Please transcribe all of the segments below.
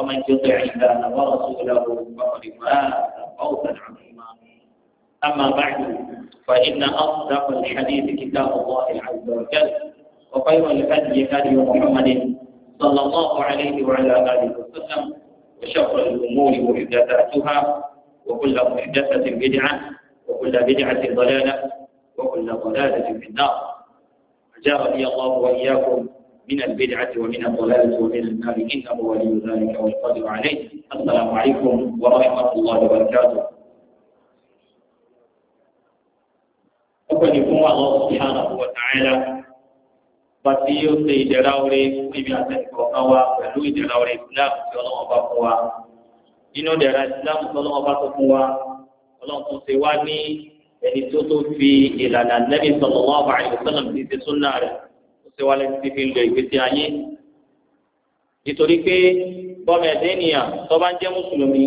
ومن يطع الله ورسوله فقد فاز فوزا عظيما اما بعد فان اصدق الحديث كتاب الله عز وجل وخير الهدي هدي محمد صلى الله عليه وعلى اله وسلم وشر الامور محدثاتها وكل محدثه بدعه وكل بدعه ضلاله وكل ضلاله في النار جاء الله واياكم من البدعة ومن الضلالة ومن النار إنه ولي ذلك والقادر عليه السلام عليكم ورحمة الله وبركاته ọkọ̀ ní fún àwọn ọ̀sán àwọn tààlà bá tí ó ṣe ìdẹ̀ra orí fún ibi àtẹ̀kọ̀ kan wá pẹ̀lú ìdẹ̀ra orí islam tí ọlọ́wọ́ bá fún wa nínú ìdẹ̀ra islam tí ọlọ́wọ́ bá tó fún wa ọlọ́wọ́ tó ṣe wá ní ẹni tó tó fi ìlànà nẹ́bí sallallahu alaihi wasallam ti ṣe súnà rẹ̀ ṣe wá lẹ́nu fífi ń lo ìgbésí ayé nítorí pé bọ́mọ ẹ̀dẹ́ ènìyàn tọ́ba ń jẹ́ mùsùlùmí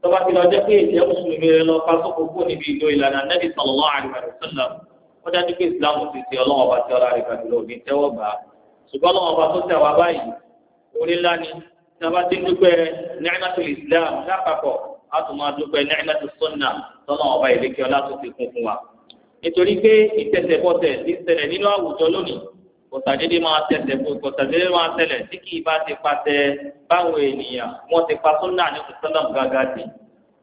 tọ́ba ti lọ jẹ́ pé ìjẹ́ mùsùlùmí rẹ lọ pàṣẹ kókó níbi ìlò ìlànà nẹ́bí sallallahu alaihi wasallam wọ́n dájú pé ìsìlámù ti ṣe ọlọ́wọ́n bá ti ọ̀rọ̀ àríkàdì lò ní tẹ́wọ́ gbà á ṣùgbọ́n ọlọ́wọ́n bá tó tẹ̀ wá báyìí orí ńlá ni tẹ́wọ́ ti dúpẹ́ nẹ́ẹ̀mẹ́tò ìsìlám lápapọ̀ kòtàdédé máa tẹsẹ̀ fún kòtàdédé máa tẹlẹ̀ tí kì í bá ti pàṣẹ báwọn ènìyàn wọ́n ti pa sọ́nà ní sọ́nà gàgà sí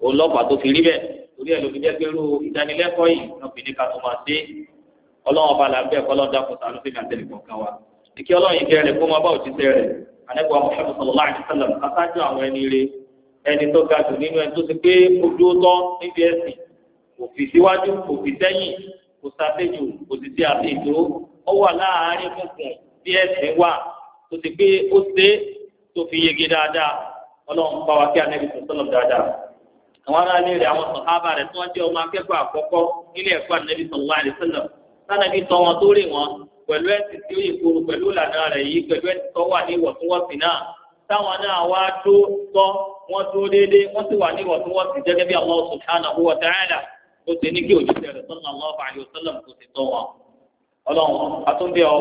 ọlọ́pàá tó fi rí bẹ́ẹ̀ torí ẹ̀ ló fi jẹ́ pé irú ìdánilẹ́kọ̀ọ́ yìí náà fi ní ká tó máa dé ọlọ́wọ́n bá làbẹ́ kọ́lọ́dà kòtà ló fi ní àtẹlẹ́kọ̀ọ́ kan wa ìkí ọlọ́run yìí kẹrẹ̀ kó máa bá òjíṣẹ́ rẹ̀ anẹ́gbọ́ Muhammad sallallahu alaihi wasallam aṣáájú àwọn ẹni rẹ̀ ẹni tó ga jù nínú ẹni tó ti pé ojú kò sábẹ́jù kò sì sí àbẹ̀jù ó wà láàárín kùnkùn bí ẹ̀sìn wà tó ti pé ó ṣe tó fi yege dáadáa ọlọ́run bá wa kí anabi sọ̀tọ́lọ̀ dáadáa àwọn aráàlú rẹ̀ àwọn sọ̀hábà rẹ̀ tí wọ́n jẹ́ ọmọ akẹ́kọ̀ọ́ àkọ́kọ́ nílé ẹ̀kọ́ anabi sallallahu alaihi wasallam sanabi tọ́ wọn tó rè wọn pẹ̀lú ẹ̀sìn tí ó yẹ kóró pẹ̀lú ìlànà rẹ̀ yìí pẹ̀lú ẹ̀sìn tó wà ní ìwọ̀ntúnwọ̀nsì náà táwọn náà wá tó tọ́ wọ́n tó déédéé wọ́n sì wà ní ìwọ̀ntúnwọ̀nsì gẹ́gẹ́ bí Allah subhanahu wa ta'ala tó ṣe ní kí òjíṣẹ́ rẹ̀ sallallahu alaihi wasallam kò sì tọ́ wọn. ọlọ́run atúndé ọ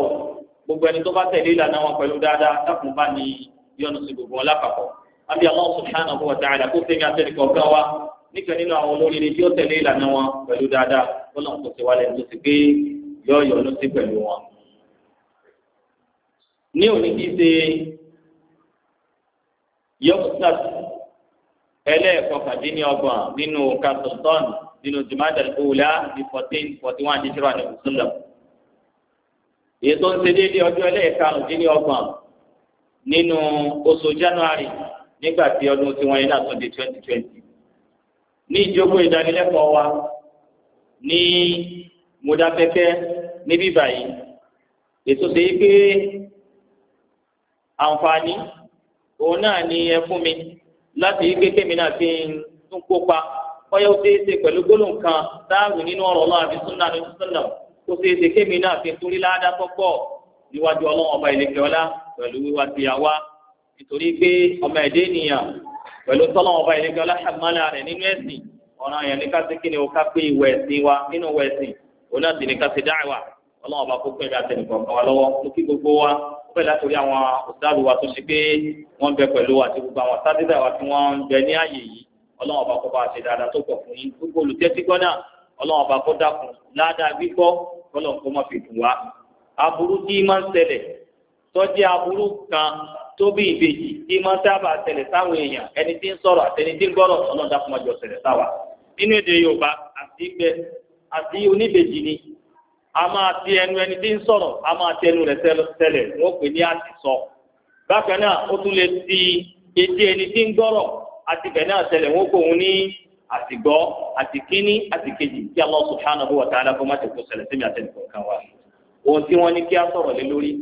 gbogbo ẹni tó bá tẹ̀lé ìlànà wọn pẹ̀lú dáadáa dákun bá ní yọ́nú sí gbogbo wọn lápapọ̀. àbí Allah subhanahu wa ta'ala kó sẹ́yìn àtẹnìkọ̀ ọ̀gá wa níkan nínú àwọn olóríire tí ó tẹ̀lé ìlànà wọn pẹ̀lú dáadáa ọlọ́run kò sì wálẹ̀ tó sì pé yọ yọ́nú sí pẹ̀lú wọn. ní òní kí ṣe yọ́kùsàt ẹlẹ́ẹ̀kọ́kàdínlọ́gbọ̀n nínú kàtọ́tọ́nù nínú jùmọ́tà ìkówólá ní fourteen forty one àdìsírò àdìsírò sọlọ. èyí tó ń ṣe déédéé ọjọ́ ẹlẹ́ẹ̀karùn-ún dín ní ọgbọ̀n nínú oṣù january nígbà tí ọdún tiwọn yẹn náà tún di twenty twenty. ní ìjókòó ìdánilẹ́kọ̀ọ́ wa ní mọ̀dáfẹ́fẹ́ níbí báyìí ètò ṣe é pé àǹfààní òun náà ni ẹ fún mi láti yí kékeré mi náà fi ń tún kópa ọyọ ó ṣeé ṣe pẹ̀lú gbólóhùn kan táàwì nínú ọ̀rọ̀ ọlọ́run àti súnà ní súnà ó ṣeé ṣe kémi náà fi torí láàdá pọ́pọ́ níwájú ọlọ́run ọba ìlẹ̀kẹ́ ọlá pẹ̀lú wíwá ti yà wá nítorí pé ọmọ ẹ̀dẹ́ ènìyàn pẹ̀lú tọ́lọ́run ọba ìlẹ̀kẹ́ ọlá ṣàmúlá rẹ̀ nínú ẹ̀sìn ọ̀ràn àyàn ní káṣí kí ni o ká pé ìwẹ̀ ẹ̀sìn wa nínú ẹ̀sìn òun náà àwọn òṣèlú wa tó ṣe pé wọ́n bẹ pẹ̀lú àti gbogbo àwọn sátidà wa tí wọ́n ń bẹ ní àyè yìí ọlọ́wọ́n bá kó bá ṣe dáadáa tó pọ̀ fún yín gbogbo olùtẹ́tí gbọ́nà ọlọ́wọ́n bá kó dákun ládàá gbígbọ́ kọ́lọ̀ kó má fi dùn wá. aburú kan tó bí ìbejì tí máa ń sábà ṣẹlẹ̀ sáwọn èèyàn ẹni tí ń sọ̀rọ̀ àtẹni tí ń gbọ́rọ̀ ọlọ́run dákun má jọ ṣẹlẹ̀ ti ẹnu ẹni tí ń sọ̀rọ̀ a máa ti ẹnu rẹ̀ wọ́n pè ní bákan náà àti bẹ̀ náà ṣẹlẹ̀ wọn kò òun ní àtìgbọ́ àti kíní àti kejì tí Allah subhanahu wa ta'ala fún mọ́tò kò ṣẹlẹ̀ sí mi àti ẹnìkan kan wa. ohun tí wọ́n ní kí á sọ̀rọ̀ lé lórí.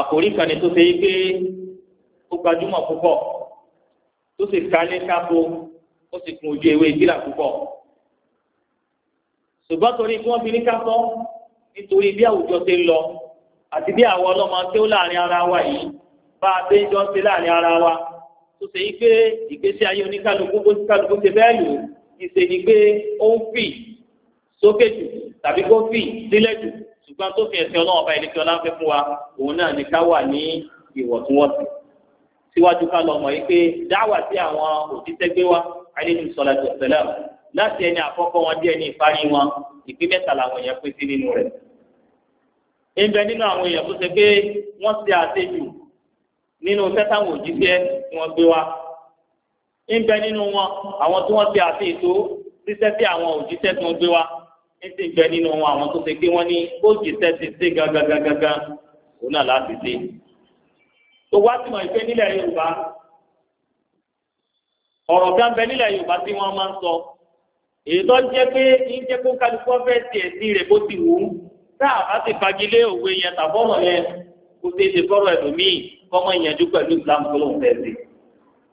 àkòrí kan ni tó ṣe yí pé ó gbajúmọ̀ púpọ̀ tó sì kalẹ̀ kápó ó sì kun ojú ewé ìdílà púpọ̀. ṣùgbọ́n torí kí wọ́n fi ní kápọ́ nítorí bí àwùjọ ṣe ń lọ àti bí àwọn ọlọ́mọ tí láàrin ara wa yìí bá a ṣe ń jọ ṣe láàrin ara wa tó ṣe yí pé ìgbésí ayé oníkálukú bó kálukú ṣe bẹ́ẹ̀ lò ìṣe ni pé ó ń fì sókè jù tàbí kó fì sílẹ̀ jù ṣùgbọ́n tó fi ẹ̀sìn ọlọ́wọ́ bá ìlẹ́kẹ́ ọlá fẹ́ fún wa òun náà ni ká wà ní ìwọ̀ntúnwọ̀nsì síwájú ká lọ mọ̀ yí pé dáwà sí àwọn òjíṣẹ́ gbé wa alaihi salatu wassalam láti ẹni àkọ́kọ́ wọn díẹ̀ ní ìparí wọn ìpín mẹ́ta làwọn èèyàn pín sí nínú rẹ̀. ń nínú àwọn èèyàn tó ṣe pé wọ́n ṣe àṣejù nínú sẹ́tàwọn òjíṣẹ́ tí wọ́n gbé wa ń bẹ nínú wọn àwọn tí wọ́n ti àti ètò ṣíṣẹ́ sí àwọn òjíṣẹ́ tí wọ́n gbé wa ń sì bẹ nínú wọn àwọn tó ṣe pé wọ́n ní ó jìṣẹ́ ti ṣe gangangangan òun náà láti ṣe. tó wá sí mọ̀ ìpè nílẹ̀ Yorùbá ọ̀rọ̀ kan bẹ nílẹ̀ Yorùbá tí wọ́n máa ń sọ èyí tó ń jẹ́ pé ń jẹ́ kó kálukú ọ̀fẹ́ tiẹ̀ sí rẹ̀ bó ti wù ú kọ́mọ ìyànjú pẹ̀lú islam tó lóun fẹ́ẹ́ ṣe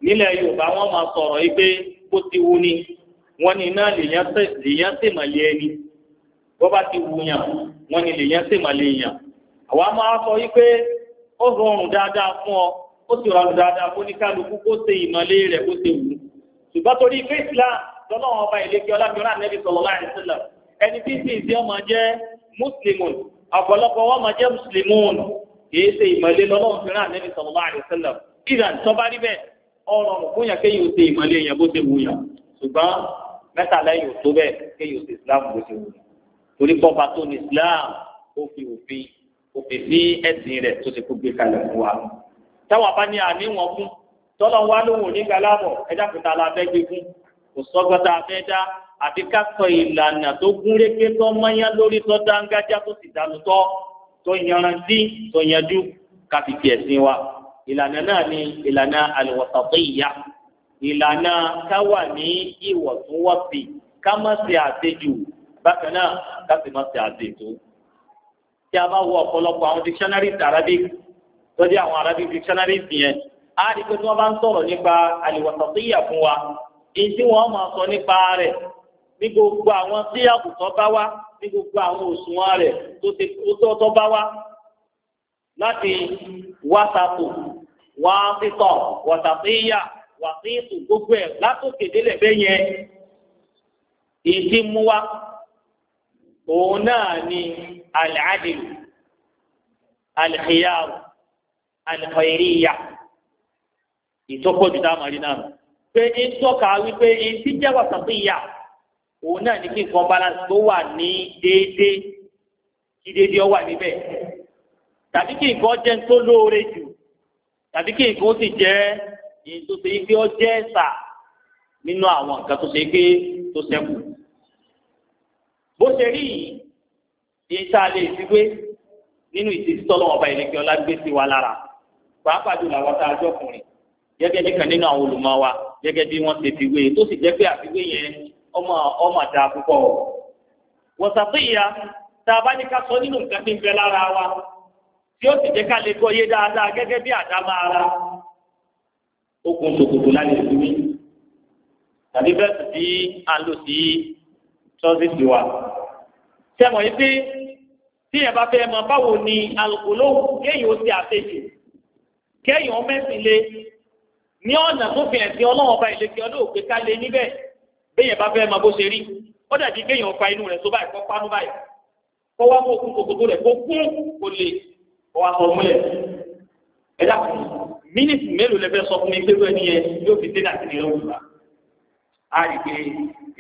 nílẹ̀ yorùbá wọ́n máa sọ̀rọ̀ yìí pé bó ti wù ni wọ́n ní iná lèèyàn sèmàlẹ́ ẹni bó bá ti wù yàn wọ́n ní lèèyàn sèmàlẹ́ yàn àwa máa sọ yìí pé ó rọrùn dáadáa fún ọ ó sì rọrùn dáadáa fún oníkálukú kó ṣe ìmọ̀lẹ́ rẹ̀ kó ṣe wù ṣùgbọ́n torí pé islam lọ́nà ọba ìlẹ́kẹ́ ọlábìọ́lá kìí ṣe ìmọ̀lẹ́ lọ́lọ́run fi rán ànẹ́bí sọ̀rọ̀ láàrin sẹ́lẹ̀ ìdá tó bá rí bẹ́ẹ̀ ọ̀rọ̀ fún yàn kéyìí ó ṣe ìmọ̀lẹ́ yẹn bó ṣe wù yàn ṣùgbọ́n mẹ́ta lẹ́yìn òtó bẹ́ẹ̀ kéyìí ó ṣe islam bó ṣe wù yàn torí pọ́pá tó ní islam ó fi òfin òfin sí ẹ̀sìn rẹ̀ tó ṣe kó gbé kalẹ̀ fún wa táwa bá ní àníwọ̀n fún tọ́lọ́ wa lóhùn onígbà lábọ̀ ẹja kùtà la fẹ́ gbé fún tó yanrantí tó yanjú ká fi tiẹ̀ sí wa ìlànà náà ni ìlànà al-wasatiyya ìlànà káwà ní ìwọ̀túnwọ̀sì ká má ṣe àṣejù bákan náà ká sì má ṣe àṣejù. tí a bá wo ọ̀pọ̀lọpọ̀ àwọn dictionaries arabic tó dé àwọn arabic dictionaries yẹn á rí i pé tí wọ́n bá ń sọ̀rọ̀ nípa al-wasatiyya fún wa èyí tí wọ́n máa sọ nípa rẹ̀ ní gbogbo àwọn tí àkùtọ̀ bá wá ní gbogbo àwọn òṣùwọ̀n rẹ̀ tó tọ́ bá wá láti wátàkù wàásìtọ̀ wàtàkìyà wàásìtù gbogbo ẹ̀ látòkè délẹ̀ bẹ́ẹ̀ yẹn ìdí mú wa òun náà ni alàdìlù alìkìyàwó alìkọ̀yẹ̀ríyà ìtọ́kọ̀jù dáhùn àrí náà pé ń tọ́ka wípé ìdí jẹ́ wàtàkìyà òun náà ní kí nǹkan balance tó wà ní déédéé kí déédéé ó wà níbẹ̀ tàbí kí nǹkan jẹ́ ń tó lóore jù tàbí kí nǹkan ó sì jẹ́ ìyẹn tó ṣe pé ó jẹ́ ẹ̀sà nínú àwọn nǹkan tó ṣe pé tó ṣẹ́kù. bó ṣe rí yìí ní tá a lè fi gbé nínú ìṣesí tọ́lọ́wọ́n ọba ìlẹ́kẹ́ ọlá gbé sí wa lára pàápàá jùlọ àwọn tá a jọkùnrin gẹ́gẹ́ bí kan nínú àwọn olùmọ̀ wa gẹ́gẹ́ bí wọ́n ṣe fi wé tó sì jẹ́ pé àfiwé yẹn ọmọ ọmọ àdá púpọ̀ wọ̀sàtìyà tá a bá ní ká sọ nínú nǹkan tí ń bẹ lára wa tí ó sì jẹ́ ká lè gbọ́ yé dáadáa gẹ́gẹ́ bí àdámọ́ ara okùn ṣòkòtò lálẹ́ ìsinmi tàbí bẹ́ẹ̀ sì sí àlò sí tọ́sítì wa sẹ́mọ̀ yìí pé tí ẹ bá fẹ́ mọ̀ báwo ni alukolo kéèyàn ó ti àtẹ̀jù kéèyàn mẹ́sìn lé ní ọ̀nà tó fi ẹ̀sìn ọlọ́wọ́n ba ìlẹ̀kẹ́ ọlọ́wọ́ pé ká lé níbẹ̀ béèyàn bá fẹ́ máa bó ṣe rí ó dàbí kéèyàn fa inú rẹ̀ tó báyìí kọ́ pánú báyìí kọ́ wá mú òkú kòkòtò rẹ̀ kó kún kò lè kọ́ wá sọ múlẹ̀ ẹ dákun mínísì mélòó lẹ fẹ́ sọ fún mi pé bẹ́ẹ̀ ni ẹ yóò fi dé láti nìyẹn òwúrọ̀ á rí pé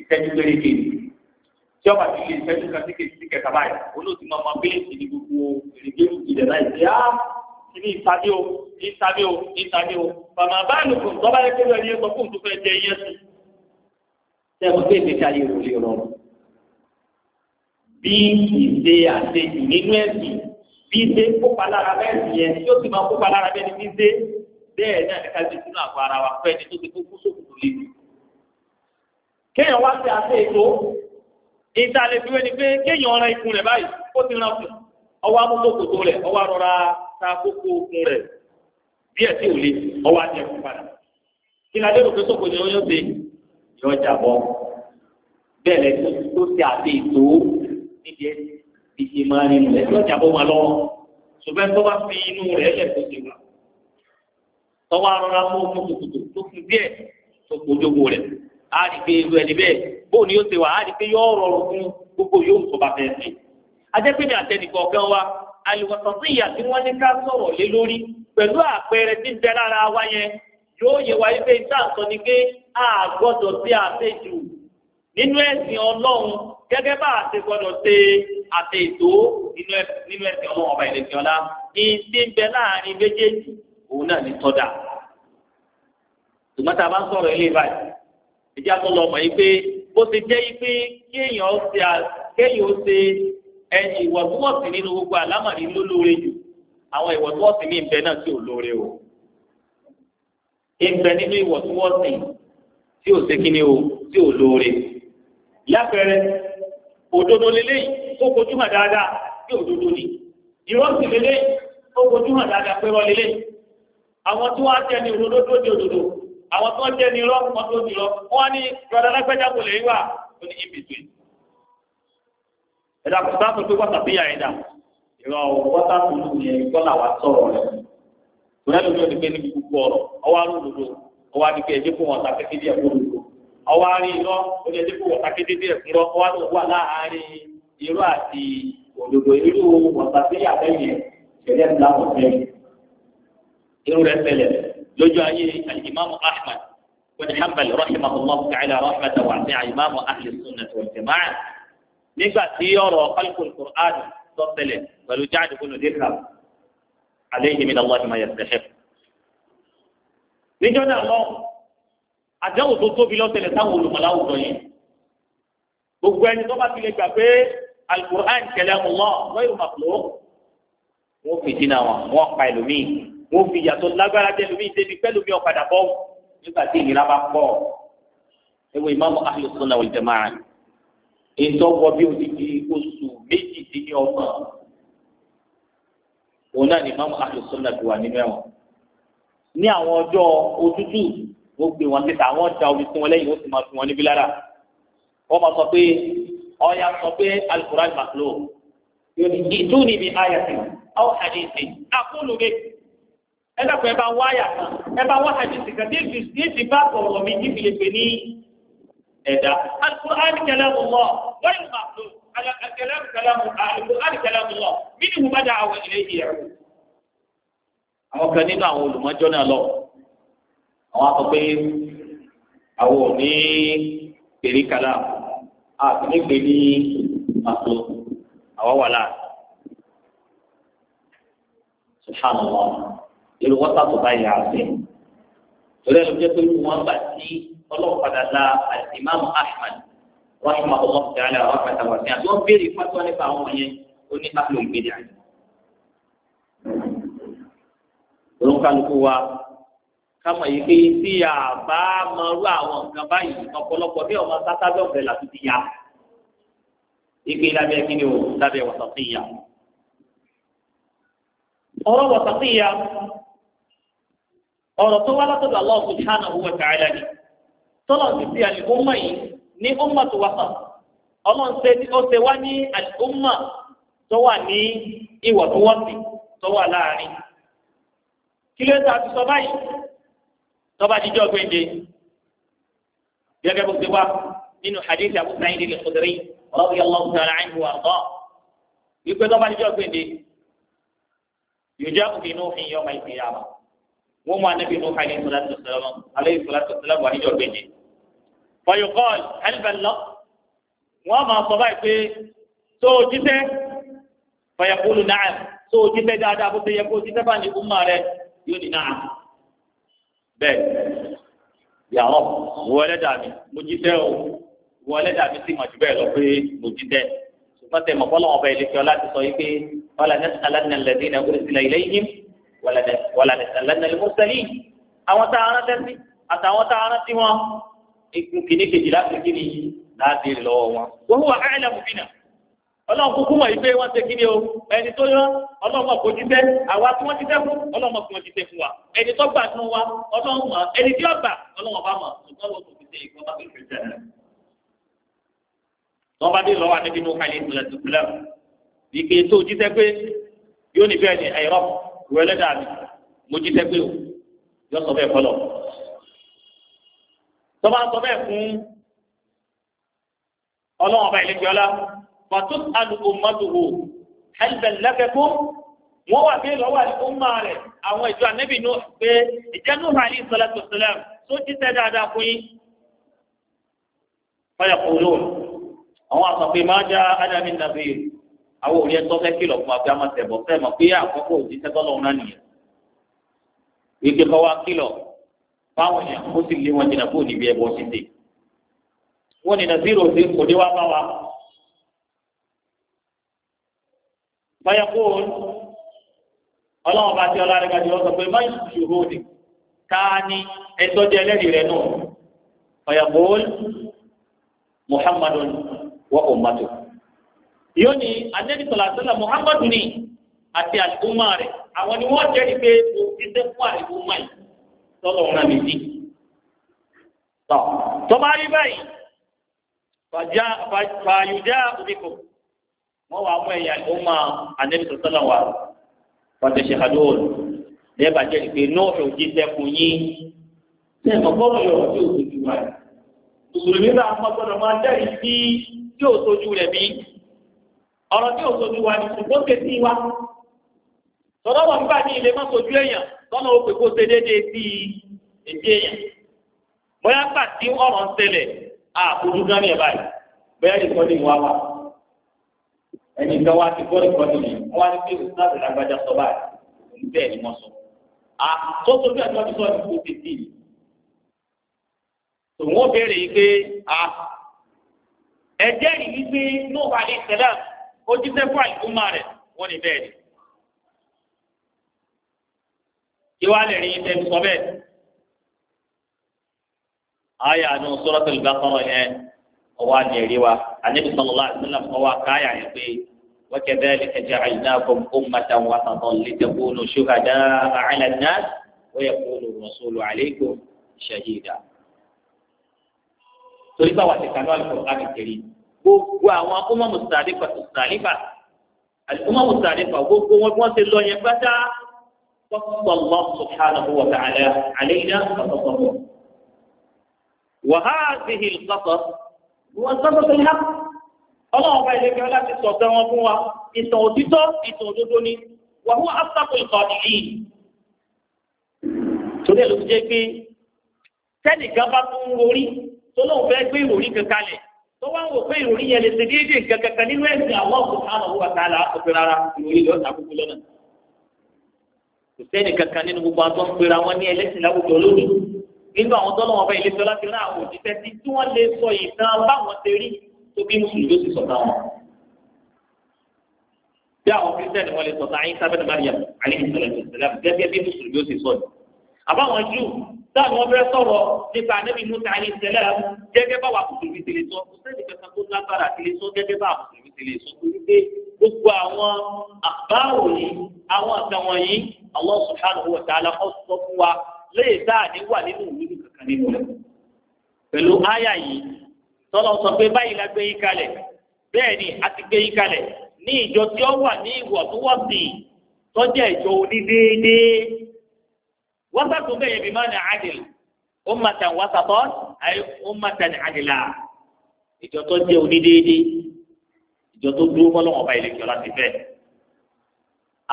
ìtẹ́jú péré kéde tí ọba ti lè ìtẹ́jú kan sí kéde sí kẹta báyìí olóòtú máa ma bílẹ̀tì ní gbogbo èrègbè ìjẹ̀ láì sí á ti ní ìtàbí o ìtàbí o ìtàbí o bàmà báyìí tọ́ba yẹ kéwàá ni ẹ sọ fún fẹ́ jẹ iye sí sẹ́wọ́n tó èmi káyé kò lè rọrùn. bí ìṣe àṣe nínú ẹ̀sìn bí ṣe kópa lára bẹ́ẹ̀ sì yẹn tí ó sì máa kópa lára bẹ́ẹ̀ ni bí ṣe bẹ́ẹ̀ náà ní kájí sínú àgọ́ ara wa fẹ́ni tó ti kó kú sókù tó lé. kéèyàn wá sí àṣẹ ètò ìta lè fi wé ni pé kéèyàn ran ikùn rẹ̀ báyìí ó ti ran kùn ọwọ́ amúlòkòtò rẹ̀ ọwọ́ arọra ta kókó okun rẹ̀ díẹ̀ tí ò le ọwọ́ àti ẹ̀kú padà. kí ni adé yọ jàbọ bẹ́ẹ̀ lẹ tó tó ti àti ètò níbi ìdíje máa ń rìn lẹ yọ jàbọ máa lọ ṣùgbọ́n tó bá fi inú rẹ lẹ tó ti wà tọwọ́ arọra mú mú tòkòtò tó fi bẹ́ẹ̀ tó kojú rẹ á rí pé irú ẹni bẹ́ẹ̀ bó ni ó ti wà á rí pé yọ rọrùn fún gbogbo yóò tó bá fẹ́ẹ́ sí ajẹpẹmí àtẹnìkọ kan wa àlùwọ̀sán sí ìyà tí wọ́n ní ká sọ̀rọ̀ lé lórí pẹ̀lú àpẹẹrẹ tí ń bẹ lára wa yẹn yóò yẹ wáyé pé tá a sọ ni pé a gbọ́dọ̀ sí àṣejù nínú ẹ̀sìn ọlọ́run gẹ́gẹ́ bá a ṣe gbọ́dọ̀ ṣe àṣe ètò nínú ẹ̀sìn ọlọ́run ọba ìlẹ̀sìn ọlá ìdí ń bẹ láàrin méjèèjì òun náà ní tọ́da. ṣùgbọ́n tá a bá ń sọ̀rọ̀ ilé báyìí ìjà tó lọ mọ̀ yìí pé bó ti jẹ́ yìí pé kéèyàn ṣe kéèyàn ṣe ẹ̀yìn ìwọ̀túnwọ̀sì nínú gbogbo àlámọ̀rí lólóore jù àwọn ìwọ̀túnwọ̀sì ní ìbẹ ìfẹ́ nínú ìwọ̀ntúnwọ̀nsì tí ò sékíní o tí ò lóore. lápẹẹrẹ òdodo lélẹ́yìn tó kojú hàn dáadáa tí òdodo ni ìrọ́sì lélẹ́yìn tó kojú hàn dáadáa pé rọ́ lélẹ́yìn. àwọn tí wọ́n á jẹ́ ni òdodo tó di òdodo àwọn tí wọ́n jẹ́ ni irọ́ wọn tó di irọ́ wọ́n á ní rọ́dà kò lè wà ó ní in between. ẹ̀dá kò sáà tó pé wọ́n tàbí yà ẹ̀dá ìrọ̀ wọ́n tàbí kúrẹ́ lómi ò ní pé níbi gbogbo ọ̀rọ̀ ọwọ́ arú òdodo ọwọ́ adigun ẹ̀jẹ̀ fún wọn tàkété díẹ̀ fún òdodo ọwọ́ arí iná ó ní ẹ̀jẹ̀ fún wọn tàkété díẹ̀ fún lọ ọwọ́ ló wà láàárín irú àti òdodo irú wọ̀ntàkéyà lẹ́yìn ìṣẹ̀lẹ̀ ńlá wọn lẹ́yìn irú rẹ̀ ṣẹlẹ̀ lójú ayé alimami ahmad bin hanbal rahimahullah ta'ala rahmatan wasi'a imamu ahli sunnah wal jama'a nígbà tí ọ̀rọ̀ kálíkùn kùránì tó ṣẹlẹ̀ pẹ̀lú jáde عليه من الله ما yastahiq. níjọ́ náà lọ àdáwò tó tóbi lọ́sẹ̀lẹ̀ táwọn olùmọ̀lá wù lọ́yìn gbogbo ẹni tó bá fi lè gbà pé alukur'an kalamullah ghayru makhluq wọ́n fi dínà wọn wọ́n pa ẹlòmíì wọ́n fi yàtọ̀ lágbára jẹ́ ẹlòmíì débi pẹ́lòmíì ọ̀padà bọ́ nígbà tí ìnira bá pọ̀ ewu ìmáàmù ahlus sunnah wal jama'ah ètò ọkọ̀ bí odidi oṣù méjì dín ní ọgbọ̀n òun náà ni imam ahlùsọ́nà ti wà nínú ẹ̀wọ̀n ní àwọn ọjọ́ òtútù wọ́n gbé wọn síta wọ́n da omi sí wọn lẹ́yìn wọ́n sì máa fi wọn níbí lára wọ́n máa sọ pé ọ̀ya sọ pé alukurani maklo ìtú ni mi àyà sí àwọn àdìsí àkúlù mi ẹ dàpọ̀ ẹ bá wá àyà kan ẹ bá wá àdìsí kan bí èsì bí èsì bá sọ̀rọ̀ mi ní ìfìlẹ̀ ní ẹ̀dá alukurani kẹlẹ́ wọ̀ wọ́n yóò maklo. الكلام كلام الله منه بدأ وإليه يعود àwọn kan nínú àwọn olùmọjọ náà lọ àwọn akọ pé àwọn ò ní pèrí kala àti ní pèrí àtò àwọn wà láà subhanallah irú wọn sàtò báyìí àti torí ẹni jẹ pé wọn gbà sí ọlọ́pàá dada àti رحمه الله تعالى رحمة واسعة وان بيري فتوى لفا هم ين وني أهل البدع ولو كانوا كوا kama yìí pé tí a bá máa rú àwọn nǹkan báyìí ọ̀pọ̀lọpọ̀ bí ọmọ sátábẹ́ ọ̀fẹ́ là ti ya ìpè lábẹ́ kí ni o lábẹ́ wọ̀sàtìyà. ọ̀rọ̀ wọ̀sàtìyà ọ̀rọ̀ tó wá látọ̀dọ̀ ní umma tó wà sàn ọlọ́run ṣe ó ṣe wá ní umma tó wà ní ìwọ̀ntúnwọ̀nsì tó wà láàrin kí ló ń ta àti sọ báyìí tọ́ba jíjọ́ gbèǹde gẹ́gẹ́ bó ṣe wá nínú hadith Abu Sa'id al-Khudri radiyallahu ta'ala anhu wa arda wípé tọ́ba jíjọ́ gbèǹde yòjá òbí nù fi yọ ọmọ ìpínyà wọn mú anabi nù hàlẹ́ ìfúlàtò sẹlẹm wà níjọ́ gbèǹde fọyọkọ́ọ̀lù alìbẹ̀lọ́ wọ́n máa sọ báyìí pé tó o jíṣẹ́ fọyọkọ́ọ̀lù náà tó o jíṣẹ́ dáadáa bó ṣe yẹ kó o jíṣẹ́ bá ní umma rẹ yóò ní náà bẹ́ẹ̀ yàrá wọlé dàbí mo jíṣẹ́ o wọlé dàbí sí màjú bẹ́ẹ̀ lọ pé mo jíṣẹ́ ṣùgbọ́n tẹ̀ mọ̀kọ́lọ́ ọba ìlẹ̀kẹ́ ọlá ti sọ yìí pé wàlá nẹ́sàlánà lẹ́dínà ursila ilayhim wàlá nẹ́sàlánà lẹ́mọ́sálí àwọn tá a rántẹ́ sí àtàwọn tá a wọn ikun kìíní kejì láti kíni láti lọ wọn. wọ́n wà áìlẹ̀ mú bínà ọlọ́run kúkú mọ̀ yìí pé wọ́n ṣe kíni o ẹni tó yọ ọlọ́run ọkọ̀ jíṣẹ́ àwa tí wọ́n jíṣẹ́ fún ọlọ́run ọkọ̀ jíṣẹ́ fún wa ẹni tó gbà tún wa ọlọ́run mọ̀ ẹni tí ó gbà ọlọ́run ọba mọ̀ ọ̀tọ́ ló tó fi ṣe ìkọ́ bá fi ṣe jẹ́ wọ́n bá dé lọ́wọ́ àdébí ní ọkàlẹ̀ ìṣẹ̀lẹ̀ tùkúlẹ̀ tọ́ba sọ bẹ́ẹ̀ fún ọlọ́wọ́n ọba ìlẹ́jọ́ la fatus aluko mọ́tòwò ẹlẹ́bẹ̀lẹ́kẹ́kọ́ wọ́n wà bí lọ́wọ́ àlùkùnmá rẹ̀ àwọn ìjọ ànábì nù pé ìjẹ́nu hàlí sọlẹ́tò sọlẹ́m tó jíṣẹ́ dáadáa fún yín. wọ́n yà kó lóun àwọn àtọ̀pẹ́ máa já ádámì nàbí àwọn òrí ẹtọ́ fẹ́ kìlọ̀ fún abẹ́ amọ̀tẹ̀bọ̀ fẹ́ mọ̀ pé àkọ́kọ́ òjíṣẹ́ tọ́lọ́run náà nìyẹn. wíkẹ́ kọ́ báwọn yẹn kó sì lé wọn jìnnà kó níbi ẹbọ títì wọn ní nàzírò sí kò dé wá bá wa. báyà kó o ọlọ́wọ́n bá ti ọlá rẹ̀ gàdí ọ sọ pé má ṣòro ni ká ní ẹjọ́ jẹ́ ẹlẹ́rìí rẹ̀ náà báyà kó o muhammadun wa ummatu yóò ní anabi sọlá muhammadu ni àti àti umar rẹ̀ àwọn ni wọ́n jẹ́ ìpè òkú iṣẹ́ fún àríwú mọ́ yìí tọ́lọ̀ ọ̀ràn mi sí. tọ́ tọ́ba rí báyìí fàyùjá òbíkò wọ́n wà mú ẹ̀yà ó máa ànẹ́bìtò sọ́lọ̀ wà fàtẹ̀sẹ̀ àdóòlù lẹ́ẹ̀bà jẹ́ ìpè náà òjì sẹ́kùn yín sẹ́ẹ̀mọ̀ bọ́ọ̀lù yọ̀rọ̀ tí ò sojú wa mùsùlùmí náà máa gbọ́dọ̀ máa jẹ́rìí sí tí ò rẹ̀ bí ọ̀rọ̀ tí ò sojú wa ni kò tó wa tọ́lọ́ wọn gbà ní ilé mọ́sojú èèyàn tọ́lọ́ ó pè kó ṣe déédéé sí èdè èèyàn bóyá gbà tí ọ̀rọ̀ ń ṣẹlẹ̀ àbúrú gan ní ẹ̀bá yìí bóyá ìkọ́ni wà wà ẹnì kan wá ti gbọ́ ìkọ́ni yìí wọ́n wá ní pé òṣìṣẹ́ àti lágbájá sọ báyìí bẹ́ẹ̀ ni wọ́n sọ àtọ́tọ́ bí àtọ́jú sọ ní kó ti dì tòun ó béèrè yìí pé a ẹ̀jẹ̀ yìí wípé nóòbà ní ìṣẹ̀lẹ̀ ó jíṣẹ́ fún àìkú máa rẹ̀ kí wàá lè rí iṣẹ́ sọ bẹ́ẹ̀. àyà nù Suratul Baqara yẹn ọwọ́ àdìrí wa ànábì sallallahu alaihi wasallam ọwọ́ àkáyà yẹn pé wa kadhalika ja'alnakum ummatan wasatan litakunu shuhada'a 'ala an-nas wa yakunu ar-rasulu 'alaykum shahida. torí báwa ti kànú àlùkò láti kiri gbogbo àwọn akómọ mùsàlífà mùsàlífà àlùkò mùsàlífà gbogbo wọn bí wọn ti lọ قص الله سبحانه وتعالى علينا فتصرف وهذه القصص هو قصص الحق الله ما يلك ولا تستطيع وقوة ìtòtítọ́ ìtòdodo ni wàhú afẹ́kù ìkọ̀ọ̀dìlì torí ẹ̀ ló ti jẹ́ pé tẹ́nìkan bá tún rorí tó lóun fẹ́ gbé ìròrí kankan lẹ̀ tó wá ń wò pé ìròrí yẹn lè ṣe déédéé kankan nínú ẹ̀sìn àwọn ọ̀sán àwọn ọ̀sán àlọ́ àtọ́fẹ́ rárá ìròrí lọ́sàkókò lọ́nà kò sẹ́ni kankan nínú gbogbo àwọn tó ń pera wọn ní ẹlẹ́sìn láwùjọ lónìí nínú àwọn tó lọ́wọ́ bẹ́ẹ̀ lẹ́sọ̀ láti rán àwọn òjíṣẹ́ sí tí wọ́n lè sọ ìtàn báwọn ṣe rí tó bí mùsùlùmí ó sì sọ táwọn. bí àwọn kírísítẹ́nì wọn lè sọ táwọn ayíṣá bẹ́ẹ̀ Maryam alayhi salam gẹ́gẹ́ bí mùsùlùmí ó sì sọ ni. àbáwọn jù táwọn wọn sọ̀rọ̀ nípa Allah subhanahu wa ta'ala ó sọ fún wa léè dáàdé wà nínú ìlú kankan nínú rẹ̀ pẹ̀lú àyà yìí tọ́lọ́ sọ pé báyìí la gbé yín kalẹ̀ bẹ́ẹ̀ ni a ti gbé yín kalẹ̀ ní ìjọ tí ó wà ní ìwọ̀túnwọ̀sì tọ́jà ìjọ onídéédéé wọ́sàtò bẹ́ẹ̀ bí máa ní àdìl ummatan wasatan àyè ummatan àdìlà ìjọ tó jẹ́ onídéédéé ìjọ tó dúró mọ́ lọ́wọ́ ọba ìlẹ̀kẹ́ láti fẹ́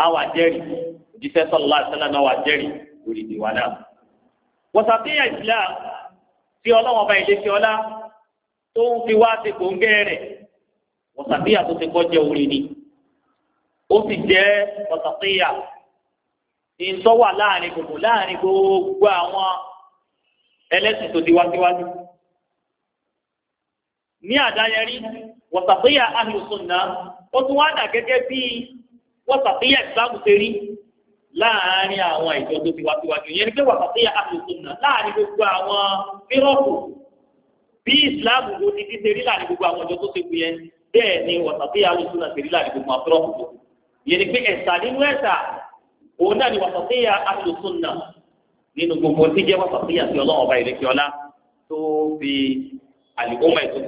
àwọn àjẹrìí òjíṣẹ́ sọlá sẹlẹ náà wà jẹ́rìí lórí ìwà náà. wọ́sàtìyà ìsìlá tí ọlọ́wọ́n bá ilé fi ọlá tó ń fi wá ti gbòǹgẹ́ rẹ̀ wọ́sàtìyà tó ti kọ́ jẹ́ orin ni ó sì jẹ́ wọ́sàtìyà ìtọ́wà láàrin gbogbo láàrin gbogbo àwọn ẹlẹ́sìn tó ti wá síwájú. ní àdáyẹrí wọ́sàtìyà ahlùsùn náà ó tún wá dà gẹ́gẹ́ bí wọ́sàtìyà ìsìlámù ṣe rí láàárín àwọn ìjọ tó ti wá síwájú yẹn ni pé wà fàtí àti sunna láàárín gbogbo àwọn fírọ́pù bí ìsìláàmù ló ti ti ṣerí láàárín gbogbo àwọn ìjọ tó ti kú yẹn bẹ́ẹ̀ ni wà fàtí àti sunna ṣerí láàárín gbogbo àwọn fírọ́pù tó yẹn ni pé ẹ̀sà nínú ẹ̀sà òun náà ni wà fàtí àti sunna nínú gbogbo tí jẹ́ wà fàtí àti ọlọ́run ọba ìrèké ọlá tó fi àlìkómà ètò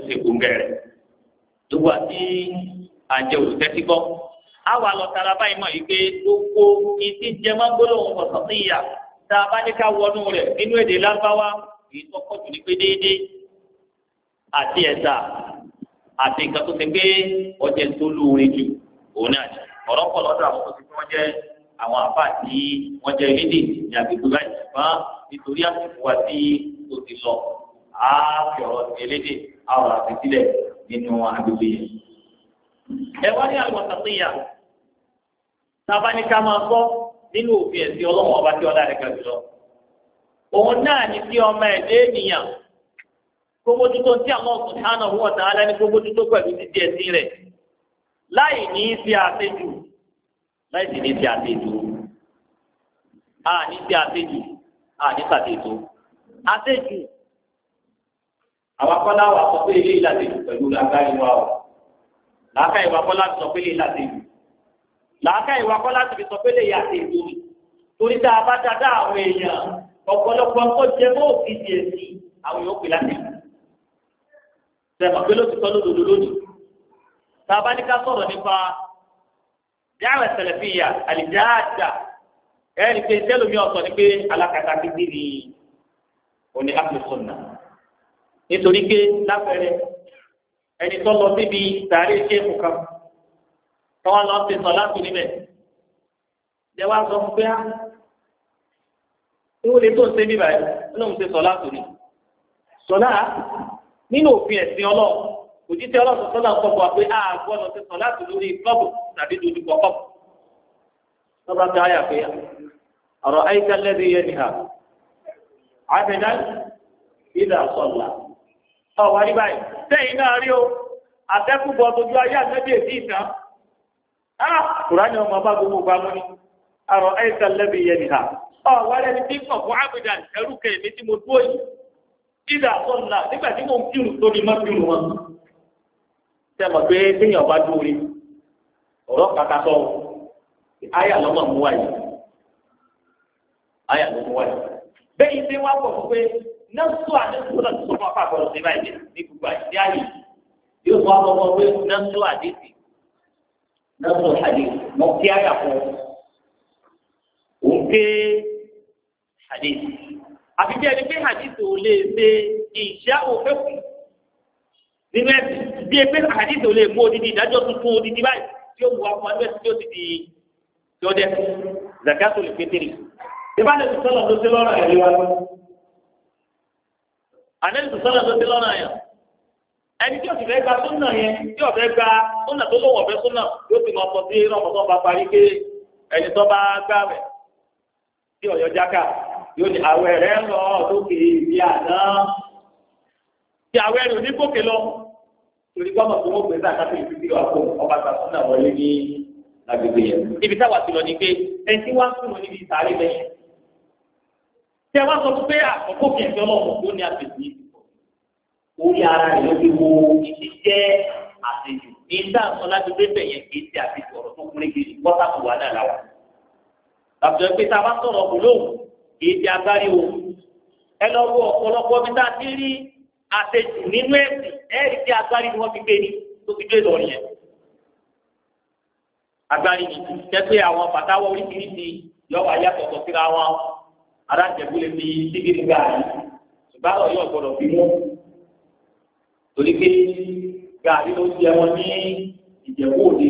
ti àwa lọ tara báyìí mọ̀ wípé gbogbo ìdí jẹmọ́ gbólóhùn ọ̀sán sí ìyà tá a bá ní ká wọnú rẹ̀ nínú èdè lárúbáwá ìtọ́kọ̀tù ní pé déédéé àti àti nǹkan tó ti pé ọjà tó lóore jù òun náà ni ọ̀rọ̀ pọ̀ àwọn tó ti wọ́n jẹ́ àwọn àbá tí wọ́n jẹ́ sábà ní ká máa kọ́ nínú òfin ẹ̀sìn ọlọ́wọ́n ọba tí ọlá rẹ̀ ga jùlọ. òun náà ní kí ọmọ ẹ̀dẹ́ ènìyàn gbogbojuto tí Allah subhanahu wa ta'ala ní gbogbojuto pẹ̀lú títí ẹ̀sìn rẹ̀ láì ní í fi àṣejù láì sì ní í fi àṣejù a ní fi àṣejù a ní sàṣejù àṣejù àwọn akọ́lá wa sọ pé ilé ìlàṣejù pẹ̀lú làákàyè wa o làákàyè wa kọ́lá sọ pé ilé ìlàṣejù làákà ìwà kọ́ láti fi sọ pé lè yà sí ìlú mi torí tá a bá dada àwọn èèyàn ọ̀pọ̀lọpọ̀ ń kọ́ jẹ́ bó fi di èsì àwọn èèyàn pè láti ìlú. sẹ̀mọ̀ pé ló ti sọ lódodo lónìí tá a bá ní ká sọ̀rọ̀ nípa dáhùn sẹlẹ̀fìyà àlìjáàjà ẹ̀rí pé sẹ́lómi ọ̀sán ni pé alákatá ti dì ní òní àpèsọ̀nà nítorí pé lápẹẹrẹ ẹni tó lọ síbi tàrí ṣéèkù kan. káwọn lọ sí sọ láti níbẹ̀ jẹwàá sọ fún pé á ìwọ lè tó ń ṣe bí báyìí ṣe sọ láti ní sọlá nínú òfin ẹ̀sìn òjíṣẹ́ ń pé ah, sọ láti lórí tàbí lọba ayà pé ọ̀rọ̀ yẹn ìdá sẹ́yìn náà rí o tójú ayé Ah, kùránì ọmọ bá gbogbo gbà mú ni àrò àìsàn lẹ́bi yẹn ha ọ̀ wálé ní bí kọ̀ fún abidan ẹrú kẹ̀mí tí mo dúró yìí ìdá nígbà tí mo ń kírun tó ní kírun wọn. bá dúró ọ̀rọ̀ kàkà mú wáyé wáyé wọ́n pọ̀ pé àdéhùn náà lọ́sọ̀ hadith mọ kí á yàpọ̀ òun ké hadith àbíjẹ́ ẹni pé hadith ò lè ṣe ìṣẹ́ òfẹ́kùn nínú ẹ̀sìn bí ẹgbẹ́ hadith ò lè mú odidi ìdájọ́ tuntun odidi báyìí tí ó wù wá fún ẹgbẹ́ tí ó ti di tí ó dẹ́ zakato lè pétérì ìbálẹ̀ tó sọ̀rọ̀ tó ti lọ́rọ̀ ẹ̀ lé wa lọ. àlẹ́ tó sọ̀rọ̀ tó ti lọ́rọ̀ ẹ̀ ẹni tí òsìfẹ́ gba súnà yẹn tí ọ̀fẹ́ gba súnà tó lówó ọ̀fẹ́ súnà yóò fi máa sọ sí rọ̀mọ́tò bá parí pé ẹni tó bá gbà rẹ̀ tí ọ̀yọ́ jáká yóò ní àwẹ̀ rẹ̀ ń lọ lókè ìdí àná tí àwẹ̀ rẹ̀ ò ní gòkè lọ torí gbọ́dọ̀ tó wọ́n gbé sáà káfíń títí wà ọba gba súnà wọlé ní agbègbè yẹn ibi táwa ti lọ ni pé ẹni tí wọ́n fún níbi ìtàlẹ́ lẹ́yìn tí orí ara rẹ̀ ló fi wo ìdí jẹ́ àṣejù ní sáàsọ láti bẹ́bẹ̀ yẹn kì í ṣe àṣejù ọ̀rọ̀ tó kún lékeré wọ́sàpù wà náà làwà. àbùdó pé tá bá sọ̀rọ̀ gbólóhùn kì í ṣe agbárí o ẹ lọ wo ọ̀pọ̀lọpọ̀ bí tá ti rí àṣejù nínú ẹ̀sìn ẹ̀rí tí agbárí ni wọ́n fi gbé ni tó fi gbé lọ yẹn. agbárí ni jẹ́ pé àwọn pàtàwọ̀ oríṣiríṣi yọ̀wọ̀ ayé àtọ̀tọ̀ síra wọn alájẹ̀gbọ́lẹ̀ fi síbi nígbà yìí ṣùgbọ́n àwọn torí pé gàrí ló jẹ wọn ní ìjẹ̀wò òde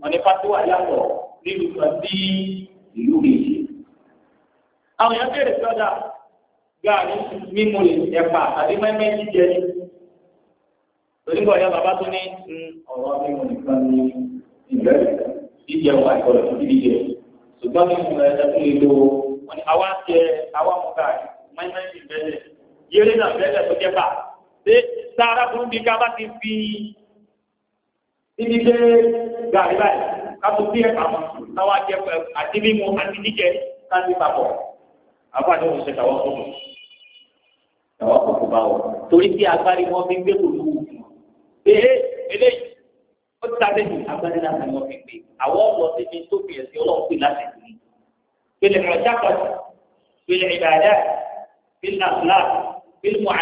wọn ní fatiwa yàtọ̀ nílùú kan sí ìlú kejì. àwọn èèyàn bèrè sọ́dà gàrí mímu ẹ̀pà àbí mẹ́mẹ́ jíjẹ ní. torí bọ̀ ya bàbá tó ní hmm, ọ̀rọ̀ mímu nìkan ní ìgbẹ́ jíjẹ wà ìkọlọ̀ tó ti jẹ ṣùgbọ́n mímu ẹ̀ẹ́dẹ́gbẹ̀rún lè lo wọn ni àwa jẹ àwa mú gàrí mẹ́mẹ́ jíjẹ yẹ́rẹ́ náà bẹ́ẹ̀ lẹ́kọ̀ọ́ sára burúkú ká bá ti fi ibi gbé gàrí báyìí ká tó bí ẹ̀ka mọ̀ táwa jẹ àti mímu àti jíjẹ ká ti papọ̀ àbá ni òun ṣe tàwọn kọ̀ọ̀kan tàwọn kọ̀ọ̀kan bá wọ torí tí agbárí wọn fi gbé kò lówó ee eléyìí ó ti ta lẹ́yìn agbárí láti wọn fi gbé àwọn ọ̀rọ̀ ti fi tó fi ẹ̀sìn ọlọ́run pè láti gbé pèlè ọ̀jákọ̀tì pèlè ìbàdà pèlè àfúlà pèlè mọ̀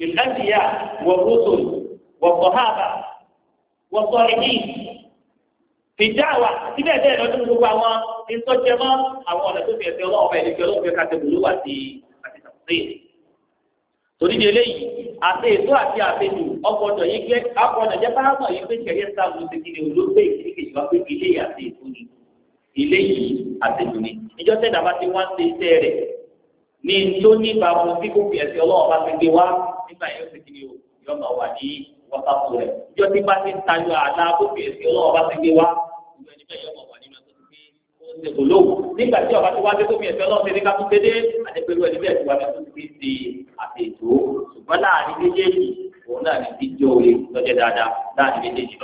الأنبياء والرسل والصحابة والصالحين في الدعوة إذا جاء لدن سبحانه إن تجمع أو أن تفي أسي الله وفي أسي الله وفي كاتب الله أتي تفصيل torí de eléyìí àti ètò àti àfẹnù ọgbọdọ yìí gbé ọgbọdọ jẹ fáwọn yìí gbé kẹyẹ sáàmù ti kiri olóògbé ìkíni kejì wá pé eléyìí àti ètò ni eléyìí àti ètò ni ìjọ sẹdá bá ti wá ń ṣe iṣẹ́ rẹ̀ ní tó ní ìbámu bí kò fi ẹsẹ̀ Ọlọ́run bá ti gbé wá nígbà yẹn ó ti kiri o yọ máa wà ní wọ́sápù rẹ̀ yọ tí bá ti ń tayọ àlá bófin èsì ọlọ́wọ́ bá ti gbé wá ìwé ẹni bẹ́ẹ̀ yọ máa wà nínú ẹgbẹ́ tó ti ó ń ṣètò lóhùn nígbà tí ọba tó wá dé bófin èsì ọlọ́wọ́ ti ní ká tún dédé àdépẹ́lú ẹni bẹ́ẹ̀ tó wá dé tó ti di àtẹ̀tò ṣùgbọ́n láàrin méjèèjì òun náà ní ti jó orí lọ́jọ́ dáadáa láàrin méjèèjì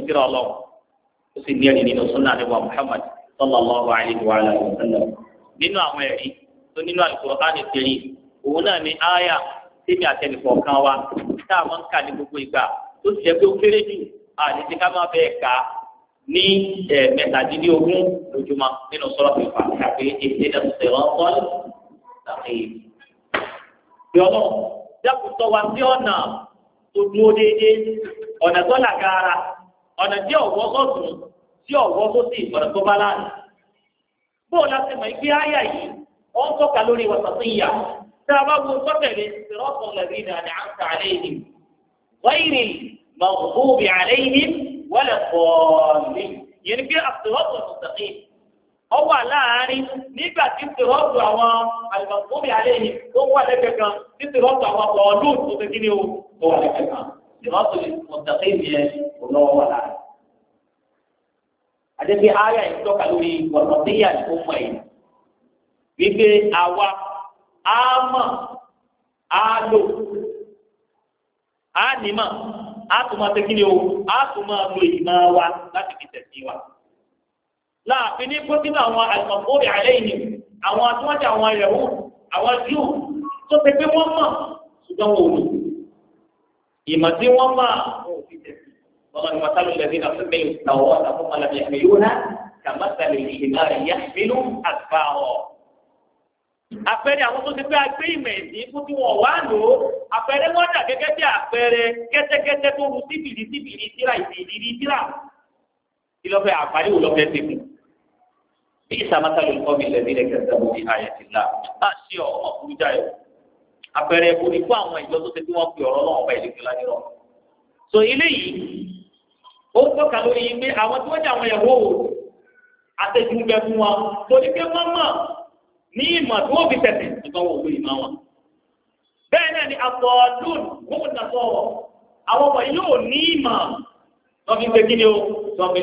lọ́wọ́ Muhammad sallallahu alaihi wa alihi wa sallam nínú àwọn ẹ̀rí tó nínú Al-Qur'an Karim òun náà ni aya tèmi àtẹnìkọ̀ kan wa tá a máa ń kà ní gbogbo ìgbà tó ti jẹ́ pé ó kéré jù àdìsí ká máa bẹ́ẹ̀ kà á ní mẹ́tàdínlógún lójúmọ́ nínú sọ́rọ́ fífa tàbí èdè náà sọ̀rọ̀ bọ́ọ̀lù tàbí yọ̀ọ́ dákùtọ̀ wa sí ọ̀nà tó dúró déédéé ọ̀nà tó làgàrà ọ̀nà tí ọ̀wọ́ sọ̀tún tí ọ̀wọ́ tó sì ìbọ̀dọ̀ tó bá láàyè. bóò la ti mọ̀ ibi àyà yìí wọ́n tọ́ka lórí wàtàtìyà tá a bá wo sọ́tẹ̀lẹ̀ sirọ́tọ̀ lẹ́bí ní àdá àǹtà àléyìí wáyìrì mọ̀gbóbi àléyìí wọlé pọ̀ọ̀lì yẹn ni pé àtìrọ́tọ̀ mùsàkì ọ wà láàárín nígbà tí sirọ́tọ̀ àwọn àlùmọ̀gbóbi àléyìí tó wà lẹ́gbẹ̀ẹ́ kan tí sirọ́tọ̀ àwọn pọ̀ọ̀lù tó ti kí ni o wà lẹ́gbẹ̀ẹ́ kan sirọ́tọ̀ mùsàkì àdébí ayé ìtọ́ka lórí ọ̀nà tí yà tó mọ̀ yìí wípé àwa á mọ̀ á lò á nímọ̀ á tún máa tẹ́kí ni o á tún máa lo ìmọ̀ wa láti fi tẹ̀sí wa. láàfin ní kó àwọn àìmọ̀kórè àlẹ́ yìí àwọn atúwájà àwọn ìrẹ̀wò àwọn jù tó ti pé wọ́n mọ̀ ṣùgbọ́n wọn ò lò ìmọ̀ tí wọ́n mọ̀ wọn ò fi tẹ̀sí. ومن مثل الذين حملوا التوراة ثم لم يحملوها كمثل الحمار يحمل أسفارا àpẹẹrẹ àwọn tó ti pé agbé ìmọ̀ ẹ̀sìn fún tí wọ́n wá lò ó àpẹẹrẹ wọ́n dà gẹ́gẹ́ bí àpẹẹrẹ kẹ́tẹ́kẹ́tẹ́ tó ru síbìrì síbìrì síra ìdìrí síra kí lọ́fẹ́ àpárí wò lọ́fẹ́ ti mú. bí ìsàmátà ló ń kọ́ mi lẹ́bí rẹ̀ kẹsàn-án mo ti ààyè sí ṣe ọmọ fún jáyọ. àpẹẹrẹ kò ní fún àwọn ìjọ tó ti tí wọ́n fi ọ̀rọ̀ náà ó ń tọ́ka lórí yìí àwọn tí jẹ́ àwọn o àtẹ̀jú bẹ fún wa torí pé wọ́n mọ̀ ní ìmọ̀ tí wọ́n fi tẹ̀sẹ̀ nípa wọn. ni àtọ̀ọ́dún gbogbo àwọn ọmọ yóò ní ìmọ̀ wọ́n fi ń gbégí ni ó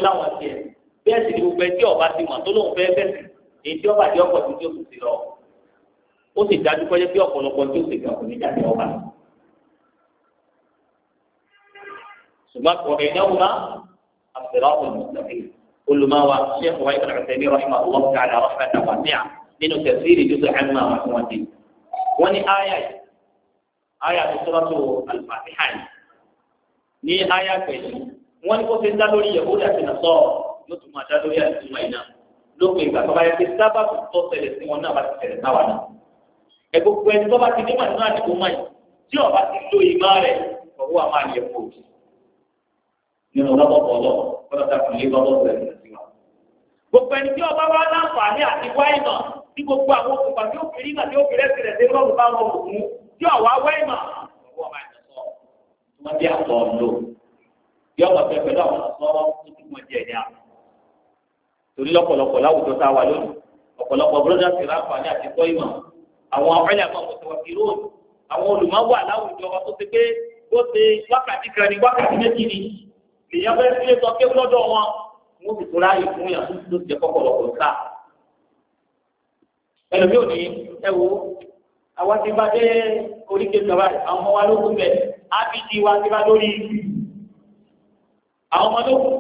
láwọn bẹ́ẹ̀ sì ni gbogbo ọba ti mọ̀ tó lóun fẹ́ bẹ́ẹ̀ èyí tí ọba ti ọkọ̀ tó ti ó sì lọ ó sì dájú pé ọ̀pọ̀lọpọ̀ tó gbà ṣùgbọ́n kọ̀ọ̀kan ìdáhùn náà àfẹ́rọ́ọ̀mù mùsùlùmí olùmọ̀wá sheikh wa ibn Uthaymeen rahma allah ta'ala rahma ta'ala níà nínú tafsiri jùlọ ẹ̀ma wa fún wọn dé. wọ́n ní aya yìí aya tó suratu al-Fatiha ní aya pẹ̀lú wọ́n ní kó fi ń dá lórí yahudu àti nasọ́ọ̀ yóò tún máa dá lórí àtúntò iná nínú lọ́bọ̀bọ̀ lọ kọ́lá ta kùn lé lọ́bọ̀bọ̀ rẹ̀ nínú tiwa. gbogbo ẹni tí ọba wa láǹfààní àti wáìmọ̀ tí gbogbo àwọn òkùnkà tí ó fi rí nàbí ó fi rẹ́sì rẹ̀ sí lọ́rùn bá wọn òkun tí ọ̀wá wáìmọ̀ ọ̀wọ́ máa ń sọ wọn bí àtọ̀ ń lò yọ ọ̀pọ̀ pẹ̀lú pẹ̀lú àwọn ọ̀sọ́rọ̀ tó tún wọn jẹ ẹ̀yà. torí lọ́pọ̀lọpọ̀ láwùjọ tá a wà lónìí ọ̀pọ̀lọpọ̀ bọ́lọ́dà sì ráǹfààní àti kọ́ ìmọ̀ àwọn ọ̀rẹ́lẹ̀ àmọ́ àwọn olùmọ̀ wà láwùjọ wa tó ti pé ó ti wákàtí kan ní wákàtí méjì ni èèyàn fẹ́ sílé sọ pé lọ́dọ̀ wọn wọ́n ti tura yìí fún yàn tó ti jẹ́ kọ́kọ́rọ́ kò sá. ẹlòmí ò ní ẹ wo àwa ti bá dé oríkè sọ̀rọ̀ àwọn ọmọ wa ló kún bẹ̀ á fi ti wa ti bá lórí àwọn ọmọ tó kún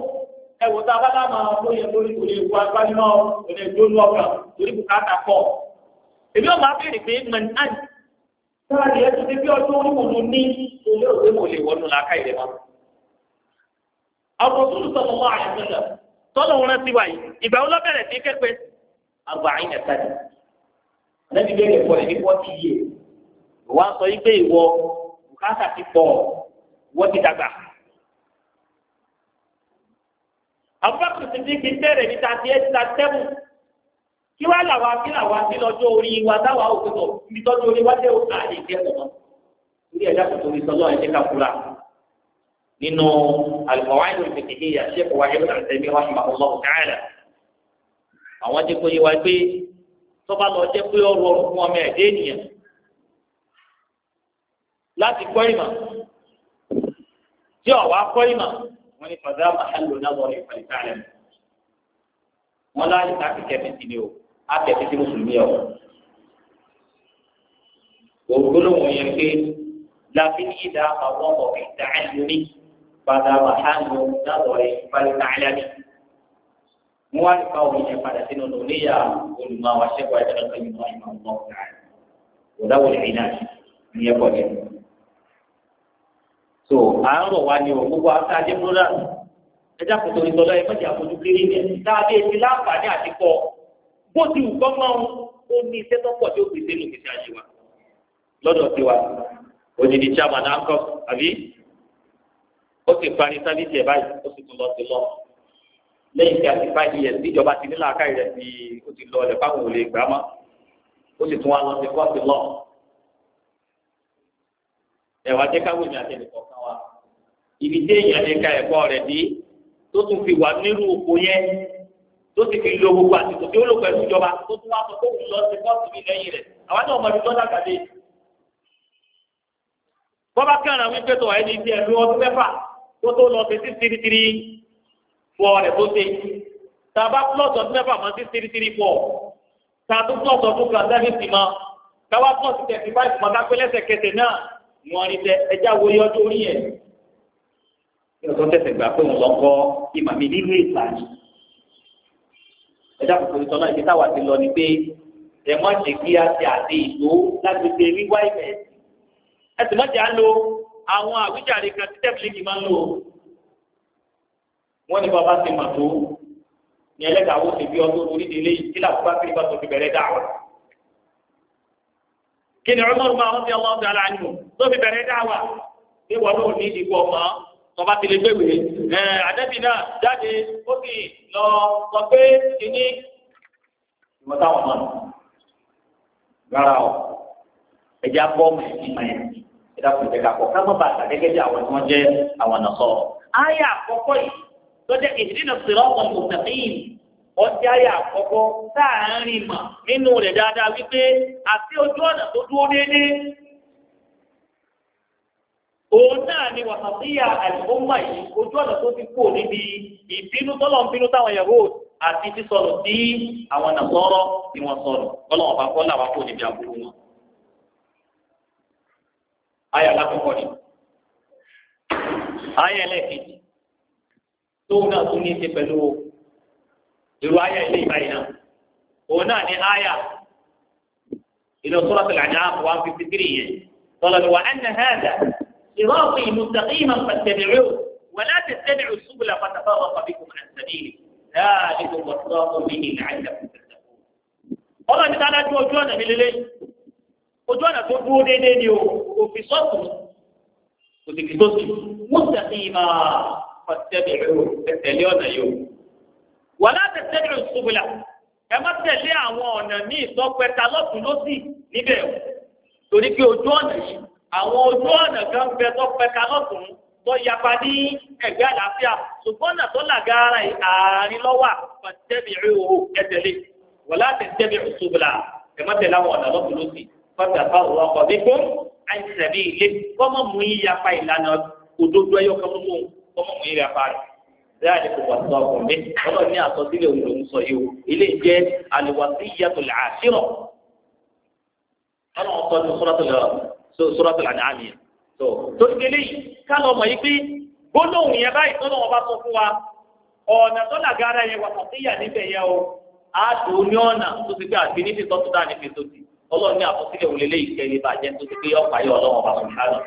ẹ wò tá a bá láàmú àwọn tó yẹ lórí kò lè wo agbájú náà kò lè dó lọ́kàn torí kò káàtà pọ̀. èmi ò máa béèrè pé mọ̀ náà sáà ni ẹ ti fi bí ọdún oníwòlú ní olóògbé kò lè wọnú làákà àwòsùn sọ̀rọ̀ wá àyàfẹ́lẹ̀ tọ́lọ̀ wọn ti wáyé ìgbà wo lọ́bẹ̀rẹ̀ sí kẹ́pẹ́ àgbà àyìn ẹ̀ka ni lẹ́bi bẹ́ẹ̀ lẹ́kọ̀ọ́ ẹ̀ ní wọ́n ti yé wọ́n á sọ yí pé ìwọ bùkátà ti pọ̀ wọ́n ti dàgbà. Abubakar Siddiq bẹ̀rẹ̀ ní thirty eight thirty seven kí wá làwa kí làwa sí lọ́jọ́ orí wa táwa òkútọ̀ níbi tọ́jú orí wa nínú al-qawaid al-fiqhiyya Sheikh wa Ibn Uthaymeen rahimahullahu ta'ala àwọn jẹ́ kó yé wa pé tọ́ba lọ jẹ́ pé ọ̀rọ̀ ọ̀rọ̀ fún ọmọ ẹ̀dẹ́ ènìyàn láti kọ́ ìmọ̀ tí ọ̀wá kọ́ ìmọ̀ wọ́n ní fàdá màhálò náà lọ ìfà ìtàlẹ̀ wọn láàyè láti kẹfìtì ni o á kẹfìtì mùsùlùmí ọ̀ ògbólóhùn yẹn pé láfi ní ìdá àwọn ọmọ ìdá ẹ̀ lónìí padà wàhánù látọ̀rẹ́ ìfipáríta ayáni. mo wá nípa òun yẹn padà sínú lóríyà olùmọ̀ àwọn aṣẹ́kọ̀ọ́ ẹ̀dẹ́gbẹ̀rún kan yìí wọ́n ìmọ̀ ọ̀gbọ̀n kan. òdáwò lè rí náà ní ẹ̀kọ́ yẹn. so à ń rọ̀ wá ní o gbogbo àwọn sáájú múlá ẹja kòtò ìtọ́lá ẹ̀ mọ̀jà fojú kiri ní dáadé ti láǹfààní àtikọ́ bó ti wù kọ́mọ́ ó ní iṣẹ́ tó pọ̀ tí ó fi sínú ìgbésí ayé wa lọ́dọ̀ tiwa òjijì chairman hancock àbí ó sì parí sábìsì ẹ̀ báyìí ó sì tún lọ sí lọ lẹ́yìn tí a ti fáìlì yẹn níjọba ti ní làákàyè rẹ̀ ti ó ti lọ ọ̀lẹ̀ fáwọn olè gbà mọ́ ó sì tún wá lọ sí kọ́ọ̀sì lọ ẹ̀wà jẹ́ káwé mi àtẹnìkọ̀ kan wa ibi tí èèyàn lè ka ẹ̀kọ́ rẹ̀ dé tó tún fi wà nírú oko yẹn tó sì fi lo gbogbo àsìkò tí ó lò pẹ̀lú ìjọba tó tún wá sọ pé òun lọ sí kọ́ọ̀sì mi lẹ́yìn rẹ̀ àwọn náà mọ̀ọ́dún tó dàgbà dé bọ́bá kẹ́ràn wípé tó wà kó tó lọ sí six three three four rẹ̀ bó ṣe tàbá plọ̀tì ọdún mẹ́fà mọ́ six three three four tàbí plọ̀tì ọdún kan sẹ́fìsì mọ́ káwá plọ̀tì tẹ̀sí báyìí mọ́ ká pé lẹ́sẹ̀kẹsẹ̀ náà wọ́n rí tẹ ẹjá wo yọ ọdún orí yẹn yọtọ tẹsẹ gbà pé òun lọ kọ ìmàmì nínú ìsàlẹ̀ ẹ̀dá kòkòrò tọ náà ibi táwa ti lọ ni pé ẹ àwọn àwíjàre kan tí tẹ́bílìkì máa ń lò wọ́n ní bàbá ti mà tó ní ẹlẹ́dàá wo ti bí ọdún orílẹ̀-èdè yìí tí làkúbá kiri bá tó fi bẹ̀rẹ̀ dáwà. kí ni Umar máa ń fi ọmọ ọ̀dà ara nù tó fi bẹ̀rẹ̀ dáwà ní wọn náà ní ìdìbò ọmọ tọba ti lè gbéwèé ẹ àdẹ́bí náà jáde ó sì lọ sọ pé kìíní ìwọ mọ̀ rárá o ẹ̀já bọ́ọ̀mù ẹ̀ ìdákùn jẹ́ kakọ̀ kámọ́ bá ta gẹ́gẹ́ bí àwọn tí wọ́n jẹ́ àwọn nàkọ́. ayé àkọ́kọ́ yìí tó jẹ́ ìdílé sọ̀rọ̀ ọ̀pọ̀ mùsàfíìn ọtí ayé àkọ́kọ́ sáàárín mọ̀ nínú rẹ̀ dáadáa wípé àti ojú ọ̀nà tó dúró déédéé òun náà ni wàhálà àìkóńgbà yìí ojú ọ̀nà tó ti kú níbi ìbínú tọ́lọ̀ ń bínú táwọn yẹ̀wò àti sísọ̀rọ̀ sí àwọn nàkọ́rọ́ tí wọ́n sọ̀rọ̀ ọlọ́wọ́n آیا alákọ̀ọ́kọ́ ni ayé ẹlẹ́ẹ̀kejì tóun náà tún ní í ṣe pẹ̀lú irú ayé ilé ìbáyìí náà òun náà ní إلى سورة الأنعام 153 قال وأن هذا صراطي مستقيما فاتبعوه ولا تتبعوا السبل فتفرق بكم عن سبيله ذلكم وصاكم به لعلكم تتقون. الله تعالى توجهنا بالليل ojú ọ̀nà tó dúró déédéé ni o kò fi sọ́ọ̀tù kò sì fi sọ́ọ̀tù mùsàkì ìmọ̀ ọ̀tẹ̀bẹ̀ tẹ̀lé ọ̀nà yìí o. wà láti tẹ̀lé ìṣubùlà ẹ má tẹ̀lé àwọn ọ̀nà míì sọ́pẹ́ta lọ́tún lọ́sì níbẹ̀ o torí pé ojú ọ̀nà yìí àwọn ojú ọ̀nà kan bẹ sọ́pẹ́ta lọ́tún tó yapa ní ẹ̀gbẹ́ àlàáfíà ṣùgbọ́n ọ̀nà tó làgàrà àárín lọ́wà ọ̀tẹ̀bẹ̀ ẹ̀tẹ̀lé wà láti tẹ̀lé ìṣubùlà ẹ má tẹ̀lé àwọn ọ̀nà lọ́tún kọ́tà fáwọn ọkọ̀ bí fún àìsàbí ilé kọ́mọ̀ mú yíyapa ìlànà òdodo ẹyọ kan mú kọ́mọ̀ mú yíyapa rẹ̀ bẹ́ẹ̀ ni kò wà sọ ọkùnrin mi ọlọ́run ní àsọsílẹ̀ òun lòún sọ yìí ilé jẹ́ àlùwàsí yàtọ̀ làásìrọ̀ ọlọ́run kọ́ ní sọ́rọ́tò làdáàmì tó tó kélé yìí ká lọ mọ̀ yìí pé gbólóhùn yẹn báyìí tó lọ́wọ́ bá sọ fún wa ọ̀nà tó làgá yẹn wà sọ̀tíyà níbẹ̀ yẹn o àdùn ní ọ̀nà tó ti gbé àgbẹ̀ níbi tó dáa níbi tó ti ọlọ́run ní àkọsílẹ̀ wọlé léyìí kẹ́lẹ́ bá jẹ́ tó ti pé ọ̀pá yọ ọlọ́run bá wọn sáré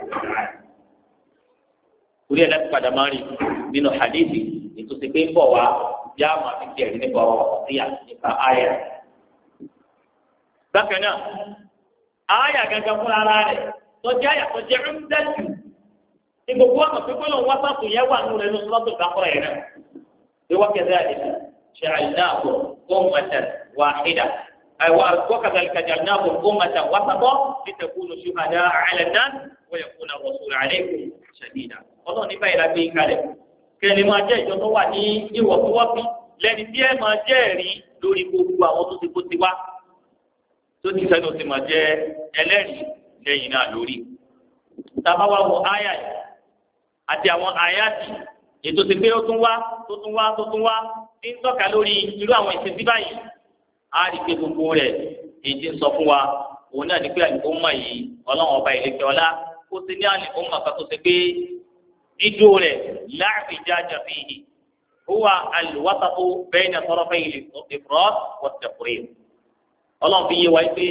orí ẹ̀ láti padà máa rí nínú hadithi ètò ti pé ń bọ̀ wá yá àmọ́ àti tiẹ̀ rí nípa ọ̀síyà nípa àyà. bákan náà àyà gangan fúnra ara rẹ̀ tọ́jú àyà tó jẹ́ ń dẹ́jù ní gbogbo ọ̀nà pípẹ́ wá sáàtù yẹn wà nínú ẹnu sọ́tò ìdákọ́rọ̀ وكذلك جعلناكم أمة وسطا لتكونوا شهداء على الناس ويكون الرسول عليكم شهيدا Ọlọ́run ní báyìí la gbé kalẹ̀ kẹlẹ máa jẹ ìjọ tó wà ní ìwọ̀túnwọ̀sí lẹni tí ẹ máa jẹ ẹ̀rí lórí gbogbo àwọn tó ti kó ti tó ti sẹni ó máa jẹ ẹlẹ́rìí lẹ́yìn náà lórí. Tàbá wo àyà àti àwọn àyà tì ètò ti pé ó tún wá tó tún wá tó tún wá ń tọ́ka lórí irú àwọn ìṣesí báyìí. á rí gbogbo rẹ̀ èyí sọ fún wa òun náà ní pé yìí ọba ìlẹ́kẹ̀ ọlá ó ti ní àlùkò mọ̀ kan tó ṣe pé dídó rẹ̀ láàbì jájà fi hì bẹ́ẹ̀ ni fi yé wa pé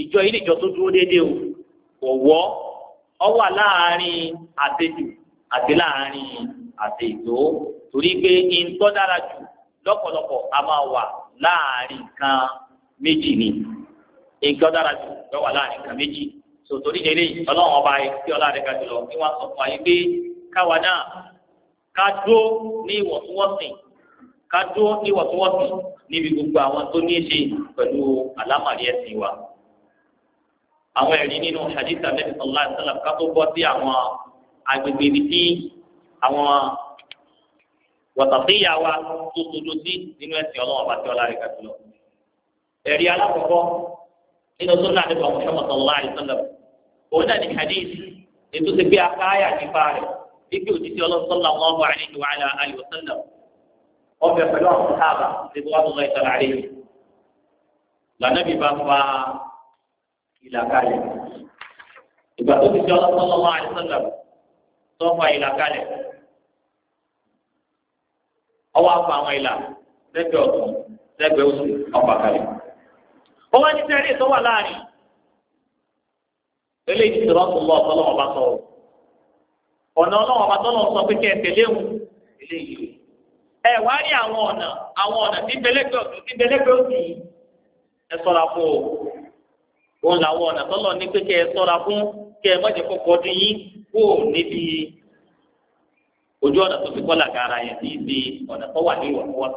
ìjọ yìí níjọ tó dúró déédéé o ọ̀wọ́ ọ wà láàárín àtẹjù àti láàárín àtẹjò torí pé ìtọ́ dára jù lọ́pọ̀lọpọ̀ a láàrin kan méjì ni nǹkan dára jù lọ wà láàrin kan méjì sòtòrí délé ọlọ́run ọba yẹn tí ọlá rẹ̀ ga jùlọ ni wọ́n sọ fún wa yìí pé káwa náà ká dúró ní ìwọ̀ntúnwọ̀nsì ká dúró ní ìwọ̀ntúnwọ̀nsì níbi gbogbo àwọn tó ní í ṣe pẹ̀lú àlámàrí ẹ̀sìn wa àwọn ẹ̀rí nínú hadith anabi sallallahu alayhi wa sallam ká tó bọ́ sí àwọn agbègbè ibi tí àwọn wọ̀tàfíyà wa tó sojú sí nínú ẹ̀sìn ọlọ́wọ́ bá ti ọlá rẹ̀ kàtó lọ. ẹ̀rí alákọ̀ọ́kọ́ nínú tó náà nípa Muhammad sallallahu alayhi wa sallam òun náà ní hadith ètò ti gbé akáyà nípa rẹ̀ ibi òjijì ọlọ́sọ́lá wọn wà nínú àlà àlè wasallam ọbẹ̀ pẹ̀lú àwọn sábà níbi wọn lọ ìtàn àlè yìí. lànàbí bá fa ìlàkalẹ̀ ìgbà tó ti ọwọ́ akọ àwọn ìlà lẹ́gbẹ̀ ọ̀tún lẹ́gbẹ̀ oṣù ọ̀pá ó wá ní sẹ́rí ìtọ́wà láàrin eléyìí ti rọ́ọ̀tù lọ ọ̀tọ́lọ́ ọba sọ̀rọ̀ ọ̀nà ọlọ́wọ́ ọba tọ́lọ́ sọ pé kí ẹ tẹ̀lé òun eléyìí ẹ wá rí àwọn ọ̀nà àwọn ọ̀nà tí o òun làwọn ọ̀nà ní pé kí ẹ fún kí ẹ mọ̀jẹ̀ ojú ọ̀nà tó fi kọ́ làgàrà yẹn ní ibi ọ̀nà tó wà ní ìwọ̀kọ́wọ́.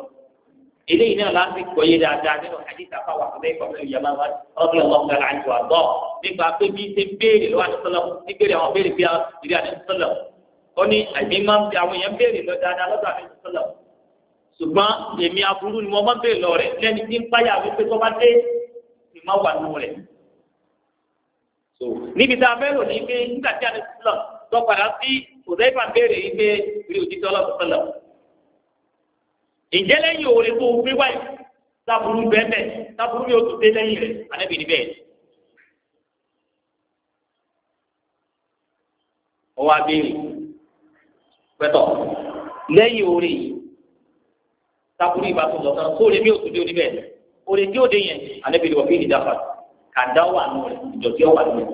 eléyìí náà láti gbọ́yé dáadáa nínú àdìsá fáwọn àkùnrin ìkọ̀fẹ́ ìyàmá wa ọ̀gbìn ọ̀gbọ́n ọ̀gbìn àjò àgbọ̀ nípa pé bí ṣe béèrè lọ́wọ́ àdìsọ́lọ̀ ní béèrè àwọn béèrè bí i àdìsọ́lọ̀ ó ní àmì máa ń fi àwọn èèyàn béèrè lọ dáadáa lọ́dọ̀ àdìsọ́lọ̀ ṣùgbọ́n èmi aburú ni wọ́n máa ń béèrè lọ rẹ̀ lẹ́ni tí ń páyà wípé tó bá dé ni má wà nù rẹ̀. níbi tá a fẹ́ lò ní pé nígbà tí àdìsọ́lọ̀ tó padà sí òzẹ́fà béèrè yìí pé rí òtítọ́ ọlọ́run sọ̀lọ̀. ǹjẹ́ lẹ́yìn òwòrè tó gbé wáyé sábúrú bẹ́ẹ̀ sábúrú yóò tún dé lẹ́yìn rẹ̀ ànábì níbẹ̀. ó wá béèrè pẹ́tọ̀ lẹ́yìn òwòrè yìí sábúrú ìbá tó lọ sọ sóòrè mi ò tún dé oníbẹ̀ òwòrè tí ó dé yẹn ànábì ní fi ìdáfà kàdá wà nù rẹ̀ ìjọ̀jẹ́ wà nù rẹ̀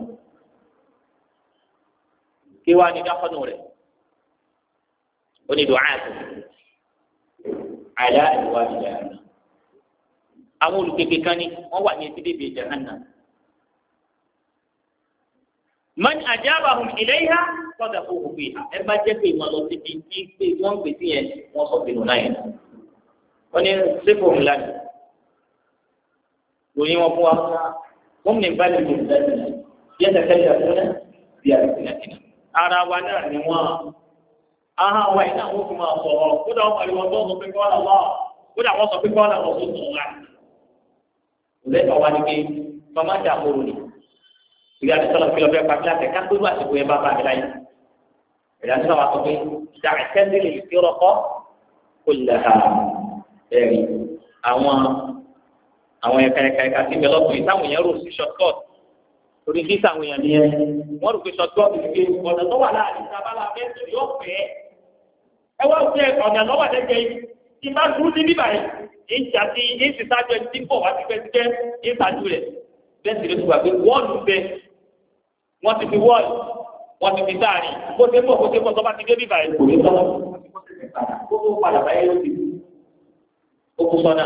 kí wàá ní dákọ́nù rẹ̀ onídùú ààtò àyà ìwà ìjà àwọn olùkèké kan ní wọ́n wà ní etí bèbè jahannam man ajabahum ilayha sadaquhu fiha ẹ bá jẹ́ pé wọ́n lọ síbi tí pé wọ́n ń sí yẹn wọ́n sọ pé nù yẹn wọ́n ní sẹ́fọ̀ ńlá ni ròyìn wọn fún wa wọ́n mú bá lè lò lẹ́yìn yẹn tẹ̀sẹ̀ ìyàtọ̀ náà ara wa náà ni wọ́n ahọ́n wa iná wọ́n fi máa sọ̀rọ̀ kódà wọ́n pariwo tó sọ pé kọ́ ọ́nà lọ kódà wọ́n sọ pé kọ́ ọ́nà lọ tó tún wa. lẹ́tọ̀ wa ni pé mama dà kúrò ni ìyá àti sọlọ kìlọ̀ fẹ́ pàṣẹ àtẹ kápẹ́ wà sí ìwé bàbá mi láyé ìyá àti sọlọ wa sọ pé dàkẹ́ nílẹ̀ ìfẹ́rọ̀kọ́ kò lè ha ẹ̀rí àwọn àwọn ẹ̀ka ẹ̀ka ẹ̀ka sí short cut torí bí sàwọn èèyàn nìyẹn wọ́n rò pé sọ́tọ́ ìgbé ọ̀nà tó wà láàrin sábàlá bẹ́ẹ̀ yóò fẹ́ ẹ wá jẹ ọ̀nà lọ́wọ́ àtẹ́jẹ yìí tí bá dúró sí bíbà yìí ìjà sí ìsì sájọ ẹni tí ń bọ̀ wá sí pẹ́ẹ́sìkẹ́ ìsàjú rẹ̀ bẹ́ẹ̀ sì ló ti wà pé wọ́ọ̀lù bẹ wọ́n ti fi wọ́ọ̀lù wọ́n ti fi sáàrin bó ṣe bọ̀ bó ṣe bọ̀ tó bá ti dé bíbà yìí kò ní sọ́nà kó tó padà báyẹ̀ ló ti kó kó sọ́nà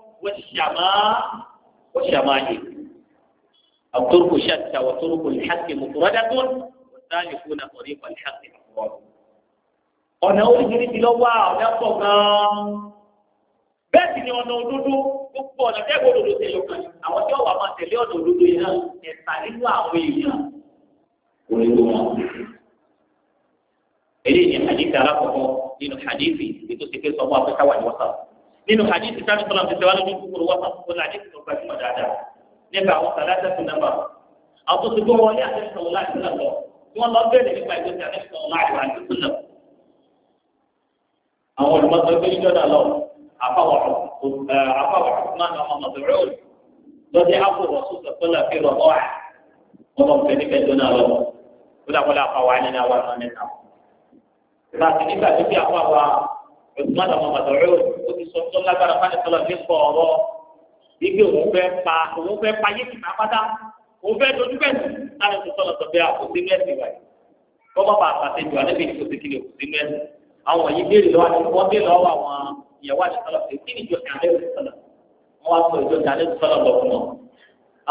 والشمائل الطرق شتى وطرق الحق مفردة والسالكون طريق الحق أفراد ọ̀nà oríṣiríṣi ló wà ọ̀nà pọ̀ gan-an bẹ́ẹ̀ sì ni ọ̀nà òdodo gbogbo ọ̀nà tẹ́gbẹ́ òdodo tẹ̀lé ọ̀kan àwọn tí ọ̀wà máa tẹ̀lé ọ̀nà òdodo yìí náà ẹ̀ta nínú àwọn èèyàn kò ní wọ́n. eléyìí ni hadith alákọ̀ọ́kọ́ nínú hadith ètò ìṣèké sọ fún afẹ́káwá ní wọ́sàpù nínú hadithi tàbí sọlá ti tẹwàá lójú kúrò wá sàkóso láti tó gbajúmọ̀ dáadáa nípa àwọn sàlátà tó nàmbà àwọn tó ti gbọ́ wọlé àti sọ̀rọ̀ láti nà lọ tí wọ́n lọ bẹ̀rẹ̀ nípa ìgbésẹ̀ àti sọ̀rọ̀ láti wà nínú nà. àwọn olùmọ̀tò gbé jọ́dá lọ àfàwọ̀ ọ̀sùnmáà ọmọ mọ̀tòrò lọ́dẹ àpò rọ̀sùn sọ̀tọ́lá fi rọ̀ ọ́ ọmọ bẹ̀rẹ̀ bẹ̀ jọ́dá lọ kódàkódà àfàwọ̀ àyìn náà wà lọ́nà náà. láti nígbà tó fi àfàwọ̀ ọ̀sùnmáà sọ tó lágbára fún àdìsọ́lá nípa ọ̀rọ̀ ibi òun fẹ́ pa òun fẹ́ pa yé kìnnà pátá òun fẹ́ dojú bẹ́ẹ̀ láti fi sọ̀rọ̀ sọ pé àkóso inú ẹ̀sìn wáyé kọ́ bá bàa pàṣẹ jù alẹ́ bíi kòsì kìnnì òkùnrin inú ẹ̀sìn àwọn yìí béèrè lọ́wọ́ àti wọ́n béèrè lọ́wọ́ àwọn ìyàwó àdìsọ́lá pé kí ni ìjọsìn alẹ́ òsìsọ́lá wọ́n á sọ ìjọsìn alẹ́ òsìsọ́lá lọ fún wọn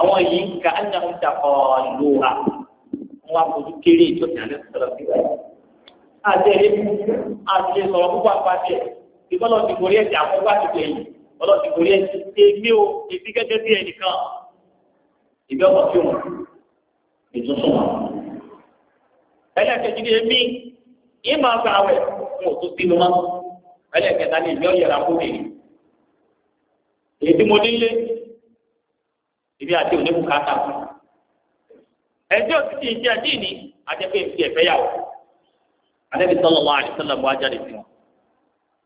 àwọn yìí ń ka ẹ̀yà ń dàpọ̀ ìkọlọ̀ ti borí ẹ̀sìn àkọ́kọ́ àti gbẹ̀yìn ọlọ́ ti borí ẹ̀sìn èmi o èmi gẹ́gẹ́ bí ẹnìkan ìbí ọkọ̀ tí wọn ètò sùn wọn. ẹlẹ́kẹ̀jì ni èmi yín máa gba àwẹ̀ fún òtún sínú mọ́ ẹlẹ́kẹ̀ta ni ìbí ọ̀yẹ̀ra kó lè rí. èdè mo nílé ìbí àti òníkù káàtà fún ẹjọ́ títí ìdí àdínì àjẹpẹ́ ìfi ẹ̀fẹ́ yà wọ́n. alẹ́ bí sọ́lọ́ wọn àdìsọ́lọ́ bọ́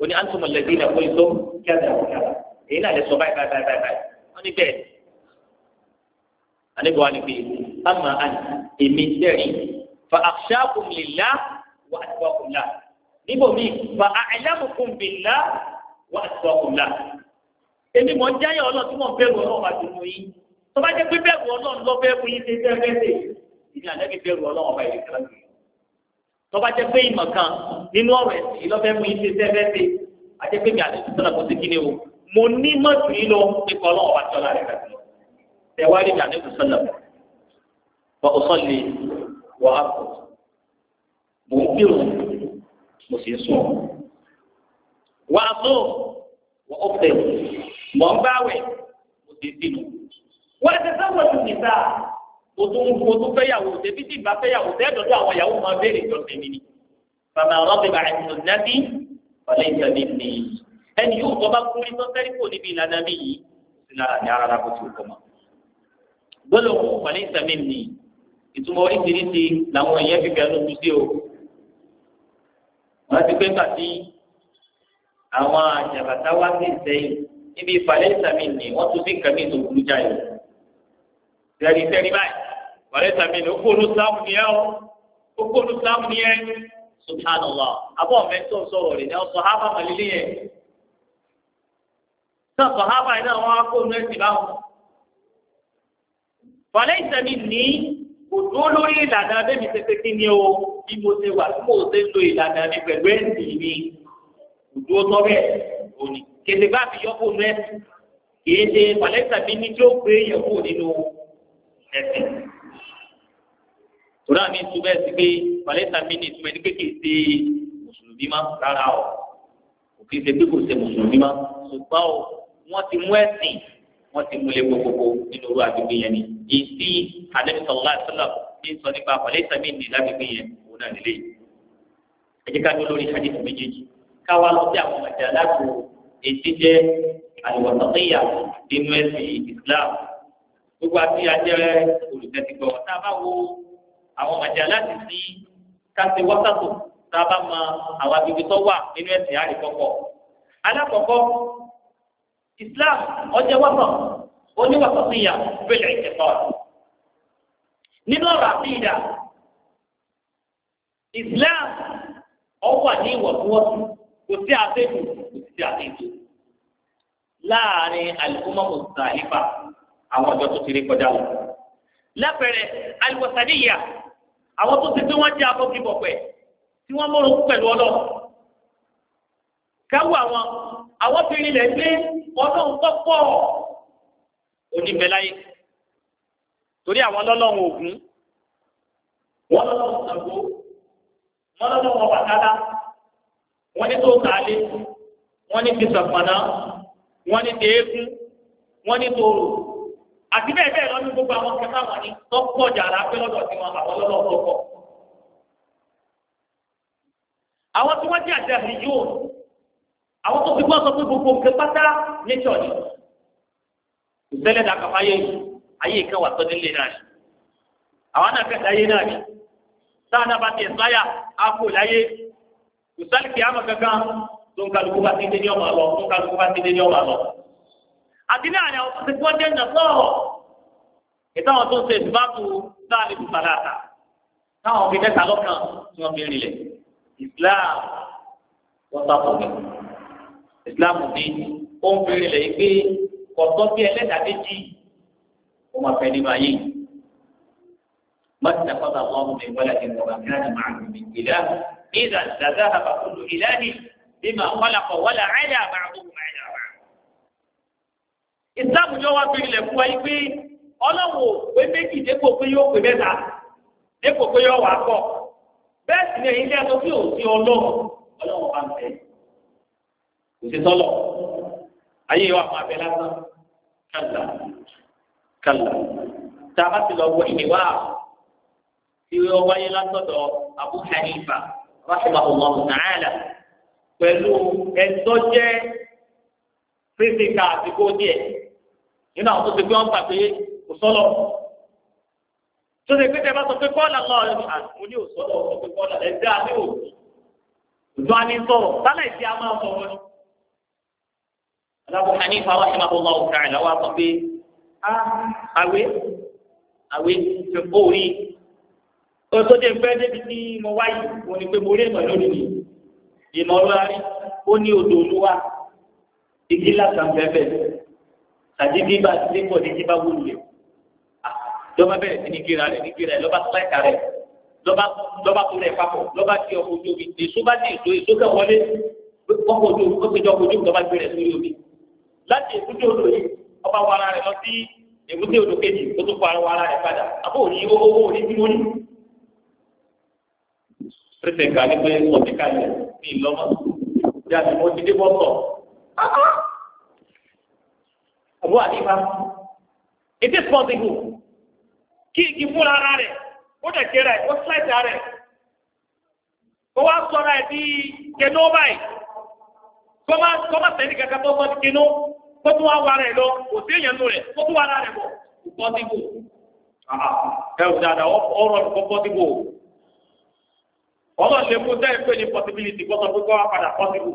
ó ní antum alladhina qultum kẹ́dà kẹ́dà èyí náà lè sọ báyìí báyìí báyìí báyìí wọ́n ní bẹ́ẹ̀ àníbọ̀ wá ní pé àmà àná èmi sẹ́rìn fa akhshakum lillah wa atqakum lah níbo mi fa a'lamukum billah wa atqakum lah èmi mọ̀ ń jáyà ọlọ́run tí mò ń bẹ̀rù ọlọ́run àdúgbò yìí tó bá jẹ́ pé bẹ̀rù ọlọ́run lọ bẹ́ẹ̀ fún yín ṣe fẹ́ẹ́ fẹ́ẹ́ ṣe ìdí àdẹ́gbẹ̀rù ọlọ́run ọba ìrẹsì tọ́ba jẹ́ pé ìmọ̀ kan nínú ọ̀rọ̀ ẹ̀sìn yìí lọ́fẹ́ mú iṣẹ́ sẹ́fẹ́ ṣe àti pé mi àti sọ́nà kò sí kíni o mo ní mọ̀tò yìí lọ nípa ọlọ́wọ́ bá tọ́lá rẹ̀ kàtó tẹ̀wárí mi àti sọ́nà wà ó sọ́lé wà á kọ̀ mò ń bírò mo sì ń sùn wà á tó wà ó fẹ̀ mò ń báwẹ̀ mo sì ń bínú wà á tẹ̀sán wọ̀ o tún o tún fẹ́yàwó tẹ̀bí tí ìbá fẹ́yàwó tẹ́ dọ̀dọ̀ àwọn ìyàwó máa béèrè jọ tèmi ni. bàbá ọ̀rọ̀ bíbá ẹ̀sìn nàbí ọ̀lẹ́ ìtàbí ni ẹni yóò tọ́ bá kúrí sọ́sẹ́rì kò níbi ìlànà mi yìí ìlànà ní kò tó kọ́mọ. gbólóhùn ọ̀lẹ́ ìtàbí ni ìtumọ̀ oríṣiríṣi làwọn èèyàn fi bẹ̀rù tu o. wọ́n ti pé pàtí àwọn àjàbàtà wá sí ìsẹ́yìn níbi ìfàlẹ́ ìtàbí ni wọ́n tún sí kàmí ìtòkùrú jáyọ̀ tẹ̀rìtẹ̀rì báyìí wàlẹ́ tàbí ní okòòlù sáàmù ni ẹ o okòòlù sáàmù ni ẹ subhanallah abọ́ mẹ́tọ́ sọ̀rọ̀ rẹ̀ ní ọ̀sọ̀ hábà màlílé yẹn náà sọ̀ hábà yìí náà wọ́n á kó nù ẹ̀sìn báwọn. wàlẹ́ ìtẹ̀mí ní òdó lórí ìlànà bẹ́ẹ̀ni tètè kí ni o bí mo ṣe wà tí mo ṣe ń lo ìlànà mi pẹ̀lú ẹ̀sìn mi òdó tọ́ bẹ́ẹ̀ òní kèsì bá fi yọ kó nù ẹ̀sìn kèsì wàlẹ́ ìtẹ̀mí ní tí ó gbé yẹ̀ kó nínú ẹ̀sìn. Tòrá mi tún bẹ́ẹ̀ sí pé Pàlẹ́sà mi ní ìtumọ̀ ẹni pé kì í ṣe mùsùlùmí má rárá o. Kò kì í ṣe pé kò ṣe mùsùlùmí má. Ṣùgbọ́n o, wọ́n ti mú ẹ̀sìn, wọ́n ti múlẹ̀ gbogbogbò nínú orú àgbègbè yẹn ni. Ìdí Àdẹ́bísọ̀lá Sọ́lá ti sọ nípa Pàlẹ́sà mi ní lágbègbè yẹn òun náà nílé. Ẹ jẹ́ ká ló lórí hadith méjèèjì. Káwa lọ sí àwọn ọ̀jà láti ètí jẹ́ àlùwọ̀sọ̀tẹ́yà gbogbo àti ajẹ́ olùtẹ̀sígbọ̀ tá a bá wo àwọn ọ̀jà láti sí káṣí wọ́sàtò tá a bá mọ àwọn agbègbè tó wà nínú ẹ̀sìn àríkọ́kọ́. alákọ̀ọ́kọ́ Islam ọjọ́ wọ́sàn oníwàsọ̀tìyà bẹ̀rẹ̀ ìjẹ̀kọ́ nínú ọ̀rọ̀ àfihàn Islam ọwọ́ ní ìwọ̀ntúnwọ̀nsì kò sí àtẹ́jù kò sí àtẹ́jù láàrin àlùkò mọ́mọ́sà ìfà àwọn ọjọ́ tó ti rí kọjá lọ. lẹ́pẹ̀rẹ̀ aliwọ̀sàdíyà àwọn tó ti pé wọ́n jẹ́ abọ́gibọ̀pẹ̀ tí wọ́n mọ̀rọ̀ pẹ̀lú ọlọ́ káwọ àwọn àwọn fi rinlẹ̀ pé ọlọ́run pọ́pọ́ oníbẹ̀láyé torí àwọn lọ́lọ́run ògún wọ́n lọ́lọ́run ṣàgbó wọ́n lọ́lọ́run ọbàtálá wọ́n ní tó kàálé wọ́n ní ti sàpàná wọ́n ní ti wọ́n ní tòrò àti bẹ́ẹ̀ bẹ́ẹ̀ lọ́dún gbogbo àwọn kẹta wọn ni tó pọ̀ jàrá pé lọ́dọ̀ tí wọn àwọn lọ́dọ̀ tó pọ̀. àwọn tí wọ́n jẹ́ àjà yìí àwọn tó fi gbọ́ sọ pé gbogbo nǹkan pátá ní ṣọ́ọ̀ṣì ìṣẹ̀lẹ̀ dàkàfà yẹ ayé kan wà sọ́dílé náà ni àwọn náà kẹta ayé náà ni sáà náà bá ti ẹ̀sáyà á kò láyé ìsálìkì àmọ̀ kankan tó ń kálukú bá ti dé ní ọmọ àti ní àyàwó tó ti gbọ́ jẹ́ ìjàsọ́rọ̀ ìtàwọn tó ń ṣe ìsìbáàbù láàrin ìsìbàdàtà táwọn fi mẹ́ta lọ́kàn tí wọ́n fi rìnlẹ̀ Islam wọ́sàkùnrin Islam ní ó ń fi rìnlẹ̀ pé kọ̀ọ̀kan bí ẹlẹ́dàá méjì ó máa fẹ́ nínú ayé mọ́tìnà kọ́ta lọ́wọ́ mi wọlé ìlú ọ̀gá kí láti máa rìn mí ìlà ìdá ìdàgbà àbàkùnrin ìlànì bí màá ìsìláàmù yóò wá fi ilẹ̀ fún wa yí pé ọlọ́wọ́ pé méjì dépò pé yóò pé mẹ́ta dépò pé yóò wà pọ̀ bẹ́ẹ̀ sì ni èyí ní aṣọ bí òsì ọlọ́wọ́ ọlọ́wọ́ bá ń bẹ̀ kò sí sọ́lọ̀ ayé wa máa bẹ lásán kàlà kàlà tá a bá ti lọ wọ ìwà ìwé ọwáyé látọ̀dọ̀ Abu Hanifa rahimahullahu ta'ala pẹ̀lú ẹ̀tọ́ jẹ́ physical àti kó díẹ̀ nínú àwọn tó ti gbé wọn gbà pé kò sọ́lọ̀ tó ti gbé tẹ bá sọ pé kọ́ọ̀lá lọ mo ní òsọ́lọ̀ sọ pé kọ́ọ̀lá ẹ̀dá ní òbí ìjọ ni sọ̀rọ̀ sálẹ̀ tí a máa sọ wọn. Abu Hanifa wa ṣe máa bọ́ lọ́wọ́ ká ìlà wa pé àwé àwé ti kó orí tó dé pẹ́ débi tí mo wáyé mo ní pé mo rí ìmọ̀ lórí ìmọ̀ lórí ó ní odò olúwa igi lásán bẹ́ẹ̀ àti bí bá ti dé pọ̀ ní tí bá wúlò lè lọ́ba bẹ̀rẹ̀ sí ní gbéra rẹ̀ ní gbéra rẹ̀ lọ́ba sláìka rẹ̀ lọ́ba tó rẹ̀ papọ̀ lọ́ba tí ọkọ̀ ojú omi èso bá dé èso èso kẹ́ wọlé ọkọ̀ ojú omi ọkọ̀ ojú omi lọ́ba gbé rẹ̀ sórí omi láti èkúté odò yìí ọba wọ ara rẹ̀ lọ sí èkúté odò kejì ó tún kọ ara rẹ̀ padà àbó òní owó òní tí mo ní. pírẹsẹ̀ ní pé ọ̀sẹ̀ Abu Hanifa it is possible kí igi fúnra ara rẹ̀ ó dẹ̀ kéré ó sláìtì ara rẹ̀ kó wá sọ̀rọ̀ ẹ̀ bí kẹnú báyìí kó má sẹ́ni kankan tó sọ ti kẹnú kó tún wá wà rẹ̀ lọ kò sí èèyàn nù rẹ̀ kó tún wà rà rẹ̀ bọ̀ kò possible ẹ ò dáadáa ọ̀rọ̀ kò possible ọlọ́ọ̀lẹ́kùn tẹ́ ẹ pé ní possibility kó sọ pé kó wá padà possible.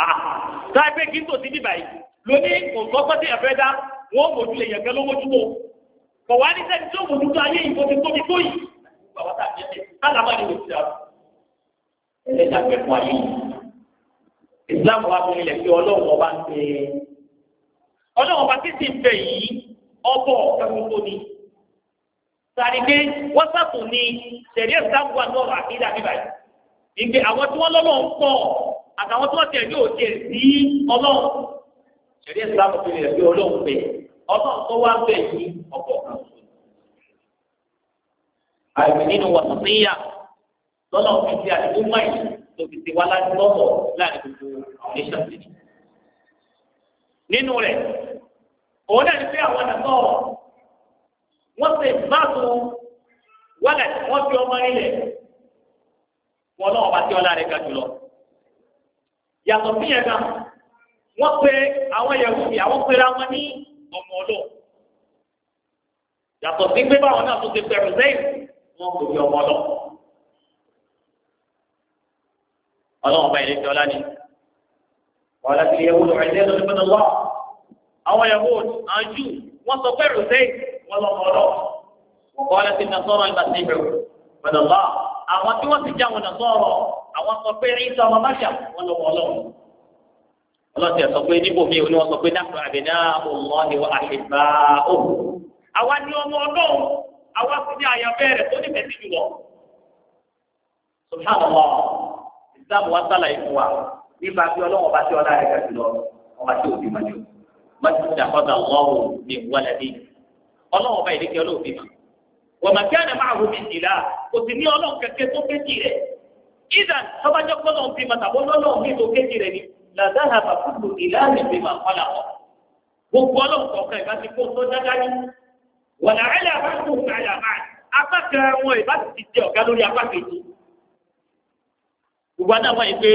Ah, táìpé kí n tò sí bíbá yìí lóní òǹkọ́kọ́ sí ẹ̀fẹ́ dá wọ́n mójú lè yẹ̀fẹ́ ló mójú tó kọ̀ wá ní sẹ́ni tó mójú tó ayé ìfọ́ ti tóbi tó bàbá tá a jẹ́ ẹ̀ kálámà ni mo ti dà ẹ̀ẹ́dà pẹ̀ fún ayé yìí Islam wa fi ilẹ̀ fi ọlọ́run ọba ń pè é ọlọ́run ọba títí ìfẹ́ yìí ọbọ̀ ẹ̀kúnkó ni sàrídé wọ́sàtò ni sẹ̀rí ẹ̀sán wa lọ́rọ̀ àkídà bíbá yìí ìgbé àwọn tí àtàwọn tó tẹ̀ ní òde sí ọlọ́run ṣẹ̀rí ẹ̀sìn láti fi rẹ̀ bí ọlọ́run bẹ̀ ọlọ́run tó wá bẹ̀ ní ọ̀pọ̀ kan. àìsàn nínú wàtún níyà lọ́nà òfin ti àdìgún máyì tó fi ti wá láti lọ́wọ́ láàrin gbogbo àwọn oníṣàtìlì. nínú rẹ̀ òun náà ní pé àwọn àtàkọ́ wọ́n ṣe báàtò wọ́n fi ọmọ nílẹ̀ wọn náà wọ́n tí ọlá rẹ̀ ga jùlọ yàtọ̀ sí yẹn náà wọ́n pe àwọn yẹ̀wù ni àwọn pera wọn ní ọmọ ọlọ́ yàtọ̀ sí pé báwọn náà tó ti pẹ̀rù sẹ́yìn wọ́n kò fi ọmọ ọlọ́ ọlọ́run bá ìrètí ọlá ni wọ́n láti lè yẹ̀wò lọ́wọ́ ẹ̀dẹ́ lọ́dún fún ọlọ́ àwọn yẹ̀wò àjú wọ́n sọ pẹ̀rù sẹ́yìn wọ́n lọ́mọ ọlọ́ wọ́n láti nà sọ́rọ̀ ìgbà àwọn sọ pé ìsọ ọmọ máṣà wọn lọ wọn lọ́wọ́ ọlọsẹ sọ pé níbo mi ò ní wọn sọ pé dákùrọ àbẹnà ọmọ ni wọn àṣìbá o àwa ni ọmọ Ọlọ́run àwa sì ní àyànfẹ́ rẹ̀ tó ní bẹsí jùlọ subhanallah islam wa sálà ìfún wa nípa bí ọlọ́wọ́ bá ti ọlá rẹ̀ gàdú lọ ọba tí òbí ma jù mọ́tò tí a kọ́ta lọ́wọ́ mi wọlé bí ọlọ́wọ́ bá ìdíkẹ́ ọlọ́wọ́ bí ma wọ́n ìdàn tọ́ba jẹ́ pọ́nà ń bímọ tàbí ọlọ́run bí tó kéjì rẹ̀ ni làdá àbá fúlù ìlànà ìbímọ àkọlà wọn. gbogbo ọlọ́run kọ̀ọ̀kan ìbá ti kó tó dáadáa ní. wọ̀nà ẹ̀lẹ́ àbá tó ń kalẹ̀ àmà apá kan wọn ìbá ti ti jẹ ọ̀gá lórí apá kejì. gbogbo àná wọn yìí pé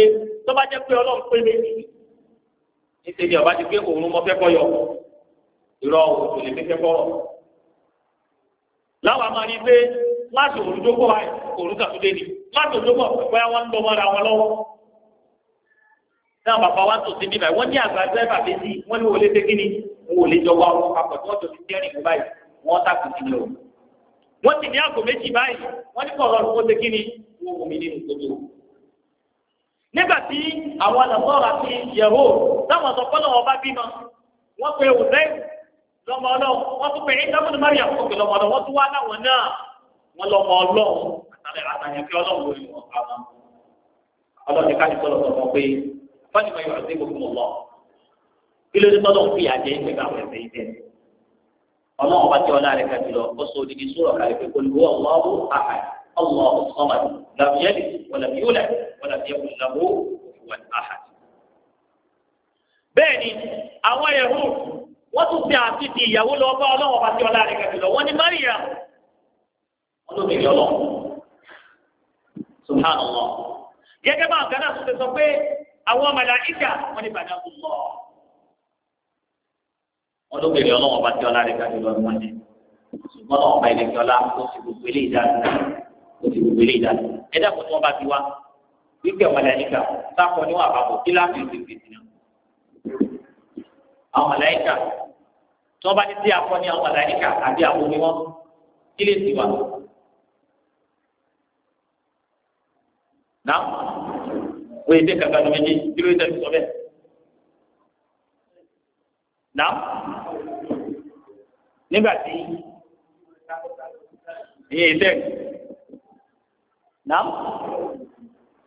tọ́ba jẹ́ pé ọlọ́run pé lé nítorí ọba ti pé òun mọ fẹ́ kọ́yọ̀ ìrọ̀ òtò lè fẹ́ kọ́ láwọn àmọ́ ni pé láti òun jókòó àìsàn òun kàtúndé ni látòjúbọ̀ bóyá wọ́n ń lọ mọ́ra wọn lọ́wọ́. náà bàbá wa tó ti níbà wọ́n ní àgbà dẹ́fà méjì wọ́n ní wọlé dégínì wọn ò lè jọ wá wọn papọ̀ tí wọ́n tó ti dẹ́rìn mú báyìí wọ́n tàkùn sí lọ. wọ́n ti ní àgọ́ méjì báyìí wọ́n ní kọ̀ọ̀rọ̀ ló wọ́n dégínì wọ́n wò mí nínú gbogbo. nígbà tí àwọn àlàmọ́ra ti yẹ̀wò táwọn sọ fọ́nà wọn bá bímọ wọ́n pe òṣèlú lọ́mọ ọlọ́run wọ́n tún pe lábẹ́ àtàyàn kí ọlọ́run lórí wọn pa wọn. ọlọ́run ti káàdì sọ̀rọ̀ sọ̀rọ̀ pé fọ́nì mọ̀ yóò ṣe gbogbo lọ. kí ló dé tọ́lọ̀ ń fi àjẹ́ ìgbẹ́gbẹ́ àwọn ẹ̀fẹ́ yìí tẹ̀. ọlọ́run bá tí ọlá rẹ̀ kà jùlọ ó sọ odidi sọ̀rọ̀ kàlẹ́ pé olùwọ́ ọlọ́run àhà ọlọ́run sọ́mà làbíyẹ́lì wọ̀làbíyọ́lẹ̀ wọ̀làbíyẹ́ bẹ́ẹ̀ni àwọn ẹrú wọn tún fi àti ti ìyàwó lọ bá Ọlọ́run ọba tí ọlá rẹ̀ kẹfì lọ wọn ni subhanallah gẹ́gẹ́ bá àgbàdo àtúntò sọ pé àwọn màláíkà wọ́n ní bàdá kò lọ. wọ́n ló bèrè ọlọ́wọ́n bá tí ọlá rẹ̀ kájú lọ ní wọ́n ní ṣùgbọ́n ọlọ́wọ́n bá ilé kí ọlá ó ti gbogbo ilé ìdáná ó ti gbogbo ilé ìdáná ẹ dákun tí wọ́n bá ti wá wípé màláíkà sáfọ níwọ̀n àbàbọ̀ kí láàbì ó ti fèsì náà. àwọn màláíkà tí wọ́n bá ti sí akọ àwọn màláíkà àbí àbò ní wọ́n kí lè ti wà lọ. wọ́n yìí dé kàkà ní méjì kíló yìí tẹ̀sí sọ bẹ́ẹ̀. Nà nígbà tí ìyẹn ìtẹ̀ nà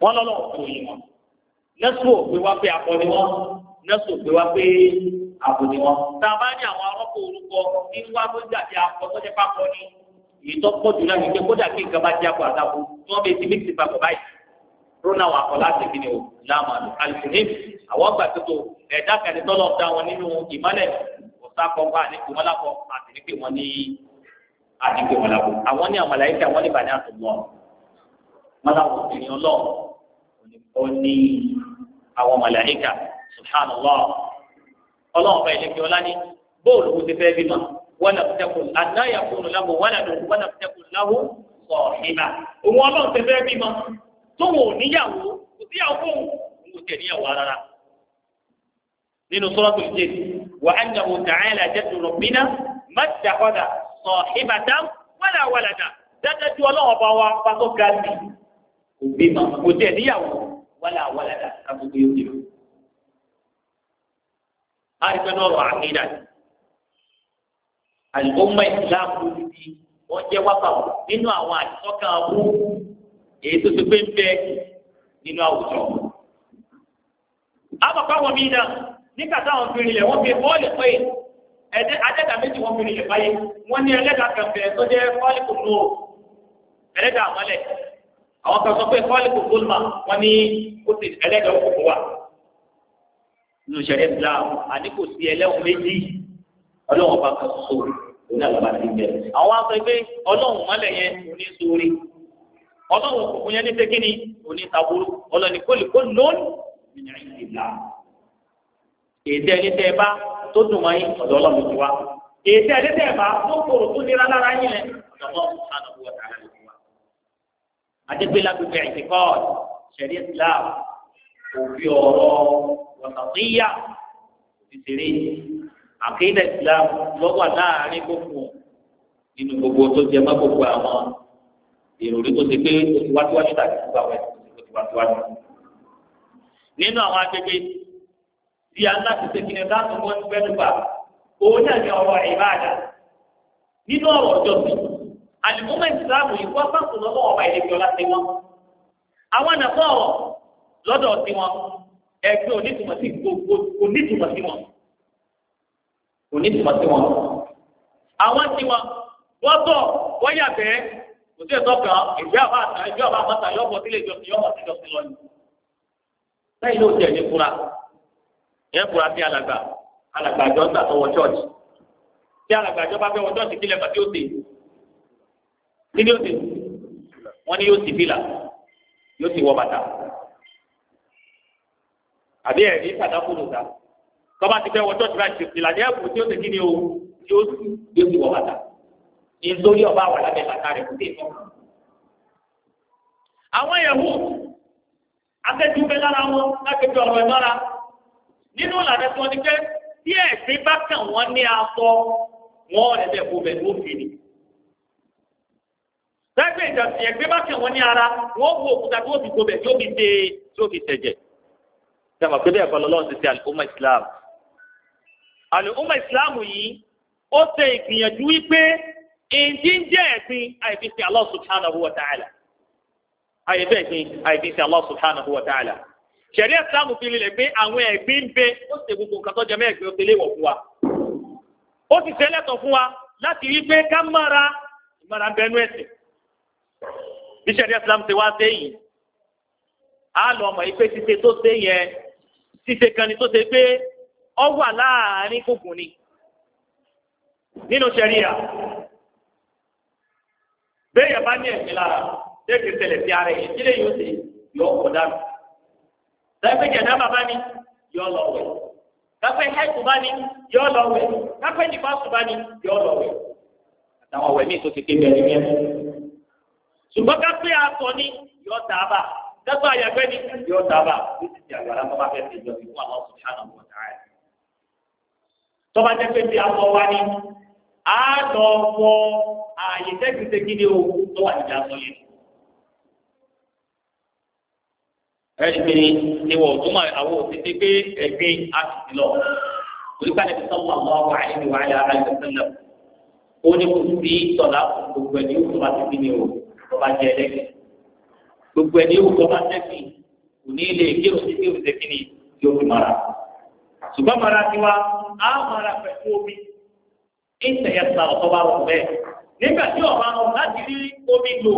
wọ́n lọ́lọ́ òkú yìí wọn. Nẹ́sù òpè wá pé akọ ni wọ́n. Nẹ́sù òpè wá pé àbò ni wọ́n. Tá a bá ní àwọn arọ́pò orúkọ ní wá bó ń dàbí akọ tó jẹ́ pápọ̀ ni. Ìtọ́pọ̀ jùlọ ní pé kódà kí nǹkan bá jẹ́ àpò àtàkùn tí wọ́n bẹ ti mí ti papọ̀ báyìí rona wà kọ́ láti fi ni o láàmú àlò alùpùpù àwọn gbà tó tó ẹ̀dá kẹ́ni tọ́lọ̀ da wọn nínú ìmọ̀lẹ̀ ọ̀sákọ̀ọ́gbà ní kòmọ́lákọ̀ àti ní pé wọ́n ní àti pé wọ́n lábọ̀ àwọn ní àmàlà yìí àwọn ní bàdé àtúmọ̀ mọ́láwọ̀ obìnrin ọlọ́ọ̀ ó ní àwọn màláíkà subhanallah ọlọ́run bá ilé kí ọlá ní bóòlù kó ti fẹ́ bímọ wọnà tẹkùn àdáyà fóònù lábọ̀ wọnà lòun wọnà tẹkùn láwù sọ̀ọ́hìnà òun ọlọ́run ti fẹ́ bímọ tóun ò níyàwó kò síyàwó fóun òun kò tẹ̀ níyàwó rárá. nínú suratul jinn wa annahu ta'ala jaddu rabbina mattakhadha sahibatan wala walada dáadáa ju ọlọ́run ọba wa pàtó ga sí kò bímọ kò tẹ̀ níyàwó wala walada káfíńkì yóò dìbò. a rí pẹ́ náà rọ̀ àkídà àlùkò mọ́ wọ́n jẹ́ wákàtí nínú àwọn àtìsọ́kàn abúlé èyí tó ti pé ń bẹ nínú àwùjọ. àbàkọ́ àwọn míì náà nígbà táwọn fi rinlẹ̀ wọ́n fi bọ́ọ̀lù pé ẹ̀dẹ́ adẹ́ta méjì wọ́n fi rinlẹ̀ báyé wọ́n ní ẹlẹ́dà kẹfẹ́ tó jẹ́ bọ́ọ̀lù kò nù ẹlẹ́dà àmọ́lẹ̀ àwọn kan sọ pé bọ́ọ̀lù kò gbólùmọ̀ wọ́n ní kó ti ẹlẹ́dà òkùnkùn wà. nínú ìṣẹ̀lẹ̀ bla àní kò sí ẹlẹ́wọ̀n méjì ọlọ́wọ̀n bá kan sọ òun náà ọlọ́run òkùnkùn yẹn ní sẹ́kínì onítàwòrò ọlọ́ni kólìkó lónìí ìyẹn ìlà èdè ẹni tẹ́ ẹ bá tó dùn wáyé ọ̀dọ̀ ọlọ́run ti wá èdè ẹni tẹ́ ẹ bá tó kòrò tó nira lára yín lẹ ọ̀dọ̀ ọlọ́run sànà owó ọ̀tá ti wá. adégbélá gbogbo ẹ̀ ti kọ́ ṣẹ̀rí islam òbí ọ̀rọ̀ wọ̀sàtìyà ìṣeré àkéde islam lọ́wọ́ láàrin gbogbo nínú gbogbo tó jẹ mọ́ gbogbo ìròrí tó ti pé o ti wájúwájú tàbí fún báwẹ̀ o ti wájúwájú. nínú àwọn agbègbè tí a ń láti ṣe kíni láti mọ ẹgbẹ́nu gbà òun náà ní ọ̀rọ̀ ìbáàdà nínú ọ̀rọ̀ ìjọsìn àlùmọ́mọ́ ìsìlámù yìí wọ́n bá sùn lọ́wọ́ ọba ìlẹ́kẹ̀ ọ̀la sí wọn. àwọn ànàfọ́ ọ̀rọ̀ lọ́dọ̀ sí wọn ẹgbẹ́ onítùmọ̀ sí onítùmọ̀ sí wọn onítùmọ̀ sí wọn. àwọn tí wọn wọ́n tọ̀ wọ́n yàgbẹ́ kò sí ètò ọkàn ìgbé àbá àtà ìgbé àbá àmọ́ta yọ ọkọ̀ sílé ìjọsìn yọ ọmọ sí ìjọsìn lọ ni. lẹ́yìn ló tiẹ̀ ní fura ìyẹn fura sí alàgbà alàgbà àjọ ń tàtọ̀ wọ chọ́ọ̀chì tí alàgbà àjọ bá fẹ́ wọ chọ́ọ̀chì kílẹ̀ bàtí ó tè kí ni ó tè wọ́n ní yóò ti fìlà yóò ti wọ bàtà àbí ẹ̀rí sàdákùnù ta tọ́ba ti fẹ́ wọ chọ́ọ̀chì láti fìlà ní ẹ̀kú tí ó ti kí ni o tí ó ti wọ bàtà nítorí ọba wà lábẹ́ bàtà rẹ̀ kúndé fún un. àwọn ìyàwó akẹ́kọ̀ọ́ bẹ lára wọn lákẹ́kọ̀ọ́ ọ̀rọ̀ ìmọ̀ra nínú ìlànà tí wọ́n ti fẹ́ tí ẹ̀sìn bá kàn wọ́n ní aṣọ wọn rẹ̀ bẹ̀ kó bẹ̀ tó fi ni. lẹ́gbẹ̀ẹ́ ìdàtí ẹ̀gbẹ́ bá kàn wọ́n ní ara wọ́n wo òkúta tó fi gbobẹ̀ tó fi ṣe tó fi ṣẹ̀jẹ̀. sábà pé bẹ́ẹ̀ kọ́lọ́ lọ́wọ́ ti ṣe àlùkò mọ́ ìsìláàmù àlùkò mọ́ ìsìláàmù yìí ó ṣe ìgbìyànjú wípé èyí ń sí Allah subhanahu wa ta'ala sí Allah subhanahu ṣẹ̀rí ẹ̀sìlámù fi lè pé àwọn ẹ̀gbin ń bẹ ó ṣe gbogbo nǹkan tó jẹ mẹ́ẹ̀gbin ó ṣe léwọ̀ fún wa ó sì ṣe fún wa láti rí pé ká mára ìmára ń ẹ̀sìn bí ṣẹ̀rí ẹ̀sìlámù ti wá sé yìí á bẹ́ẹ̀ yẹn bá ní ẹ̀mí lára bẹ́ẹ̀ kì í ṣẹlẹ̀ sí ara yẹn kílẹ̀ yóò ṣe yọ ọ̀pọ̀ dànù. dábẹ́ jẹ̀dá bàbá ni yọ lọ wẹ̀ kápẹ́ ẹ̀kú bá ní yọ lọ wẹ̀ kápẹ́ nìfàsù bá ní yọ lọ wẹ̀ àtàwọn ọ̀wẹ̀ míì tó ti kébẹ̀ ní yẹn. ṣùgbọ́n kápẹ́ àtọ̀ ni yọ tààbà kápẹ́ àyàgbẹ́ ni yọ tààbà ó ti di àgbàrá bọ́ bá fẹ́ ṣe á lọ wọ ààyè tẹ́kìtẹ́kì ní owó tó wà níjà sọlẹ̀. ẹni pé ìwọ tó máa àwọ òtítí pé ẹgbẹ́ àtìsí lọ oríkà ní sọ́wọ́ àwọn àwọn àìní wà á yára sẹ́lẹ̀ ó ní kò sí sọ̀lá gbogbo ẹni yóò tó bá ti o tó jẹ ẹlẹ́gbẹ̀ẹ́ gbogbo ẹni yóò tó tẹ́sí kò ní ilé kí o sì kí o sì kí ni yóò fi mara ṣùgbọ́n mara tiwa á mara pẹ̀lú omi ìṣẹ̀yẹ sọ ọ̀tọ́ bá wọ̀ bẹ́ẹ̀. nígbà tí ọ̀bá wọn láti rí omi lò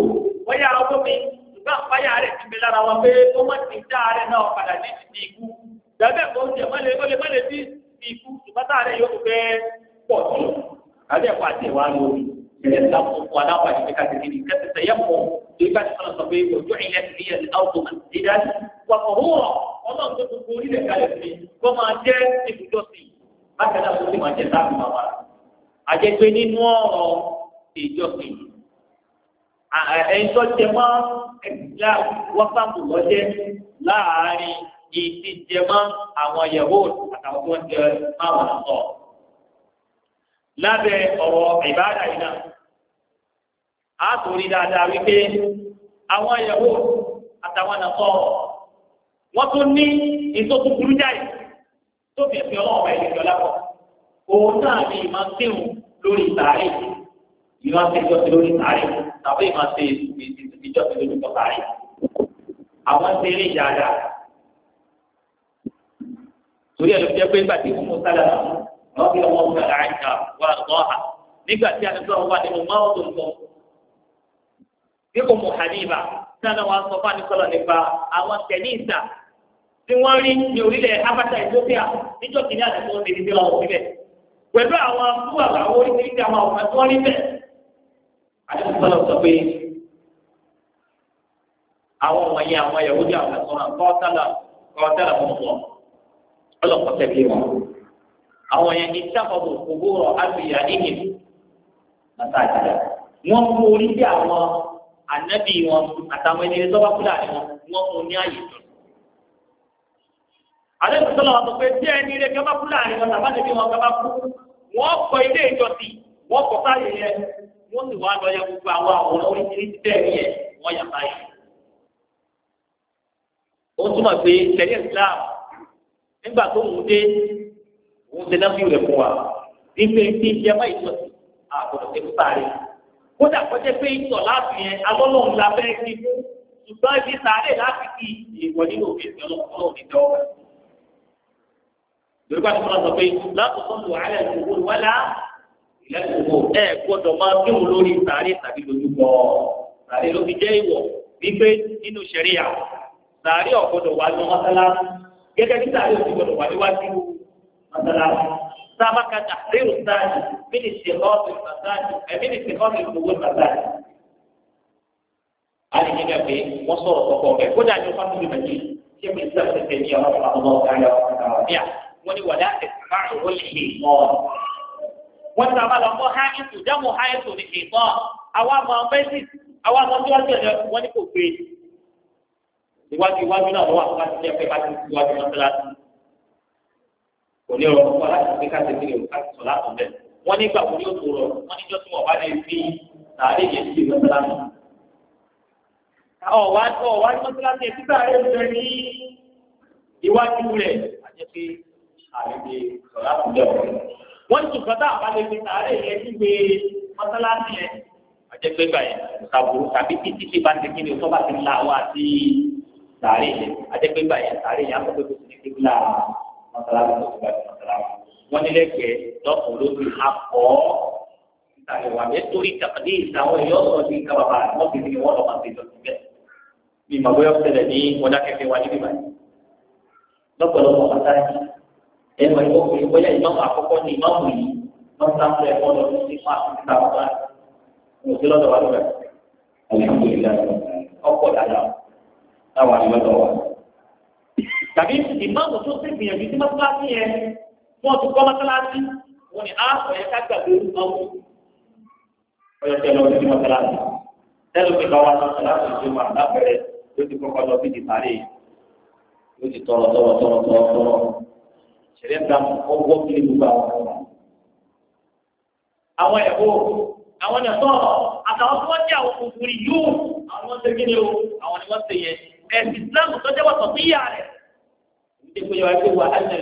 wọ́n yára omi ìgbà fáyà rẹ̀ ti gbé lára wọn pé ó má ti dá rẹ̀ náà padà ní ti di ikú. dàbẹ́ kò ń jẹ mọ́lẹ̀ ó lè má lè ti di ikú ṣùgbọ́n táà rẹ̀ yóò fẹ́ pọ̀ sí. àbẹ́ ẹ̀kọ́ àti ìwà ló ní kẹsìtẹ̀ yẹ pọ̀ nígbà tí àjẹpé nínú ọ̀rọ̀ ìjọsìn ẹ̀ńtọ́ jẹ mọ́ ẹ̀dá wákàtí lọ́jẹ́ láàárín ìdí jẹ mọ́ àwọn Yahud àtàwọn tó ń jẹ máwọn sọ. lábẹ́ ọ̀rọ̀ ìbáàdà yìí náà a tó rí dáadáa wípé àwọn Yahud àtàwọn nàkọ́ wọ́n tún ní ìtọ́kùn jáì tó fi ẹ̀sìn ìjọ lápọ̀ òun náà ni ìmọ̀ sẹ́wọ̀n lórí sàárè ìmọ̀ sẹ́jọ́ sí lórí sàárè tàbí ìmọ̀ sẹ́ ìjọ sí lórí sàárè. àwọn ṣe eré ìjàdá torí ẹ̀ ló jẹ́ pé gbàtí fún mọ́sálà wọ́n fi ọmọ ọ̀gá àìsàn wà lọ́hà nígbà tí àdúgbò wà nínú mọ́ọ̀tò nǹkan bí kò mọ̀ hàníbà sáà wọn sọ fún àdìsọ́lọ̀ nípa àwọn tẹ̀lé tí wọ́n rí ní orílẹ̀ abata Ethiopia níjọ́ kìíní àdìsọ́ ọ̀sẹ̀ ìdílé ọ̀hún síbẹ̀. pẹ̀lú àwọn fún ala oríṣiríṣi àwọn ọ̀fẹ́ tó rí bẹ́ẹ̀. àdéhùn sọ pé àwọn wọ̀nyí àwọn yahoo di àwọn ẹ̀sọ́ náà fún wọn wọn. àwọn yẹn ní sábàbò nàtà wọ́n mú orí bí àwọn ànábì wọn àtàwọn tó bá kúlà ní wọn wọ́n mú ní àyè tó sọ pé wọ́n kọ ilé ìjọsìn wọ́n kọ sáyé yẹn wọ́n sì wá lọ yẹ gbogbo àwọn àwọn oríṣiríṣi bẹ́ẹ̀ yẹn wọ́n yà sáyé. ó túmọ̀ pé sẹ́yìn Islam nígbà tó ń dé òun ṣe náà fi rẹ̀ fún wa ife ife ìjẹmọ́ ìjọsìn àbọ̀dọ̀ tẹ̀ fún sáré kódà kọjá pé ìtọ̀ láti yẹn alọ́lọ́run la fẹ́ ṣùgbọ́n ibi sáré láti kí ìwọ nínú òfin ìjọ yorùbá tó máa sọ pé látò tó ń lò alẹ́ ìṣòwò wálá ìlẹ́ ìṣòwò ẹ gbọ́dọ̀ máa kírun lórí sàárè tàbí lójúbọ sàárè ló fi jẹ́ ìwọ̀ wípé nínú ṣẹ̀ríyà sàárè ọ̀gbọ́dọ̀ wà ní mọ́sálásí gẹ́gẹ́ bí sàárè òsì gbọ́dọ̀ wà níwájú mọ́sálásí sábàkà tàbílù sáàjì mínísì ọ̀sìn pàtàkì ẹ̀mínísì ọ̀sìn gbogbo pàtàkì. Àlè yín gàgbé wọ́n sọ̀rọ̀ wọ́n ní wàdà ẹ̀ka ìwọ́n lè ṣe ìmọ̀ wọ́n ti àbálọ̀ mọ́ ha ètò dámọ̀ ha ètò lè ṣe ìmọ̀ àwa mọ̀ mẹ́sì àwa mọ̀ tí wọ́n ti ẹ̀dẹ̀ wọ́n ní kò gbé iwájú iwájú náà lọ́wọ́ àti jẹ́ pé bá iwájú náà fẹ́lá kò ní ọ̀rọ̀ fún láti gbé káṣí ìdílé òkú láti sọ látọ̀ bẹ́ẹ̀ wọ́n nígbà wo ni ó rọ̀ wọ́n níjọ́ tí wọ́n bá lè fi tààrí yẹn sí ìlú fẹ́lá sí ọ̀wá ọ̀wá ní mọ́tíláṣí ẹ̀ àbíbi sọ̀lá tó bẹ̀ wọ́n. wọ́n ti sọ́tà àbálẹ̀ fi sàárè yẹn sí pé mọ́sálásí yẹn àjẹpẹ́ gbà yẹn sàbùrù tàbí títí tí bá ti kíni sọ́ba ti la wá sí sàárè yẹn àjẹpẹ́ gbà yẹn sàárè yẹn akọ́kọ́ tó ti ní kíkúlà mọ́sálásí tó ti bá ti mọ́sálásí. wọ́n ní lẹ́gbẹ̀ẹ́ lọ́kùn lóbi akọ́ ìtàlẹ̀ wà bẹ́ẹ̀ torí tàbí ìtàwọn èèyàn sọ ní kábàbà ẹ mọ̀ ìwọ pé bóyá ìmọ̀mù àkọ́kọ́ ni ìmọ̀mù yìí wọ́n sá fún ẹ̀kọ́ lọ sí fún àtúntà ọ̀gá mo ti lọ́dọ̀ wá lọ́dọ̀ alihamudulilayi ọkọ̀ dáadáa táwa ni wọ́n lọ wá. tàbí ìmọ̀mù tó ṣe gbìyànjú sí mọ́tíláṣí yẹn wọ́n ti kọ́ mọ́tíláṣí wọ́n ni àápọ̀ yẹn gbàgbé ìmọ̀mù ọ̀yọ̀ ṣẹlẹ̀ ń dàmú ọwọ́ kiri gbogbo àwọn ọmọ àwọn ẹ̀họ́ àwọn ẹ̀fọ́ àtàwọn tí wọ́n jẹ́ àwọn kòkòrò yóò àwọn wọ́n ṣe kíni o àwọn ni wọ́n ṣe yẹ ẹ̀sìn Islam tó jẹ́ wọ́tọ̀ sí ìyá rẹ̀ ní kò yẹ wá pé wà á lẹ̀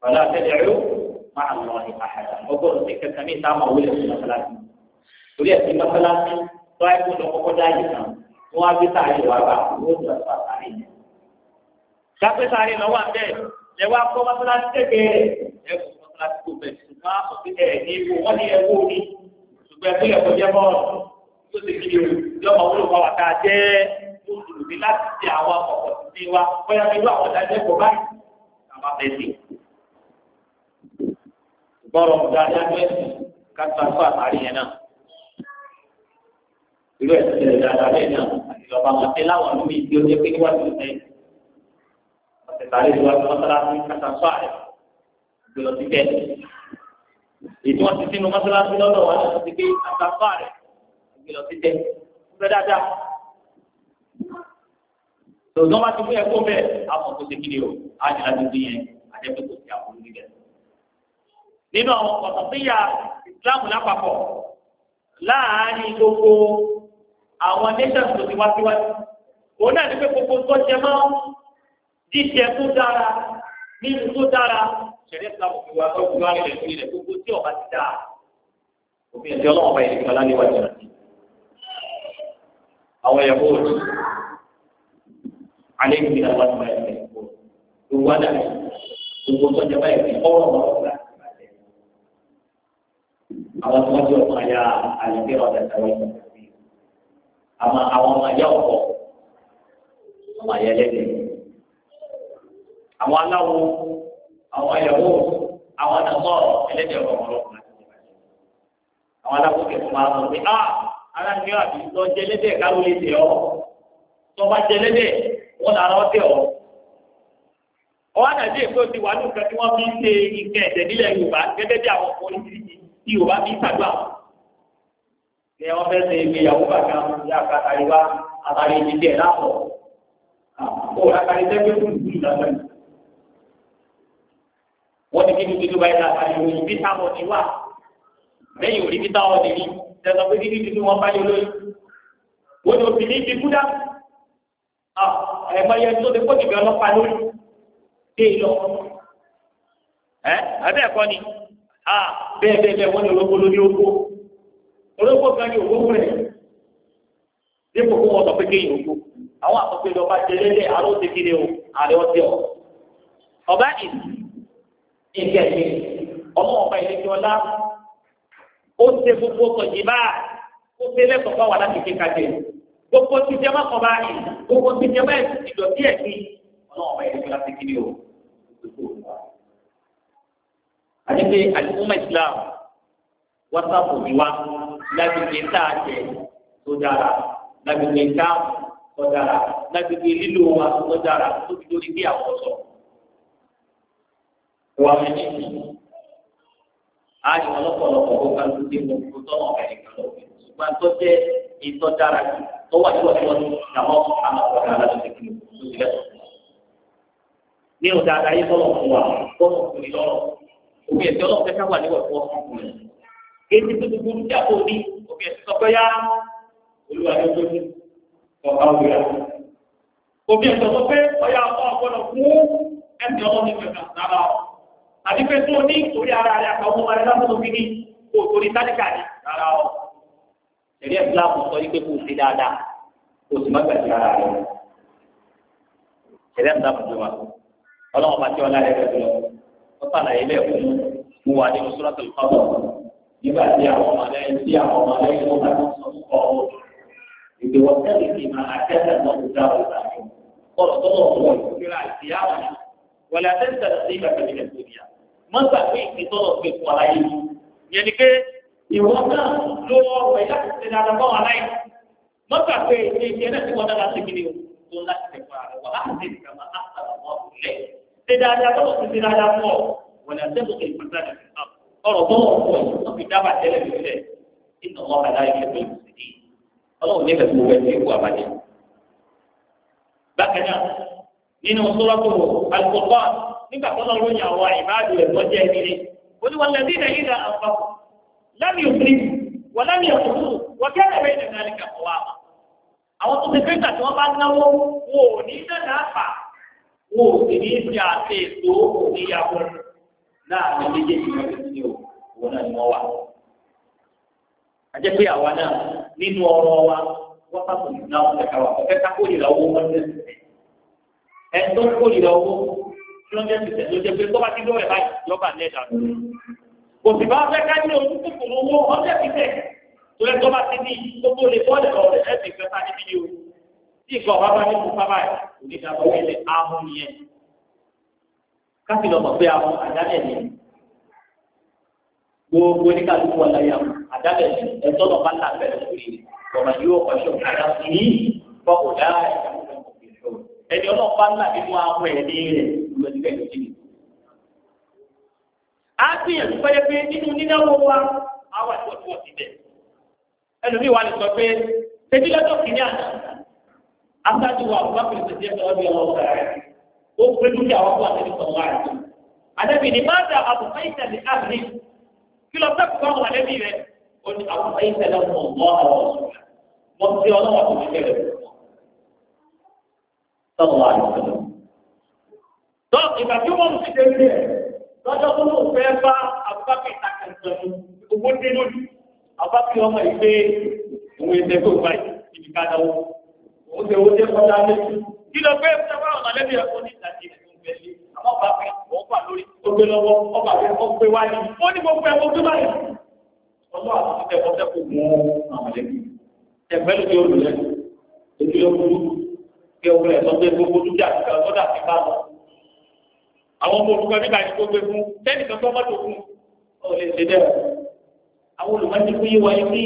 fọlá àtẹlẹ́rú máa lọ ní àhàdà ọgọ́rùn-ún ní kẹta ní ìta máa wọlé sí mọ́sálásí torí ẹ̀sìn mọ́sálásí tó àìkú lọ kọ́kọ́ dá yìí kan wọ́n á gbé táàrí wàá wọ́n ó dùn dápẹ́ sáré lọ́wọ́ àbẹ́ lẹ́wọ́ akọ́ mọ́sálásí tẹ̀gbẹ́ rẹ̀ ẹ̀kọ́ mọ́sálásí tó bẹ̀ ṣùgbọ́n a sọ pé ẹ̀ ní ipò wọ́n ní ẹ̀wọ́ ni ṣùgbọ́n ẹ̀kọ́ yẹ kó jẹ́ bọ́ọ̀lù tó ti kiri o yọmọ wúlò wà wàtá jẹ́ olùdí láti ṣe àwọn ọkọ̀ sí wa bóyá bí wọ́n ọ̀dà jẹ́ kó báyìí àwọn abẹ́sí. bọ́ọ̀lù dáadáa ẹ̀tàlẹ́ ìlú àti mọ́sálásí kàtà sọ́ọ̀rẹ́ gbèrò títẹ̀. ètò wọn ti sínú mọ́sálásí lọ́dọ̀ wọn lọ́dọ̀ ti gbé kàtà sọ́ọ̀rẹ́ gbèrò títẹ̀ fẹ́ dáadáa. lọ́dọ̀ wọn ti fún ẹ̀kọ́ bẹ́ẹ̀ àfọ̀kù ti kiri o àjẹlá ti dín yẹn àjẹpẹ́ kò sí àkókò níbẹ̀. nínú àwọn ọ̀sọ̀tìyà ìsìláàmù lápapọ̀ láàárín gbogbo àwọn nation tó ti wá síwájú òun náà ní pé gbogbo tó jẹ mọ́ jíjẹ tó dára nínú tó dára ṣẹlẹ̀ ìsìlámù fi wá tọkù wá rẹ lórí rẹ gbogbo tí ọba ti dáa òfin ẹsẹ Ọlọ́run ọba ìdíkan láléwà jẹ àti àwọn ẹyẹwò òjì alẹ́ ìgbé àwọn àti báyìí lẹ́yìn kó gbogbo àdàbẹ gbogbo tó jẹ báyìí ọ̀rọ̀ ọ̀rọ̀ ọgbà àwọn tó wọn jẹ ọmọ ayá àlùkè ọdẹ tàwọn ìgbà àwọn ọmọ ayá àwọn aláwo àwọn ìyàwó àwọn àtàkọ́ ẹlẹ́dẹ̀ẹ́ ọ̀pọ̀lọpọ̀ àwọn aláwo kẹfù máa sọ pé ah ara ní àbí lọ jẹlẹ́dẹ̀ káwé lè tẹ̀ ọ́ tọ́ba jẹlẹ́dẹ̀ wọn lára ọ́ tẹ̀ ọ́ ọwọ́ àdàdé èkó ti wà lóka tí wọ́n fi ń ṣe ìkẹ́ ẹ̀sẹ̀ nílẹ̀ Yorùbá gẹ́gẹ́ bí àwọn ọkọ̀ oníṣìṣì tí Yorùbá fi ń ṣàdúrà ní wọ́n fẹ́ ṣe ìgbéyàwó bàtà ìyá àkàtà ìwà àtàrí ìdílé ẹ̀ láàpọ̀ kó o lákàrí tẹ́gbẹ́ fún ìlú ìlànà yìí wọ́n ti kí ní dúdú báyìí láti àyè òyìn bí táwọn ti wà lẹ́yìn òrí bí táwọn ti rí tẹ̀sán pé kíkí dúdú wọn báyìí lóyún wọ́n ti òsì ní ibi kúdá ẹ̀mọ yẹn tó ti kó ìgbẹ́ ọlọ́pàá lórí dé lọ ẹ́ abẹ́ ẹ̀kọ́ ni bẹ́ẹ̀ bẹ́ẹ̀ bẹ́ẹ̀ wọ́n ní olóko lórí oko olóko kan ní òwúrò rẹ̀ dípò kó wọn sọ pé kéèyàn oko àwọn àtọ́pẹ́ lọ́ba jẹ́ lélẹ̀ àlọ́ ìkẹyìn ọmọ ọba ìlẹjọ ọlá ó ṣe gbogbo kọjí bá ó ṣe lẹkọọ bá wà láti fi kàjẹ gbogbo títí ẹmọ kan báyìí gbogbo títí ẹmọ ìdọ̀tí ẹ̀sìn ọlọ́wọ́ ọba ìlẹjọ láti kí ni o àdìgbé àdìgbòmọ islam wọ́sàpù ni wá lágbègbè tá a jẹ tó dára lágbègbè tá a tó dára lágbègbè lílo wa tó dára tó fi lórí bí àwọn sọ wàmí níbi àyè ọlọ́pọ̀lọpọ̀ kó kálukú dé gbogbo tọ́nà ọ̀gbìn kan lọ ṣùgbọ́n tó jẹ́ ìtọ́ dára tó wà níwọ̀n tí wọ́n ní ọ̀gá aláṣẹ kìlọ̀ tó ti lẹ́tọ̀ọ́. ní ọ̀dà àdáyé tọ́lọ̀ fún wa bọ́ọ̀lù fún mi lọ́rọ̀ òbí ẹ̀sìn ọlọ́pẹ́ ká wà níwọ̀n fún ọkùnrin fún mi. kéde tó dúdú níjà ní òbí ní òbí ẹ̀sìn sọ pé ọ̀yà ọ̀pọ̀ àbí pé tó ní torí ara rẹ̀ àtàwọn ọmọ rẹ̀ lásán òbí ní kò torí tálíkà ní rárá o ẹ̀rí ẹ̀sìláàmù sọ yí pé kò sí dáadáa kò sì má gbàgbé ara rẹ̀ ẹ̀rí ẹ̀sìláàmù jọ wa ọlọ́wọ́n bá tí ọlá rẹ̀ rẹ̀ lọ ó sàlàyé lẹ́ẹ̀kún mú wa nínú sọ́lọ́tò ìfọ́tò nígbà tí àwọn ọmọ rẹ̀ tí àwọn ọmọ rẹ̀ yóò bá tó sọ fún ọ ìgbèwọ̀ tẹ́lẹ̀ máa akẹ́kọ̀ọ́ náà kó dáa ọ̀gá ọ̀rọ̀ tó lọ́wọ́ wọ̀nyí wọlé àti mọ́tà pé ìpìtọ́lọ̀ pé kọ́ aláyé ni yẹn ni pé ìwọ náà ló ọ̀rọ̀ ẹ̀ láti ṣe dáadáa bọ́ aláyé mọ́tà pé ìṣe ìṣe náà ti wọ́n dára sí kìnìún tó láti ṣe fún ààrẹ wọ́n láti ṣe ìkàmà àtàwọn ọ̀rọ̀ lẹ̀ ṣe dáadáa bọ́ọ̀ ti ṣe dáadáa fún ọ wọ́n náà dẹ́kun kì í pàtà ọ̀rọ̀ bọ́ọ̀ fún ọ wọ́n fi dábàá tẹ́lẹ̀ nílẹ̀ inú ọmọ àdáyé kẹ́kẹ́ ọlọ́run nínú sọ́rọ́tò àlùkòkọ́ nígbà tó lọ́wọ́ ní àwọn ìbáàdì rẹ̀ lọ́jọ́ ẹni rẹ̀ ó ní wọn lè dín ẹ̀yìn náà àpapọ̀ lámì òfin wọn lámì òfin wọn kí ẹ̀rẹ̀ bẹ́ẹ̀ nìkan nìkan kọ̀ wá. àwọn tó ti fẹ́ gbà tí wọ́n bá náwó wọn ò ní dáadáa fà wọn ò sì ní ṣe àṣẹ ètò ìyàwó láàrin méjèèjì lọ́wọ́ sí o wọn náà ni wọ́n wà. a jẹ́ pé ẹni tó ń kó ìlọ owó tí wọ́n jẹ́ tìtẹ̀ ló jẹ́ pé tó bá ti lọ́ọ̀rẹ̀ báyìí yọba ní ẹ̀dá rẹ̀. kò sì bá fẹ́ ká ní ojú kòkòrò owó ọjọ́ tìtẹ̀ tó lẹ́ tó ti ní gbogbo lè bọ́ọ̀lẹ̀ lọ́ọ̀rẹ̀ ẹ̀sìn kẹta níbi yìí o tí nǹkan ọba bá ní kó fábà yìí kò ní dàbọ̀ wẹ́lẹ̀ ahun yẹn. káfí lọ mọ̀ pé àwọn àdálẹ̀ ni gbogbo oníkàlùkù wà láyà àdálẹ̀ ẹ̀tọ́ lọ́ba ń tà bẹ̀rẹ̀ lórí ọ̀rọ̀ yóò kọ́ ẹni ọlọ́pàá ńlá nínú àwọn ẹ̀mí rẹ̀ lọ sí ẹ̀mí jìnnì. a ti yẹn tó fẹ́yẹ pé nínú nínáwó wa àwọn àti ọ̀tún ọ̀sìn bẹ̀. ẹlòmíì wa lè sọ pé ṣèjì lọ́jọ́ kìíní àná aṣáájú wa àwọn bàbá ìṣẹ̀jẹ̀ ẹ̀jẹ̀ ọ̀bí ọ̀rọ̀ ọ̀gá rẹ̀ ó pé dúkìá wa fún àtẹ̀lé sọ̀rọ̀ àrẹ̀. àdẹ́bì ni má da àbùkù ní sọ́wọ́ àlùfẹ́. Tọ́ ìgbà tí wọ́n ti dé ilé ẹ̀ lọ́jọ́ tó ló fẹ́ bá àbúbákẹ́ ìtàkẹ́sọ̀rọ̀ owó dé lójú. Àbúbákẹ́ ọmọ yìí pé òun ẹsẹ̀ tó gbà ìdí ká dáwọ́. Òun ṣe owó dé kọjá lẹ́sùn. Kí lọ pé ṣẹ́fà ọ̀nà lẹ́bi ẹ̀kọ́ ní ìtàkì Ọlọ́run àti ìtẹ̀kọ́ tẹ́kọ̀ọ́ mú àwọn ẹlẹ́bí. Ẹgbẹ́ ló ti olùlẹ́nu. Èdè ló burú kí ọkọ rẹ̀ sọ pé gbogbo dúkìá ti kan sọ́dà ti bá lọ. àwọn ọmọ olùkọ́ nígbà tí kò gbé fún tẹ́nìkan tó mọ́tò fún ọ lè ṣe dẹ́rù. àwọn olùmọ̀tí fún yé wáyé ní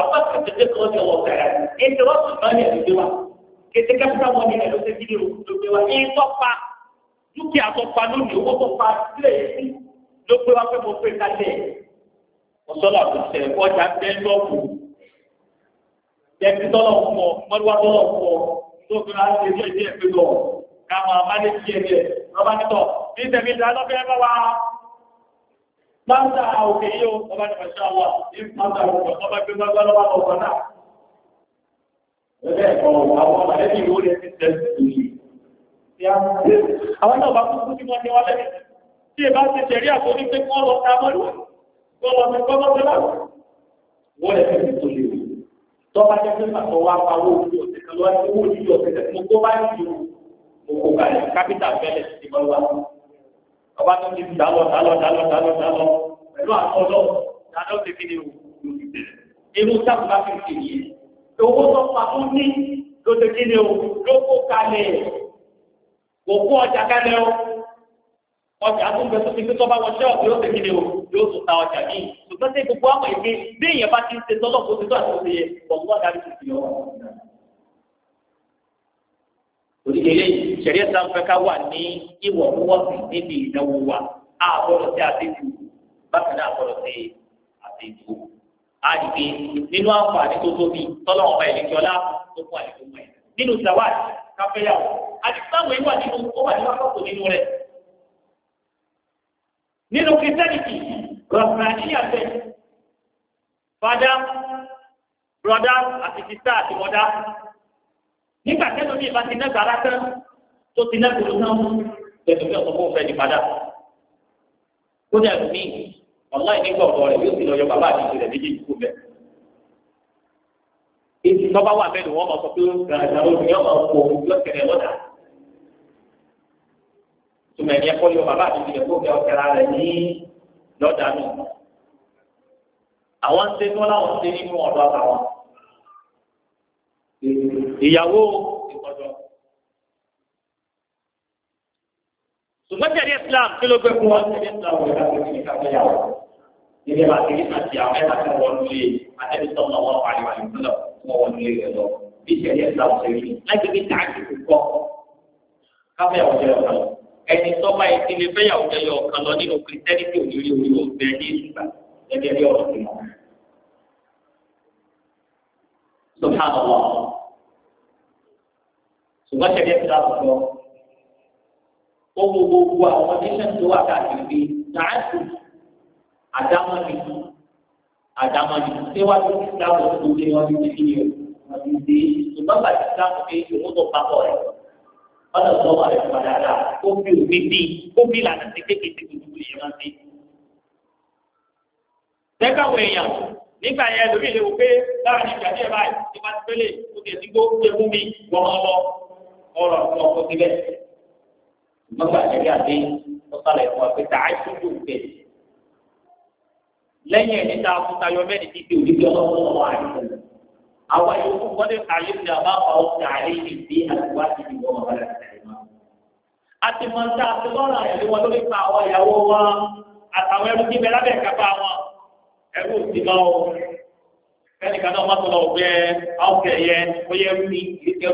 àpáta tètè kan ti wọ̀ sàrà ètò wọn kò sọ́ọ́ ní ẹ̀rù gbé wa kété kápítà wọn ní ẹ̀rù tẹ́tí ní òkúto gbé wa èyí tó pa dúkìá tó pa lónìí owó tó pa sílẹ̀ yìí sí ló gbé wa pé mo pè kálẹ̀ ọ̀sọ́là kò sẹ̀ ọjà bẹ́ẹ̀ lọ́ọ̀kù tẹ́tí tọ́lọ̀ fún ọ mọ́lúwá tọ́lọ̀ fún ọ tó fi máa ṣe díẹ̀ díẹ̀ pé lọ káwọn amálé díẹ̀ díẹ̀ lọ́ba nítọ̀ ní tẹ̀mí ìdá lọ́fẹ́ bá wa pátá òkè yìí ó ọba ní pàṣẹ àwọn ní pátá òkè ọba gbé gbágbá lọ́wọ́ ọ̀pọ̀ náà. Bẹ́ẹ̀ ọ̀rọ̀ àwọn mọ̀lẹ́bí ìwó rẹ̀ ti tẹ̀sí àwọn náà bá kúkú tí wọ́n ní wọ́n lẹ́yìn lọ́wọ́ tí owó yíyọ tẹ̀lé mo kó bá yíyọ mo kó kalẹ̀ kápítà bẹ́lẹ̀ ti bá wa. ọba tó ti dálọ dálọ dálọ dálọ dálọ pẹ̀lú àtọ́lọ́ dáadọ́ ti fi ní o ló ti tẹ̀lé. inú sábà bá fi ṣe yìí owó tó pa tó ní ló ti kí ni o ló kó kalẹ̀ kò kó ọjà kalẹ̀ o ọjà tó ń bẹ tó ti fi tọ́ba wọn ṣẹ́ọ̀bù yóò tẹ̀lé ni o yóò tún ta ọjà míì ṣùgbọ́n tí gbogbo àwọn èké bí èèyàn bá ti ń ṣe tọ́lọ̀ kó ti tó àtúnṣe yẹ pọ̀ òdìdílé sẹ̀ríà tá a fẹ́ ká wà ní ìwọ̀ wọ́ọ̀sì níbi ìnáwó wa a gbọ́dọ̀ sí àtẹ́jú bákan náà gbọ́dọ̀ sí àtẹ́jú. a yìí pé nínú àǹfààní tó tóbi tọ́lọ́ ọ̀pá ìlẹ́kíọ́lá tó fún àlejò mọ́ ẹ̀ nínú zawad káfẹ́yàwó àti sáwọn ìwà nínú ó wà nínú akọ́kọ̀ nínú rẹ̀. nínú kìtẹ́nìtì rọ̀fìnàníyà fẹ́ nígbà tẹ́lẹ̀ mi ìbá ti ná gbàrà tán tó ti ná gbòòrò náà mú pẹ̀lú bí ọ̀sán fún fẹ́ ní padà. kódà mi ọ̀la ìnígbà ọ̀dọ́ rẹ̀ yóò sì lọ yọ bàbá àti ìṣẹ̀lẹ̀ méjì kú bẹ́ẹ̀. èsì tọ́ba wà bẹ́ẹ̀ ni wọ́n máa sọ pé gàràgàrà obìnrin ọmọ kò yọ tẹ̀lẹ̀ lọ́dà. tùmẹ̀ ní ẹ̀kọ́ yọ bàbá àti ìṣẹ̀lẹ̀ kó bẹ́ẹ̀ ọ̀kẹ́ra ìyàwó ìkọ̀dọ̀. ṣùgbọ́n tẹ̀lé Islam kí ló gbé fún wọn tẹ̀lé Islam wọ̀ ìdájọ́ kí ní káfẹ́ yàwó. ilé wa ti ní àti àwọn ẹ̀ka tí wọ́n lé àtẹ́bí sọ́nà wọn wà ní wàlúù lọ wọ́n wọ́n lé rẹ̀ lọ. bí tẹ̀lé Islam ṣe rí lágbègbè tààkì kúkọ́ káfẹ́ yàwó jẹ́ ọ̀kan lọ. ẹni tọ́ba ìdílé fẹ́ yàwó jẹ́ ọ̀kan lọ nínú kìrìtẹ́nìtì òyìnbó yóò bẹ ní ìgbà gẹ́gẹ́ bí ọ̀rọ̀ ṣùgbọ́n tẹ̀lé ti láti sọ ó wo gbogbo àwọn oníṣẹ́ni tó wà káàkiri bíi náàtì àdámọ́ni àdámọ́ni síwájú ti dáwọ́ tó gbé wọn ní ti yẹ wọn ti dé ṣùgbọ́n bàtí dáwọ́ pé ìmúdò papọ̀ rẹ̀ wọ́n lọ sọ́wọ́ rẹ̀ padà rà ó fi òfin bíi ó fi ìlànà ti tẹ́kẹ̀tẹ́ gbogbo ìyẹn máa ń dé. Tẹ́kàwé èèyàn nígbà yẹn lórí ìléwu pé láàrin ìgbà díẹ̀ báyìí ti máa ti pélé ó ti ẹ̀dínwó ó ti ẹ̀mú mi wọ́n lọ ọ̀rọ̀ fún ọkọ síbẹ̀ mọ́gbà àjẹrí àti ọ̀sálẹ̀ fún ọ̀pẹ tá a ti dùn bẹ̀. lẹ́yìn ẹni tá a fún tayọ mẹ́rin ti di òdìbí ọlọ́run ọ̀wọ́ àìsàn àwa yóò fún wọ́n lè kàlí ní àbá àwọn tààrí ìdí àtiwá ti di wọ́n wọ́n láti tẹ̀lé wọn. àti mọ̀ ní àti lọ́rọ̀ àyẹ̀lé wọn lórí pa àwọn ìyàwó wọn àtàwọn ẹrú tí bẹ lábẹ́ ìkápá wọn ẹrú òsì máa wọ fẹ́nìkan náà má tọ́lọ̀ ọ̀gbẹ́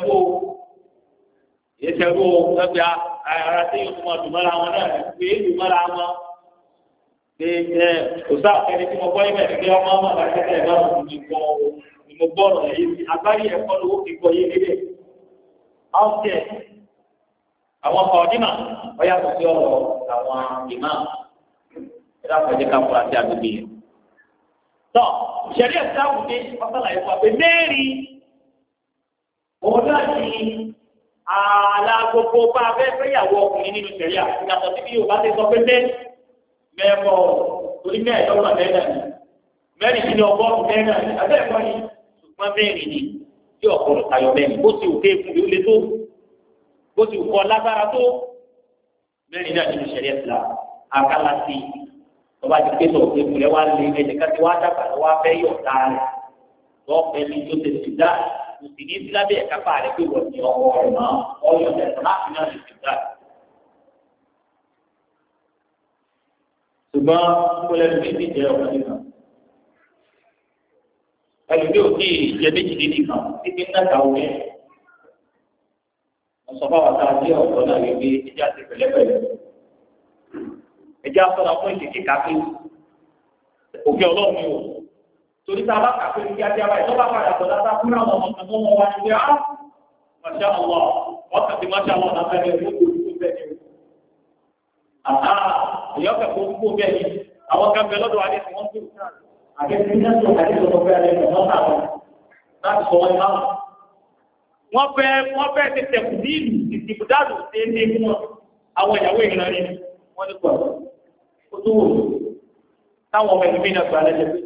ìṣẹ́wó ẹgbẹ́ ara tí yóò mọ dùmọ́ra wọn náà pé é dùmọ́ra wọn pé ẹ òsà kẹni tí mo gbọ́ ibẹ̀ ní pé ọmọ ọmọ àti ẹgbẹ́ ẹ̀gbọ́n mi ti gbọ́ ni mo gbọ́ ọ̀rọ̀ yìí sí agbárí ẹ̀kọ́ lówó fi gbọ́ yé níbẹ̀ ọ̀sẹ̀ àwọn ọkọ̀ ọ̀dínà ọ̀yà tó fi ọ̀rọ̀ àwọn ìmá ẹ̀dá kan ká fura sí agbègbè yẹn. tọ́ ìṣẹ̀lẹ̀ ìsáwùdé ọ̀sán ààlà gbogbo bá a fẹ́ fẹ́yàwó ọkùnrin nínú sẹ̀ríà yàtọ̀ sí bí yóò bá ti sọ pé bẹ́ẹ̀ mẹ́fọ̀ orí mẹ́ẹ̀ẹ́dọ́gbọ̀n mẹ́ẹ̀ẹ́dà ni mẹ́rin ní ọgọ́rùn mẹ́ẹ̀ẹ́dà ni abẹ́ẹ̀kọ́ ni ṣùgbọ́n mẹ́rin ni tí ọ̀pọ̀lọ̀ tayọ mẹ́rin bó ti òkè fún ilé tó bó ti òkọ lágbára tó mẹ́rin náà nínú sẹ̀ríà fìlà àkàlà sí ọba ti pé sọ̀rọ̀ pé kùnrin wa lè ẹ̀jẹ̀ ká ti wá dàgbà lọ́wọ́ kò sì ní sílábẹ̀ ẹ̀ka pa rẹ̀ pé wọ́n ti ọwọ́ rẹ̀ náà ọyọ̀ ẹ̀sán láti náà lè fìgbà. ṣùgbọ́n kólẹ̀ ló ti jẹ́ ọ̀kan nínú. ẹlòmíì ò tí ì jẹ méjìlélì kan títí ń dàgbà wọlé. wọ́n sọ fáwọn tá ọ̀dọ́ náà wípé ẹjẹ́ àti pẹ̀lẹ́pẹ̀lẹ́. ẹjẹ́ àtọ́nà fún ìṣèkíkà pé òfin ọlọ́run yóò torí tá a bá kà pé ní kíákíá báyìí tó bá padà bọ̀ dáadáa fún àwọn ọmọ kan ah, tó mọ wa ní pé á màṣá ọlọ ọkàn ti màṣá ọlọ náà fẹ́ẹ́ lè kó kó bẹ́ẹ̀ ni. àtà ìyọ́kẹ̀ kó kó bẹ́ẹ̀ ni àwọn kan bẹ lọ́dọ̀ adé tí wọ́n tó àgẹ́sí ní ẹ̀sùn àdé tó lọ bẹ́ẹ̀ lẹ́yìn wọ́n tà wọ́n láti sọ wọn náà. wọ́n wọ́n fẹ́ ti wọ́n ní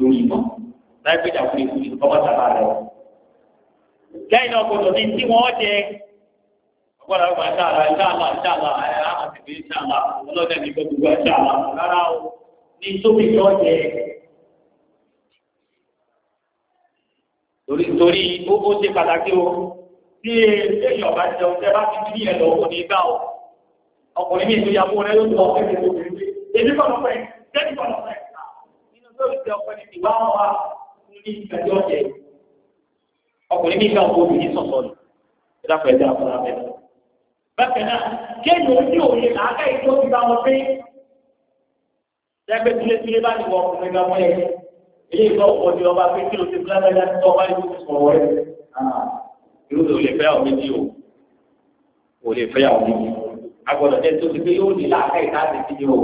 lórí mọ́ láì pé ìdàkúrẹ́ fún mi ọmọ tàbá rẹ̀. lẹ́yìn náà gbọdọ̀ ní tí wọ́n jẹ ọgbọ́dọ̀ ọgbà ìṣàlá ìṣàlá ìṣàlá ẹ̀rá àti ìṣàlá ìṣàlá ọlọ́dẹ̀ ní gbogbo ìṣàlá rárá o ní tóbi yọ jẹ. torí torí ó ó ṣe pàtàkì o bí èèyàn bá jẹun tẹ bá ti bí ẹ lọ kò ní gbà o ọkùnrin mi ìtòyàwó rẹ ló lọ ọkùnrin mi ìtòyàwó rẹ lórí ọkọ ní ìwà wọn wá ní ìgbàjọ jẹ ọkùnrin ní ìgbà òkú obìnrin sọ̀tọ̀ ni ìdáfẹ́ ẹ̀dá àfúrà bẹ́ẹ̀. bákan náà kéèyàn ó ní òye làákà ìjọ ti bá wọn pé ẹgbẹ́ tilétilé bá ní wọ ọkùnrin gan wọ́n yẹ ilé ìgbà ọ̀pọ̀ ni ọba pé kí ló ti fúláńdà láti tọ́ ọba ìlú ti sọ̀rọ̀ rẹ̀ irú ò lè fẹ́ àwọn méjì o ò lè fẹ́ àwọn méjì agbọ́dọ̀ jẹ́ tó ti pé yóò ní làákà ìdáàbò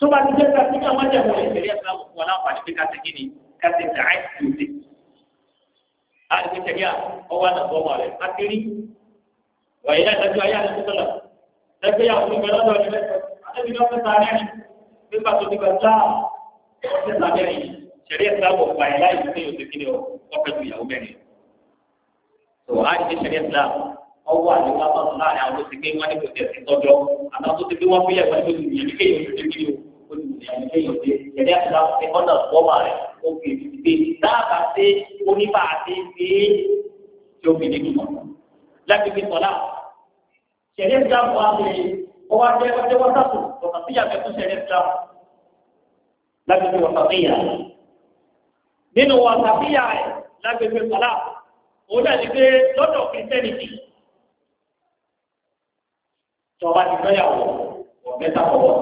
tó bá ti jẹ́ ká sí káwọn jẹ̀wọ́ ìṣẹ̀lẹ̀ ìsìlámù fún wa láǹfààní pé ká ti kí ni ká ti dà á ti ṣe. a ti ṣẹ̀lẹ̀ ọwọ́ àtàkùn ọmọ rẹ̀ á ti rí wàyí náà dájú ayé àti sísọ̀lá dájú ayé àwọn ìgbẹ́ lọ́dọ̀ rẹ̀ àtẹ́bí náà fẹ́ta rẹ̀ nípa tó ti gbà tá ọ̀sẹ̀ sábẹ́ yìí ṣẹ̀lẹ̀ ìsìlámù wàyí láì sí oṣù kí ni ọ ọ̀fẹ́ tó ìyàwó mẹ́rin. tó a ti ṣẹ̀lẹ̀ ìsìlámù ọwọ́ àti wàá bá tó láàrin àwọn tó ti gbé wọn ní kò tẹ̀sí tọ́jọ́ àtàwọn tó ti gbé wọn fílẹ̀ wọn ní kò tẹ̀sí ìyàwó lẹ́yìn pé ẹ̀dá ìlà ọ̀sẹ̀ ọ̀nà ìfọ̀mà rẹ̀ ó fi èdè gbé dáàbà ṣe oníbà ṣe gbé tí ó fi lè dùn mọ́. láti fi sọ̀lá ṣẹ̀dá ìlà wà lè ọwọ́ ajẹ́ ọjọ́ wọ́sàtò wọ́sàtìyà fẹ́ fún ṣẹ̀dá ìlà láti fi wọ́sàtìyà. nínú wọ́sàtìyà rẹ̀ láti fi sọ̀lá òun náà pé lọ́dọ̀ kìrìtẹ́nìtì tọ́ba ti fẹ́ yàwó ọ̀gẹ́ta ọ̀wọ́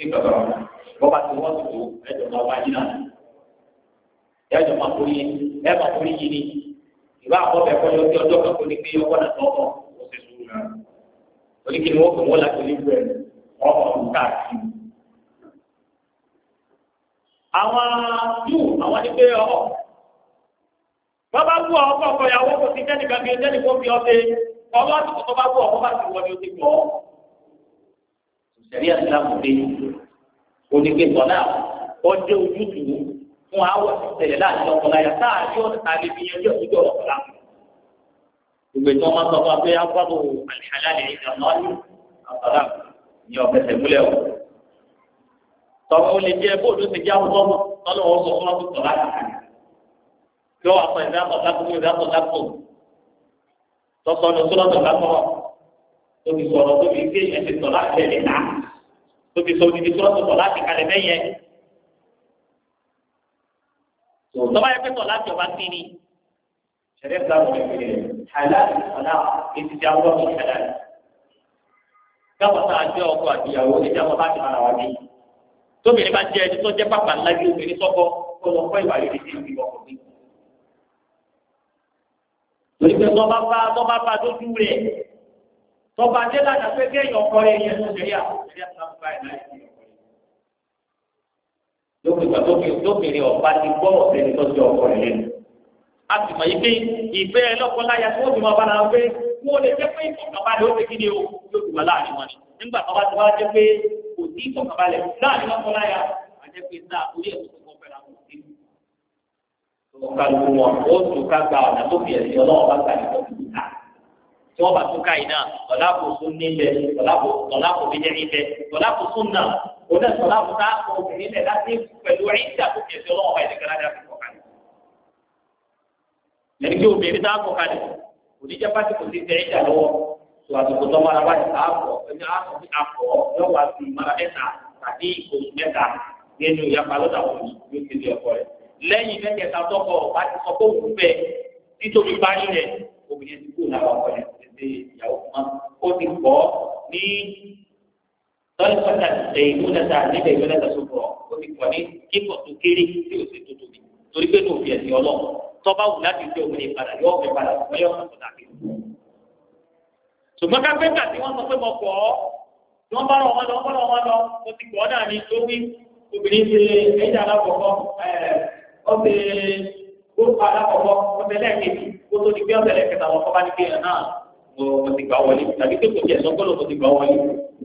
sí gbàgbà wọn bọ́ba ti wọ́n tó ẹjọ́ máa wá yín náà ẹjọ́ máa kó yín ẹ máa kó yín ni ìwà àkọ́bẹ̀ kọ́ yọ sí ọjọ́ kan kó ní pé ọkọ̀ náà tọ́ ọ ó sì sùn náà oníkìní wọ́n kò wọ́n láti ní ìlú ẹ̀ ọkọ̀ káàkiri. àwọn yóò àwọn ní pé ọkọ̀ bọ́ba wú ọkọ̀ ọkọ̀ yà wọ́pọ̀ sí tẹ́nìkan bíi tẹ́nìkan bíi ọ ṣẹ̀rí àtìlámù dé onígbé tọ́lá ọjọ́ ojútùú fún àwọn ìṣẹ̀lẹ̀ láti ọkọláyà táàbí ọ̀tá lè fi yanjú ọ̀túnjọ́ ọ̀kọlá. ìgbè tí wọ́n máa ń sọ fún abẹ́ agbábọ̀ àlìhàlálẹ̀ ìdàmọ́lì àtọ́lá ní ọ̀fẹ́sẹ̀ múlẹ̀ o. tọ́wọ́ lè jẹ́ bóòdù ti já wọ́n mọ́ tọ́lọ́wọ́ sọ fún ọdún tọ́lá kí wọ́n sọ ìdáàbọ̀ lápò ìdáàbọ̀ lápò tọ́sọ̀ọ́nù tó lọ́sọ̀ọ́ lápò tó sọ̀rọ̀ tó fi ẹ̀sìn tọ́lá tẹ̀lé náà tóbi sọ di tó lọ́sọ̀tọ̀ láti kalẹ̀ bẹ́yẹ. tọ́ba yẹ pé tọ̀lá jọba sí ni ṣẹlẹ̀ gba ọ̀rẹ́ pé halal ọ̀la ètí ti àwọn ọ̀sán halal. gáwọn náà jẹ́ ọkọ àtìyàwó ní ìjàmbá bá ti mara wá bí. tóbi ní bá jẹ́ ẹni tó jẹ́ pápá ńlá bí obìnrin sọ́kọ́ kó lọ kọ́ ìwà rere sí ìbí ọkọ̀ mi. torí pé tọ́ba bá tọ́ba bá dójú rẹ̀ tọba jẹ́ láti pé kéèyàn kọ́ ẹyẹ tó ṣe yà ṣe àtàkùn báyìí láì sí ọkọ rẹ̀. lókè ìgbà tókèrè ọ̀pá ti gbọ́ ọ̀sẹ̀ ní tọ́jú ọkọ rẹ̀ lẹ́nu. a sì mọ̀ yìí pé ìfẹ́ ẹlọ́kọ láya tí wọ́n fi máa bára pé wọ́n lè jẹ́ pé ìfọ̀kànbalẹ̀ ó ti kí ni o yóò fi wà láàrin wọn ni. nígbà tó bá ti wá jẹ́ pé kò sí ìfọ̀kànbalẹ̀ láàrin ọkọ láya a jẹ́ pé sáà orí ẹ̀ tó fi ẹ̀sìn ọlọ́wọ́ bá gbà ní ọ̀sìn tí wọ́n bá tún ká iná tọ́láàbù sún níbẹ̀ tọ́láàbù tọ́láàbù bí jẹ́ níbẹ̀ tọ́láàbù sún náà ó náà tọ́láàbù tá obìnrin lẹ̀ láti pẹ̀lú ẹ̀yìndà tó kẹsì ọlọ́wọ́ bá ìdíkẹ́ ládàá fi kọ̀kalẹ̀. ẹni tí obìnrin tá kọ̀kalẹ̀ kò ní jẹ́ pàṣẹ kò sí tẹ ẹ̀yìndà lọ́wọ́ tó àsìkò tó mara wá ìta àpọ̀ ẹni àpọ̀ yọ̀wá sí mara mẹ́ta tàbí oṣù mẹ́ta nínú ìyapa lọ́dà ṣe ìyàwó kan ó ti kọ́ ní tọ́lifọ́tà ṣe ìmúlẹ̀ta níbẹ̀ ìmúlẹ̀ta sọ̀rọ̀ ó ti kọ́ ní kíkọ̀ tó kéré tí ò sì tó tóbi torí pé ní òfin ẹ̀sìn ọlọ́run tọ́ba wù láti fi obìnrin padà yọ ọ̀fẹ́ padà wọ́n yọ ọ̀fẹ́ padà bí. ṣùgbọ́n kápẹ́ńtà tí wọ́n sọ pé mo kọ́ ọ́ tí wọ́n bá rọ̀ wọ́n lọ wọ́n lọ wọ́n lọ mo ti kọ́ náà ní lórí obìnrin ṣe ẹ̀yìn alákọ̀ọ́kọ́ ọ̀fẹ́ gbórúkọ alákọ̀ọ́kọ́ ọ̀fẹ́ lẹ́ẹ̀kejì kó tó di pé ọ̀fẹ́ lẹ́ẹ̀kẹta lọ́kọ́ bá ní kéèyàn náà mo ti gbà wọlé tàbí pé kò tiẹ̀ sọ pé mo ti gbà wọlé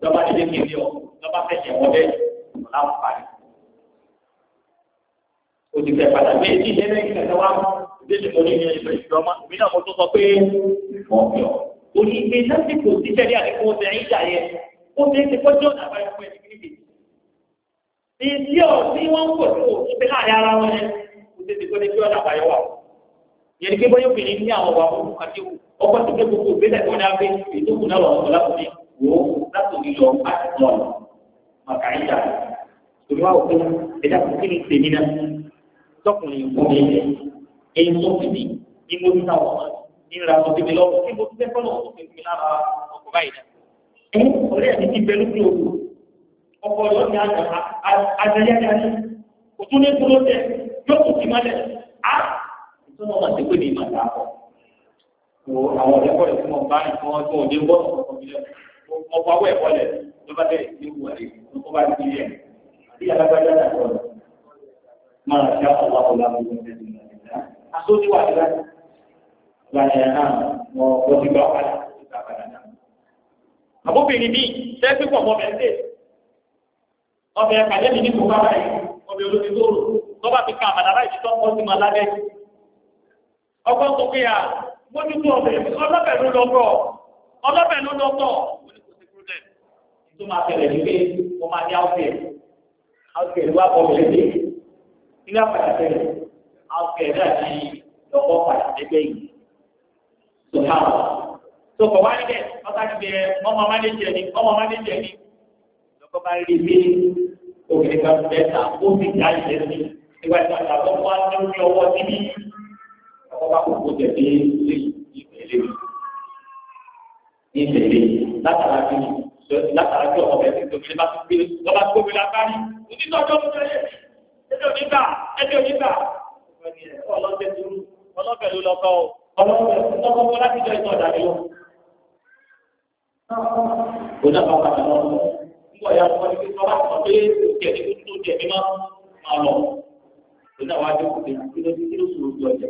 lọ́ba nílé kéde ọ lọ́ba fẹ̀yẹ̀ wọlé ọ̀ láǹfààní. o ti fẹ́ padà bẹ́ẹ̀ ní ilé lẹ́yìn kẹta wá ìdílé mo ní ilé ìfẹ́ ìjọ ọmọ mi náà mo tún sọ pé mo fi ọ. o ní ilé lásìkò títẹ̀lé àdínkù ọ̀sẹ̀ yín jà yẹn ó ti ń ti kọjú ọ̀nà àbáyọ fún ẹni ọkọ̀ tó gbé gbogbo ìgbésẹ̀ tó ní abẹ́ ìdókù náà lọ́wọ́ láti ní wò ó láti ní lọ láti lọ màkà ìjà torí wà òkú ẹ̀dá kò kí ni tèmi náà tọkùnrin kò ní ẹ̀ ẹ̀yìn tó fi ní ní mo ní táwọn ní ra ọtí mi lọ́wọ́ kí mo ti fẹ́ fọ́lọ́ ọtí mi lára ọkọ̀ báyìí náà. ẹ ọ̀rẹ́ mi ti bẹ lókè òkú ọkọ̀ ọ̀yọ́ ni àjẹyájá ni òtún ní kúrò tẹ yóò kù sí mọ́lẹ̀ á ìtọ́nà wọn ti pè ní ìmọ̀ wo àwọn ọ̀dẹ́kọ̀ rẹ̀ tí mo bá nìkan wọn tó ní bọ́ọ̀lù kọ̀ọ̀kan mi lẹ́nu mo pa owó ẹ̀kọ́ lẹ̀ ló bá bẹ̀rẹ̀ sí wù ẹ̀ ló bá ti yẹ bí alágbájá náà lọ máa ṣe àwọn ọlọ́pàá ọlọ́pàá ọlọ́pàá asójú wà nígbà lànà ẹ̀ náà mo mo ti gbà padà ti gbà padà náà. àbóbìnrin mi sẹ́ẹ̀sì pọ̀ mọ́ bẹ́ẹ̀ dé ọbẹ̀ mójútó ọbẹ̀ ọlọ́bẹ̀ ló lọ́gọ́ ọlọ́bẹ̀ ló lọ́gọ́ tó máa tẹ̀lé ní pé wọ́n máa ní áwùkẹ́ áwùkẹ́ ló wá bọ́ọ̀lù lẹ́gbẹ́ ilé àpàtà tẹ̀lé áwùkẹ́ náà ti lọ́kọ̀ pàtà lẹ́gbẹ́ yìí tó ká wọ́n tó kọ̀ wá níbẹ̀ ọ̀tá ti bẹ̀rẹ̀ ọmọ mánéjẹ ni ọmọ mánéjẹ ni lọ́kọ̀ bá rí pé obìnrin kan bẹ́ẹ̀ ta ó sì dá ìlẹ́sìn ìwà ọba kókó tẹ̀lé ilé ìtẹ̀lé ìtẹ̀lé látara bí látara bí ọmọ bẹ̀rẹ̀ tó fi bá tó gbé lọ́ba tó gbé lágbárí onítọ́jọ́ ló tẹ̀lé ẹjọ́ nígbà ẹjọ́ nígbà ọlọ́tẹ̀ tó ọlọ́bẹ̀ ló lọ́kọ́ ọlọ́bẹ̀ lọ́kọ́ fún láti jẹ́ ìtọ́ ìdàgbé lọ. kò náà bá padà lọ nígbà ya wọ́n ti sọ láti sọ pé tẹ̀lé tó tẹ̀lé máa lọ kò náà wá dé kò tẹ̀lé kí ló sòrò bí ọjà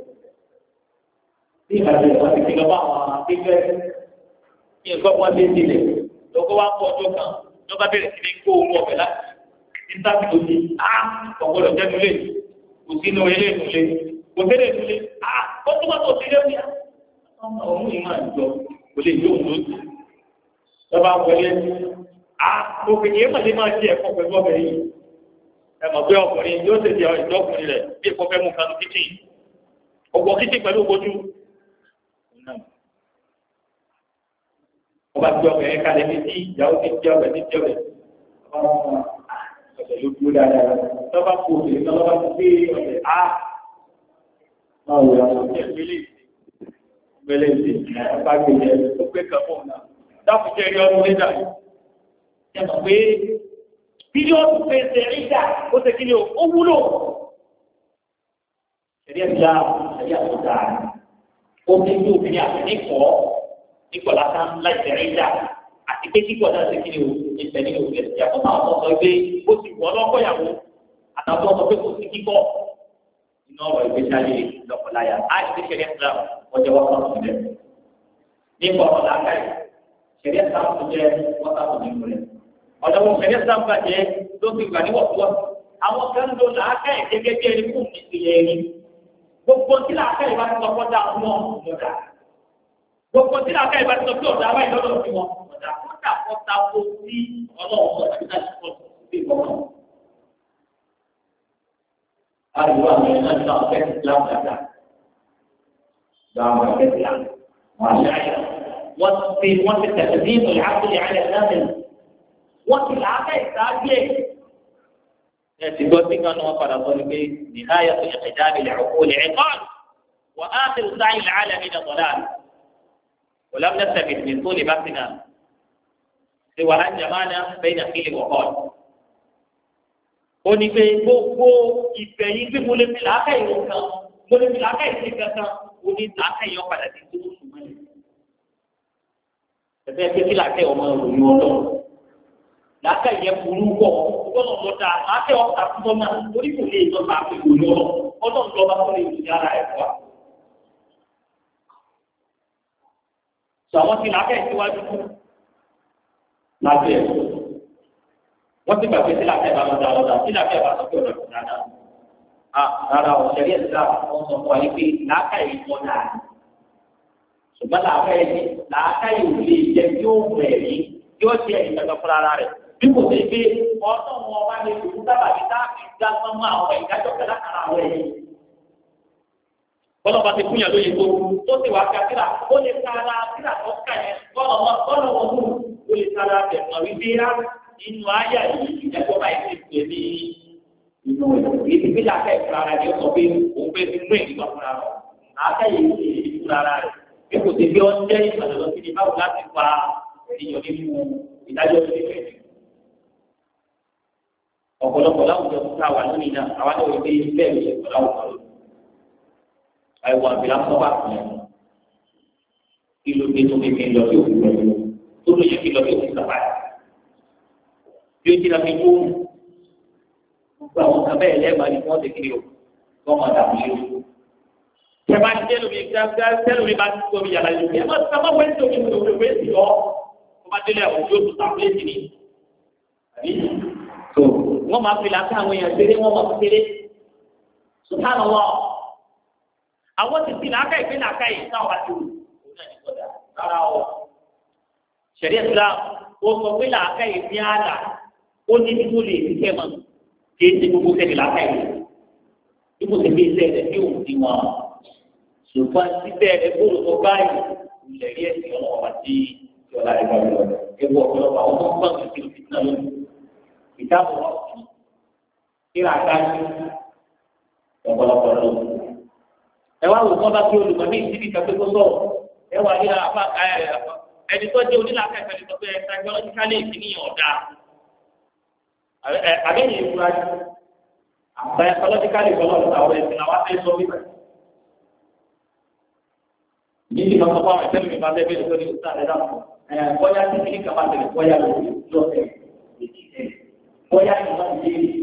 bí ìbàdàn ìwà ti fi lọ bá àwọn akẹgbẹ́ kí nǹkan wọn lé nílẹ̀ lọkọ wa pọ ọjọ́ kan ló bá bẹ̀rẹ̀ sí ní kó owó ọbẹ̀ láti ní sáàtì tó ti á ọgbọdọ jẹnu lé kò sínú ilé ìtúlé kò sílé ìtúlé á ó túbọ̀ tó sílé wíyà ọmọ òun yìí máa ń jọ kò lè jó òun lóṣù lọba wọlé á òkè yìí màdé máa jẹ náà. ọba tí ọbẹ̀ yẹn kalẹ̀ ní tí ìyàwó ti jẹ́ ọbẹ̀ ti jẹ́ ọbẹ̀ ọba wọn ah, ọbẹ̀ ló dúró dáadáa lọ́ba kú obìnrin náà lọ́ba tó gbé ọbẹ̀ á ah, máa wò ó ọbẹ̀ gbélé ìdè ọba gbèjẹ tó gbé kẹ́kọ̀ọ́ náà dákun jẹ́ rí ọdún lédà ẹ mọ̀ pé bílíọ̀nù pèsè rídà ó ṣe kí ni ó wúlò. ẹ̀rí ẹ̀ omi ní obìnrin àti nípọ̀ nípọ̀ lásán láì tẹ̀lé ìjà àti pé kíkọ̀ náà ṣe kí ni o ìṣẹ̀ nínú òfin ẹ̀sìn yàtọ̀ náà wọ́n sọ pé ó ti wọ́n lọ́kọ̀yàwó àtàwọn ọmọ pé kò sí kíkọ̀ iná ọ̀rọ̀ ìgbésí ayé lọ́kọ̀láyà àìsí ṣẹlẹ̀ ìtura ọjọ́ wọn kan sílẹ̀ nípa ọ̀rọ̀ làákàyè ṣẹlẹ̀ ìtura tó jẹ́ wọ́n sá tó nínú gbogbo tí làákà ìbá ti sọ fọ́ da ọmọ ọ̀dà gbogbo tí làákà ìbá ti sọ fọ́ da wáyé lọ́dọ̀ sí wọn ọ̀dà kọ́dà kọ́ta kó sí ọlọ́wọ́ ọ̀dà tí Àdúrà mi ní ọjọ́ ọ̀fẹ́ ti lágbàdà. Gbàmọ̀ ẹgbẹ́ ti lágbàdà. Wọ́n ṣe àyà. Wọ́n ti wọ́n ti tẹ̀lé ní ìlú àkúlẹ̀ àyà náà. Wọ́n ti làákà ìsáájú ẹ̀. ẹ ti gbọ́ sí kan ní wọ́n padà sọ ni pé nìháyà tó yẹ kẹjá mi lè ọkọ lè ẹ kọ́ wà á ti rúdá ilẹ̀ alẹ́ mi dọ̀tọ̀ dáa wòlámù náà sẹ̀mìtì ní tó lè bá sí náà ṣe wà á jàmá náà bẹ́ẹ̀ náà kí lè wọ̀ kọ́ ó ní pé gbogbo ìfẹ́ yìí pé mo lè fi làákàyè wọn kan mo lè fi làákàyè sí kankan ó ní làákàyè wọn padà sí tó sùn mọ́lẹ̀ ẹ̀fẹ́ pé kí làákàyè wọn máa ròyìn ọlọ́run láka yẹ kuru kọ gbọ́dọ̀ lọ da láti ọkà tó náà orí kò lè lọ bá pẹ̀lú lọ ọdún lọ bá kọlẹ ìlú yàrá ẹ fọ. sọ àwọn ti láka ìtiwájú fún láti ẹ wọn ti gbàgbé sí láti ẹ bá lọ da lọ da sí láti ẹ bá sọ pé ọ̀nà kò dáadáa. a rárá o ṣẹlẹ̀ ẹ sá wọn sọ fún wa yìí pé láka yìí wọn náà ṣùgbọ́n làákà yìí làákà yìí ò lè jẹ yóò bẹ̀rẹ̀ yóò ṣe ìtàkùn fúnra rẹ̀ bí kò sí pé ọdún wọn bá lè lòún sábàbí táàbì já sánmọ́ àwọn ìdájọ́ kẹlá kára àwọn ẹ̀yìn. bọ́lá ọba ti kúnyà lóye tó tó ti wà fi àkíra ó lè sára kíra tó kà yẹn bọ́lá ọmọ bọ́lá ọmọ mú ó lè sára bẹ̀ mọ̀ wípé rá inú ayé yìí ìdájọ́ bá yẹn ti pè mí. inú ìdí ìdí àti ẹ̀fọ́ ara rẹ̀ sọ pé òun fẹ́ ti mú ìdíwà fúnra rẹ̀ àtẹ̀yẹ ìdíwà rẹ̀ bí kò sí bí ọ ọ̀pọ̀lọpọ̀ láwùjọ tó ta wà lónìí náà àwọn náà wọ́n gbé bẹ́ẹ̀ ló ṣe pọ̀ láwùjọ lọ. àìwọ̀ àbílá sọ wà fún yẹn. kí ló dé tó kékeré lọ sí òkú lọ tó ló yẹ kí lọ sí òkú sábà yìí. bí ó ti ra fi kú gbogbo àwọn kan bẹ́ẹ̀ lẹ́ẹ̀ma ni wọ́n ti kiri o wọ́n mọ̀ dàbí o. tẹ bá bá ti tóbi yàrá yìí ẹ má sábà wẹ́ẹ́ tó lómi wẹ́ẹ́ sì lọ wọ́n máa fi làákà àwọn èèyàn ṣeré wọ́n máa fi ṣeré subhanallah àwọn ti fi làákà ìpín làákà yìí náà wá sí òun náà ní kọjá rárá o ṣẹ̀rí ẹ̀sìlá ó sọ pé làákà yìí ní àlà ó ní bí tó lè fi kẹ́ mọ́ kí ẹsẹ̀ gbogbo sẹ́ni làákà yìí ipò tẹ̀lé iṣẹ́ rẹ̀ ní òun ti wọn ṣùgbọ́n síbẹ̀ rẹ̀ bóòlù tó báyìí ìṣẹ̀rí ẹ̀sìn ọ̀nà kíra àtàkì ọ̀pọ̀lọpọ̀ ló. ẹ wá wò kọ́ bá kí olùkọ́ ní ìdíbi kan pé kó sọ̀rọ̀ ẹ wà ní àbá ẹni tó jẹ́ onílàáfẹ́ pẹ̀lú sọ pé ẹ̀ka geologically ìpínlẹ̀ ọ̀dà àbẹ́yẹ ìfura jù àbẹ́ geologically ìfọwọ́ ọ̀dà ọ̀rọ̀ ẹ̀sìn làwọn afẹ́ sọ wípé. yíyí kan sọ fún àwọn ìfẹ́ mi bá bẹ́ẹ̀ bẹ́ẹ̀ lórí ìsúná rẹ̀ dàpọ̀ bóyá tí kìíní kan bá tẹ̀lé bóyá lórí lọ́sẹ̀ bóyá ìmọ̀ ìdíyẹ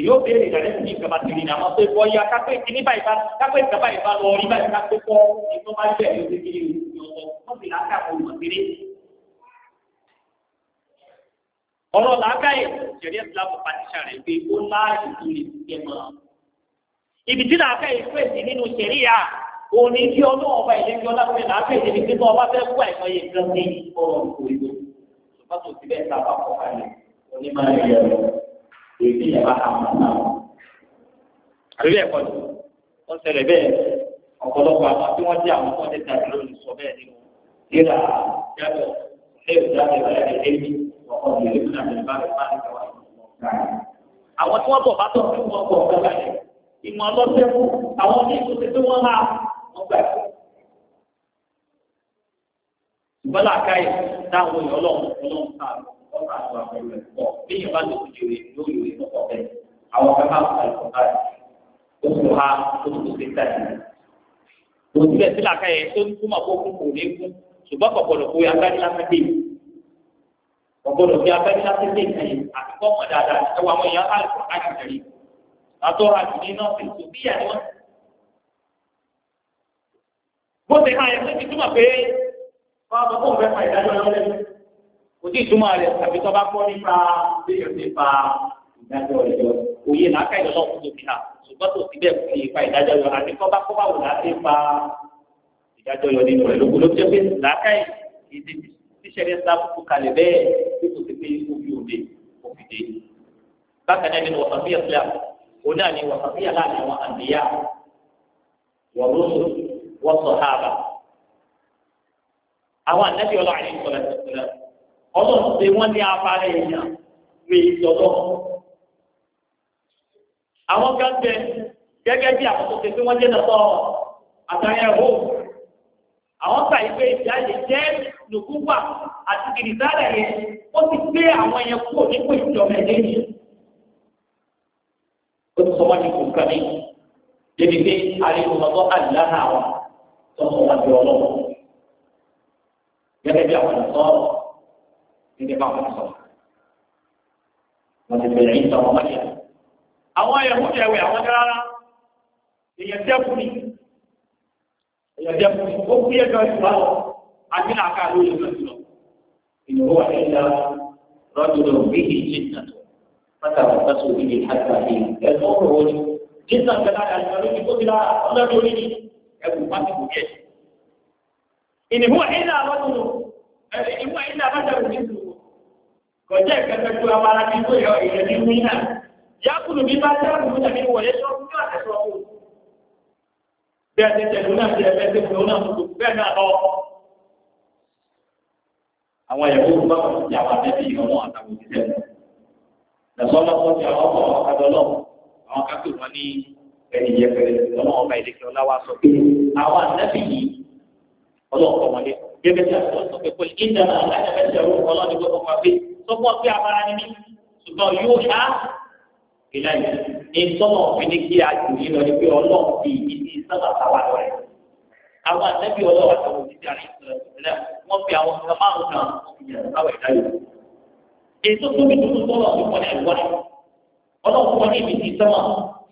èyí ó béèrè ìdàrẹ́ sí ìjọba tìrì ní àwọn tó kọ́ ya kápẹ́ kíní báyìí bá kápẹ́ ìjọba yìí bá lọ rí báyìí kápẹ́ kọ́ ìjọba bá jẹ́ ìlú kékeré ìjọba wọ́n sì láńkà kó lọ kéré. ọ̀rọ̀ làákàyè ìṣẹ̀rí ẹ̀sìlámù pàtíṣà rẹ̀ pé ó láàyè tó lè jẹ́ mọ́. ibi tí làákàyè fẹ́ sí nínú ìṣẹ̀rí yà òní kí ọlọ́run ọba ìlẹ́jọ́ lápẹ́ làákàyè ní ọ̀rọ̀ òkú èyí yẹn bá àwọn ọmọ náà. àbí bẹ́ẹ̀ kọ́ wọ́n ṣẹlẹ̀ bẹ́ẹ̀ ọ̀pọ̀lọpọ̀ àwọn tí wọ́n jẹ́ àwọn tó ń tẹ̀sán lónìí sọ bẹ́ẹ̀ nínú yíra yàtọ̀ lẹ́yìn ìdájọ́ ìbára rẹ̀ lẹ́yìn ọ̀pọ̀ ìlú ìlànà ìbára ìbára àwọn tí wọ́n bọ̀ bá tọ́ ìmọ̀ ọlọ́sẹ̀kù àwọn ní ìtòsí tí wọ́n máa wọ́n gbà fún. ìbọ́lá káyọ̀ táwọn èèyàn ọlọ́run ọlọ́run sáà ọ̀pá àwọn àpẹẹrẹ pọ̀ bí yẹn bá lòkù jèrè lórí ìwé lọ́kọ̀ bẹ́ẹ̀ àwọn ọ̀pá máa ń fa ìkọ̀ báyìí ó sì wá ó sì tó ṣe ń tàyè. kò síbẹ̀ sí làkà yẹn tó ń túmọ̀ kó kún kò ní kún ṣùgbọ́n kọ̀kọ̀dọ̀ kó agbárí lásìkè kọ̀kọ̀dọ̀ kó agbárí lásìkè kẹyìn àti kọ́mọ̀ dáadáa ẹwà àwọn èèyàn alùpùpù àjùmọ̀rí àtọ́ àjùmí náà fi tù bí àdéhùn. bó ṣe máa yẹ kó ti túmọ̀ pé wọ́n á sọ fún òun fẹ́ fa ìdájọ́ lọ́wọ́ lẹ́nu kò sí ìtumọ̀ rẹ̀ àbí tó bá kọ́ nípa béèyàn nípa ìdájọ́ ìjọ òye làákà ìdọ́lọ́ fún tóbi náà ṣùgbọ́n tó ti bẹ́ẹ̀ fi ipa ìdájọ́ yọ àbí tó bá kọ́ báwo láti pa ìdájọ́ yọ nínú rẹ̀ lóko ló jẹ́ pé làákà ìdí tíṣẹ̀lẹ̀ sáfù kó kalẹ̀ bẹ́ẹ̀ bí kò ti pé òbí òde òbí dé. bákan náà nínú wàfàfíà islam òun náà ni wàfàfíà láàrin àwọn àdìyà wọ̀rọ̀sọ̀ wọ́sọ̀ háàbà ọlọ́run pé wọ́n ní abalẹ̀ èèyàn pé ìjọlọ́. àwọn kan bẹ gẹ́gẹ́ bí àwọn tó ṣe pé wọ́n jẹ́ lọ́tọ́ àtàyẹ̀ ẹ̀hó àwọn kà yí pé ìjà lè jẹ́ nùkúwà àti kìrìtàlẹ̀ yẹn wọ́n ti gbé àwọn yẹn kúrò nípò ìjọba ẹ̀ lẹ́yìn. ó ti sọ wọ́n ní kò kàn ní débi pé àlejò ọgbọ́n àdìláhà wa tó sọ wọ́n ọlọ́run gẹ́gẹ́ bí àwọn ìsọ̀rọ̀ gẹ́gẹ́ bá wọn sọ. Wọ́n ti bẹ̀rẹ̀ yìí sọ̀rọ̀ wọ́n yẹ. Àwọn ẹ̀hún ti ẹ̀wẹ̀ àwọn ní rárá. Èèyàn dẹ́kun ni. Èèyàn dẹ́kun ni. Ó kú yẹ́jọ́ ìtura lọ. Àti nàka ló yẹ lọ́sí lọ. Ìnáwó wà ní ìlà rọ́dù lọ bí kì í ṣe ìtàtọ̀. Pátá wà sásù bí kì í ṣàtà ní ẹ̀sọ́ ọ̀rọ̀ wọn ni. Jísà gbẹ̀dá àjọ lójú tó ti la ọlọ́dún orí ni ẹ̀kú pátìkù díẹ̀. Ìnáwó wà ní ìlà rọ́dù lọ. Ìnáwó ìlà rọ́dù lọ kọjá ìkẹta tó abala ní tó yọ èèyàn ní wí náà yákùnù bí bá dáàbò mú tàbí wọlé sọ fún náà tẹsán fún un bí a ti tẹ̀lú náà ti ẹgbẹ́ tó fún náà tó bẹ́ẹ̀ náà lọ. àwọn ìyàwó bá wọn ti àwọn abẹ́bí ìrànwọ́ àtàwọn òṣìṣẹ́ wọn lẹ́sọ́ lọ́kọ́ ti àwọn ọkọ̀ ọ̀kadọ́ lọ àwọn kápẹ́ wọn ní ẹni yẹpẹrẹ ọlọ́wọ́n ọba ìdíkẹ́ ọláwà sọ pé àwọn àtẹ́bí yìí ọlọ́wọ́ kọ̀ wọlé tó pọ̀ sí afárá ní mí ṣùgbọ́n yóò ṣá ìlà yìí ní sọ́nà òfin ní kí àjò yìí lọ ní pé ọlọ́run fi ìdí sábà sáwà lọ rẹ̀. àwọn àtẹ́bí ọlọ́run àtàwọn òbí darí ìṣẹ̀lẹ̀ wọ́n fi àwọn ọ̀sán márùn-ún kan ìyàrá sáwà ìdá yìí. èso tó bí tuntun sọ́nà tó pọ̀ ní àìwá ọlọ́run pọ̀ ní ìbí sọ́nà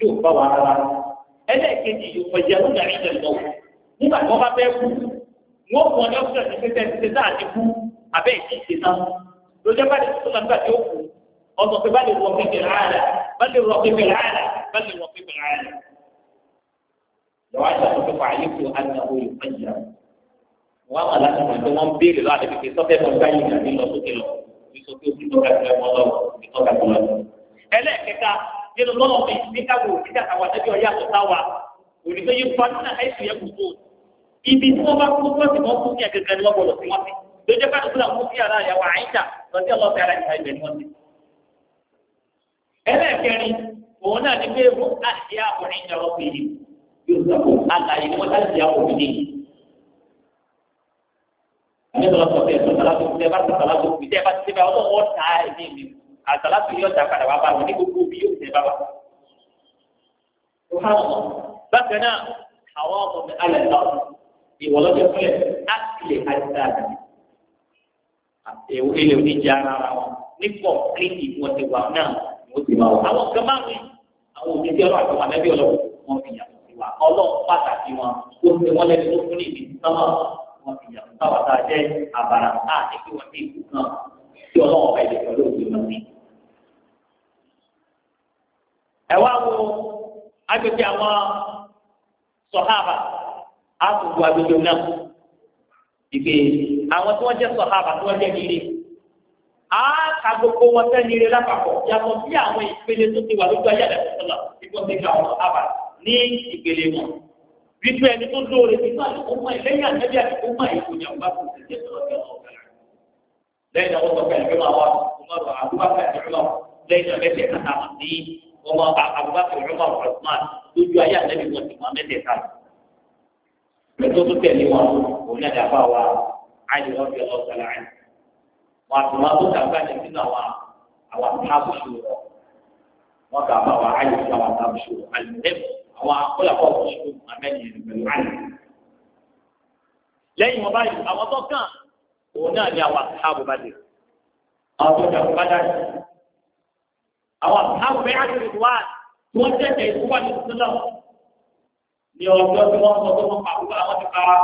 yóò bá wà rárá. ẹlẹ́ẹ̀kejì yóò fẹ́ kú wọ́n lójú bá lè sọ̀rọ̀ nígbà tí ó kù ọ̀sọ̀ pé bá lè rọ̀ pípẹ̀ láàlà bá lè rọ̀ pípẹ̀ láàlà bá lè rọ̀ pípẹ̀ láàlà. lọ́wọ́ àti àtúntò fà yí kú àtàwọn olùkọ́jà wọn àwọn aláṣẹ tó wọn béèrè lọ́wọ́ àdébíkẹ́ sọ́fẹ́ tó ń báyìí nàbí lọ sókè lọ ìsókè òkú tó ká tilẹ̀ wọn lọ́wọ́ ìtọ́ka tó lọ́wọ́. ẹlẹ́ẹ̀kẹta nínú lọ́wọ́ mi ní káwọ́ òkúta àwọn àtẹ́jọ́ yà lójú ká tó fúlàmù sí ara ìyàwó àyíṣà lọ́sí ọlọ́sẹ̀ ara ìyàwó ìbẹ̀ ni wọ́n ti. ẹlẹ́ẹ̀kẹrin òun náà ní pé mú àti àkùnrin ìjọba òbí yóò sọ̀kò àlàyé wọn láti àwọn òbí nìyí. àyẹ̀wò lọ́sọ̀ bẹ́ẹ̀ tó sọ̀rọ̀ tó tẹ́ bá sọ̀rọ̀ tó fi bá ti tẹ́ ọlọ́wọ́ ta ẹ̀mí mi àtàlá tó yọ̀ dàpadà wá bá ìwọ̀lọ́jọ́ fúnlẹ̀ á tilẹ̀ àti èlé oníjà ara wọn ní kọ̀ọ̀kìlì wọn ti wà náà wọn ti wà wọn. àwọn kan máa ń rìn àwọn òṣìṣẹ́ ọlọ́run àti mọ̀lẹ́bí ọlọ́run wọn fi yàtọ̀ sí wa ọlọ́run pàtàkì wọn ó ti wọ́n lẹ́nu tó fún ní ìbí sọ́mọ́ wọn fi yàtọ̀ sáwà tá a jẹ́ àbàrà tá a ti fi wọn dé ìlú náà tí ọlọ́run ọba ìdẹ̀kọ̀ ló ti lọ sí. ẹ wá wo agbègbè àwọn sọ̀háàbà á tún wo agbègbè náà àwọn tí wọ́n jẹ́ sọ̀hábà tí wọ́n jẹ́ nílé a ka gbogbo wọn fẹ́ nílé lápapọ̀ yàtọ̀ sí àwọn ìpele tó ti wà lójú ayé àdàpọ̀ sọ̀lá tí wọ́n ti gba àwọn sọ̀hábà ní ìpele wọn wípé ẹni tó lóore nípa àdìkú mọ́ ẹ̀ lẹ́yìn àtẹ́bí àdìkú mọ́ ẹ̀ kò ní àwọn bá kò sí jẹ́ sọ̀rọ̀ bí ọ̀rọ̀ ọ̀gá lẹ́yìn àwọn sọ̀kẹ́ ẹ̀gbẹ́ máa wà ọmọdé àbúbáfẹ́ ẹ̀rọ lẹ́yìn àmẹ́tẹ̀ kàtà àti àyè wọn fi ọlọ́ọ̀tà láàyè wọn àti wọn tó dàgbà ní nínú àwọn àwọn táàbù ṣòro wọn kà bá wọn àyè fún àwọn táàbù ṣòro àlùmẹ́mù àwọn akọ́làkọ́ ṣòro àmẹ́ni ẹ̀rù pẹ̀lú àyè. lẹ́yìn wọn báyìí àwọn tó kàn òun náà ni àwọn táàbù bá dé àwọn tó dàgbà bá dá àwọn táàbù bẹ́ẹ̀ á ti wá tí wọ́n tẹ̀lé ìfúwà ní ọjọ́ tí wọ́n sọ pé wọ́n pa àwọn ti para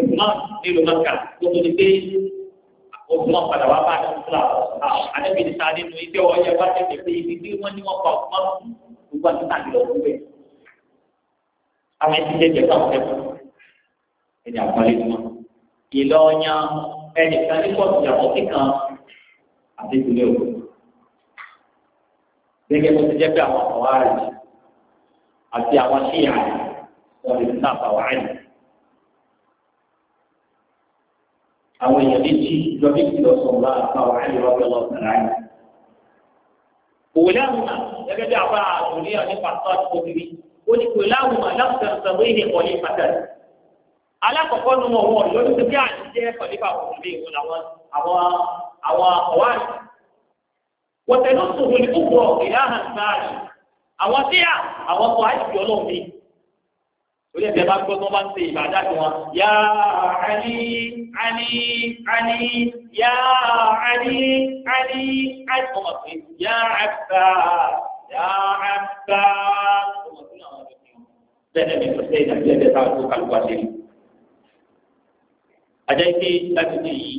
ẹ̀gbọ́n nílùú mọ́kà tó tó ní pé ògbọ́n padà wá bá àdúgbò àdébí ní sáà nínú iṣẹ́ ọ̀yẹ́ wá tẹ̀lé pé ibi tí wọ́n ní wọ́n pa ògbọ́n gbogbo àti tàbí lọ fún bẹ́ẹ̀. àwọn ẹtí jẹjẹ káwọn ẹ̀kọ́ ẹni àpọ́nlé ni wọn. ìlọyàn ẹnìkan ní pọ̀ ìyàwó kíkan àti ìpínlẹ̀ òkú. gẹ́gẹ́ bó ti jẹ́ pé àwọn ọ̀wá àti àwọn síyà wọ́n lè ní àwọn èèyàn méjì lọ méjì lọ sọ̀rọ̀ bá àpá wà á lè wá bẹ́ẹ̀ lọ sọ̀rọ̀ àyè. Òwúlẹ̀ àwọn náà gẹ́gẹ́ bí àbá àtòrí àti pàtó àti kòkiri ó ní pẹ̀lú àwọn náà lọ́sọ̀rọ̀sọ̀rọ̀ ìhè kọ̀lé pàtàkì. Alákọ̀ọ́kọ́ nu wọn wọn lórí ti bí àtijẹ́ kọ̀lé pàkùnrin ìwọ̀n àwọn àwọn ọ̀wárì. Wọ̀tẹ̀ ló sòwò ní kúkúrọ̀ ìlànà sáà àwọn tí àwọn kọ̀ àìsí ọlọ́run orí ẹ̀jẹ̀ bá gbọ́ tó bá ń ṣe ìbàdà tó wọn. yá Ali Ali Ali yá Ali Ali Ali ọmọ pé yá àgbà yá àgbà ọmọ tó náà wọn lè bẹ́ẹ̀ ni ọ̀sẹ̀ ìdájọ́ ẹ̀jẹ̀ tá a kó kálukú àṣẹ rí. àjẹ́ ike láti ṣe yìí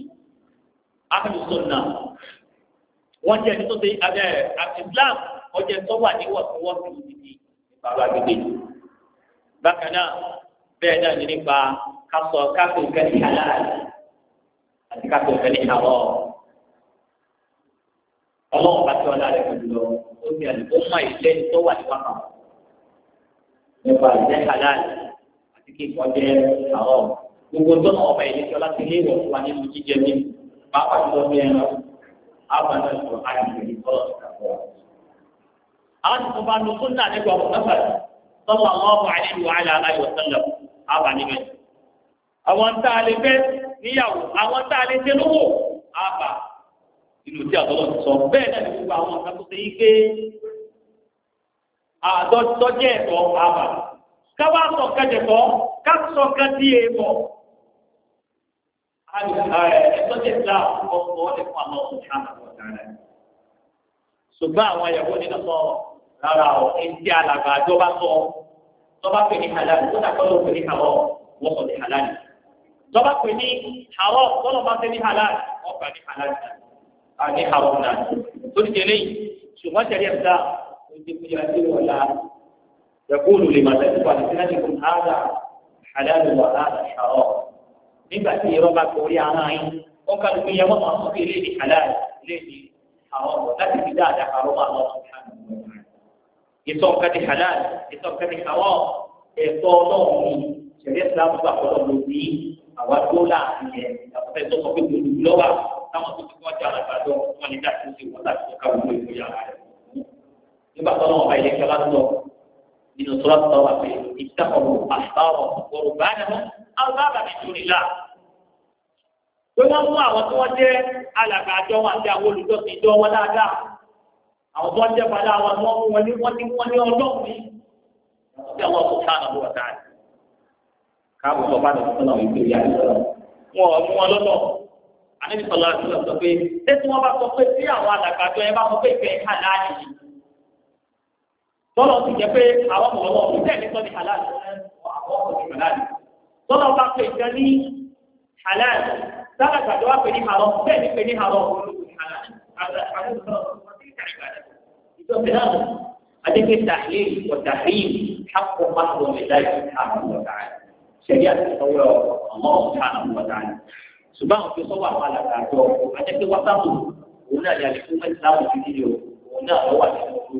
ahùsùn náà wọ́n jẹ́ ẹni tó ṣe abẹ́ Islam ọjọ́ tó wà ní wọ̀sowọ́sì ìdíje ìbára gbígbé yìí bákan náà bẹ́ẹ̀ náà ní nípa kásọ káfí nǹkan ní halal àti káfí nǹkan ní àwọ̀ ọlọ́run bá tí wọ́n lára ẹ̀kọ́ jùlọ ó ti àdìgbò mọ ìṣe tó wà nípa kan nípa ìṣe halal àti kí nǹkan jẹ́ àwọ̀ gbogbo tó náà ọmọ ìdí sọ láti ilé ìwọ̀n wa nínú jíjẹ mi pàápàá jùlọ bí ẹran àwọn náà sọ àyè ìgbèlè kọ́ àwọn tuntun bá lu kúndà nípa ọ̀pọ̀ náà sọ́lá ọlọ́ọ̀bù àìlú wàhálà aláyọ̀ sọ́lá àbà níbẹ̀. àwọn tá a lè fẹ́ níyàwó àwọn tá a lè ṣe lówó àbà ìlú tí àtọ́lọ́ ti sọ bẹ́ẹ̀ náà ní gbogbo àwọn ọ̀sán tó ṣe yí pé àdọ́jẹ́ ẹ̀tọ́ àbà káwá sọ kẹjẹ̀kọ́ ká sọ kẹjì èèmọ̀ ẹ̀tọ́jẹ́ ìlà ọ̀pọ̀ ọ̀lẹ́fún àlọ́ ṣùgbọ́n àwọn ìyàwó nínú sọ rárá o ẹtí alàgbà àjọba sọ tọ́ba pè ní halal tó dàgbọ́ ló pè ní àwọ̀ wọ́n sọ ní halal tọ́ba pè ní àwọ̀ tọ́lọ̀ máa pè ní halal wọ́n pè ní halal náà ní àwọ̀ náà tó ti tẹ̀lé yìí ṣùgbọ́n tẹ̀lé ẹ̀dá ojú kúyà sí ọ̀la yaqulu lè máa tẹ̀síwá ní sinadi kò hàdà halal wà hàdà haram nígbà tí irọ́ bá torí ara yín wọ́n kà lóko yẹ wọ́n máa sọ pé ilé ní halal ilé ní haram ìtọ̀ nǹkan ti halal ìtọ̀ nǹkan ti haram ẹ̀tọ́ ọlọ́run ni ṣẹlẹ̀ ìsìlámù gbà pọ̀ lọ́wọ́ bí àwa tó láàrin yẹn àtọ́fẹ́ tó sọ pé kò lù lọ́wọ́ táwọn tó ti kọ́ jà àgbàdo wọn ni dáàbò ti wọ́n láti kọ́ káwọn ìlú yàrá rẹ̀. nígbà tó náà ọba ilé kẹlá sọ nínú sọ́lá tó wà pé ìtàkọ̀rọ̀ àṣàrọ̀ ọ̀rọ̀ báyìí àwọn bá mi tó nílá. pé wọ́n mú àwọn tí wọ́n jẹ́ alàgbà àjọ wọn àti àwọn olùdókòtò ìjọ wọn dáadáa àwọn tó ń jẹ́ padà wa ni wọ́n mú wọn ní wọ́n ní wọ́n ní ọlọ́run ní ọjọ́ wọn kò sáà lọ́wọ́ táà ní. káàbù sọ bá dọ̀tí sọ́nà ìgbé ìyá ìsọ̀rọ̀ wọn ò mú wọn lọ́tọ̀ àníbi sọ̀rọ̀ àti sọ̀rọ̀ sọ pé ṣé tí wọ́n bá sọ pé sí àwọn àdàkàjọ ẹ bá sọ pé ìfẹ́ àdáàlì yìí tọ́lọ̀ ti jẹ́ pé àwọn ọmọ ọmọ tẹ̀lé sọ ní àláàlì àwọn ọmọ ìgbàláàlì tọ́lọ̀ bá pè jẹ́ ní àláàlì sábà gbàdọ́ wá pè ní àrọ̀ itu benar ada tahlil wa tahrim hak mahdu lillahi subhanahu wa ta'ala syariat Allah Allah subhanahu wa ta'ala ṣùgbọ́n àwọn òfin sọ́wọ́ àwọn àlàkàjọ ajẹ́pẹ́ wákàtò òun náà yà lẹ́kọ́ mẹ́ta láwọn òfin nílò òun náà lọ́wọ́ àti ìlú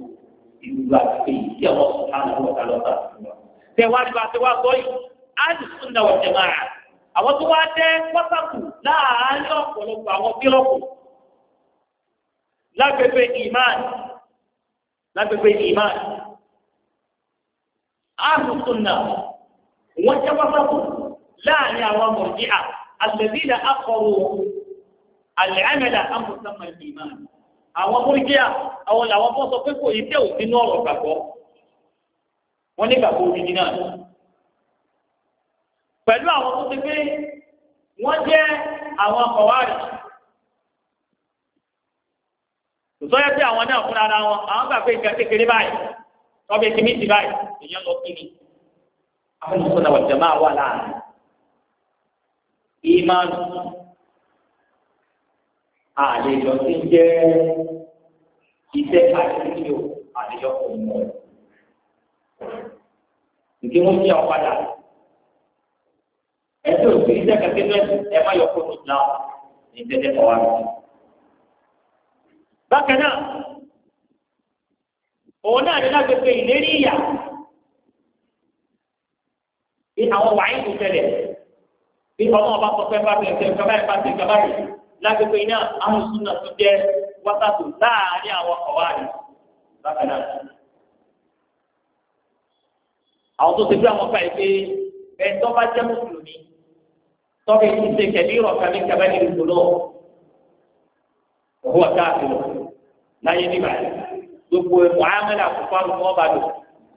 ìlú àti tí àwọn sùkánù lọ́wọ́ ta lọ́ta. tẹ̀wá ni bàtẹ́ sọ yìí àdìsún náà wọ̀jẹ̀ àwọn tó wá jẹ́ wákàtò láàárín ọ̀pọ̀lọpọ̀ àwọn bírọ̀kù lágbègbè iman lágbègbè iman ahùsùnà wọ́n jẹ́ pápákọ̀ láàrin àwọn mọ̀jíà àtẹ̀lílà akọ̀rọ̀ àlẹ́àmẹ́là amùsànmà iman àwọn mọ̀jíà àwọn làwọn fọ́n sọ pé kò yí tẹ́ òsínú ọ̀rọ̀ gbàgbọ́ wọ́n ní gbàgbọ́ òdìdí náà pẹ̀lú àwọn tó ti pé wọ́n jẹ́ àwọn akọ̀wárì sọ́yẹ́ pé àwọn náà fúnra ara wọn àwọn gbà pé nǹkan kékeré báyìí tọ́bí kìíní ti báyìí èèyàn lọ kí ni àwọn ìṣúná wà jẹ́ máa wà láàrin ìmánu àlejò tí ń jẹ́ iṣẹ́ àìsíkí o àlejò kò mọ̀ nǹkan wọ́n ti yàn padà ẹ̀sìn òfin iṣẹ́ kẹ́kẹ́ mẹ́sìn ẹ̀ má yọ kó náà ní tẹ́tẹ́ kọ́ wa lọ bákan náà òun náà ní lágbègbè ìlérí ìyà bí àwọn wàáyé kò tẹ̀lé bí ọmọ ọba sọ pé bàbá ẹsẹ ìjọba ẹ bá ti ìjọba rẹ lágbègbè iná àwọn ìṣúná tó jẹ wákàtí láàárín àwọn ọ̀wá rẹ bákan náà àwọn tó ti bí àwọn fà yìí pé ẹ jẹ́ mùsùlùmí tọ́ bí ti ṣe kẹ̀mí ìrọ̀kàmí kẹ̀mí ìrìnkúrò òwò àfihàn láyé nígbà yìí gbogbo ẹ̀ mọ̀hámẹ́lì àkùkọ́ àrùn wọn bá lò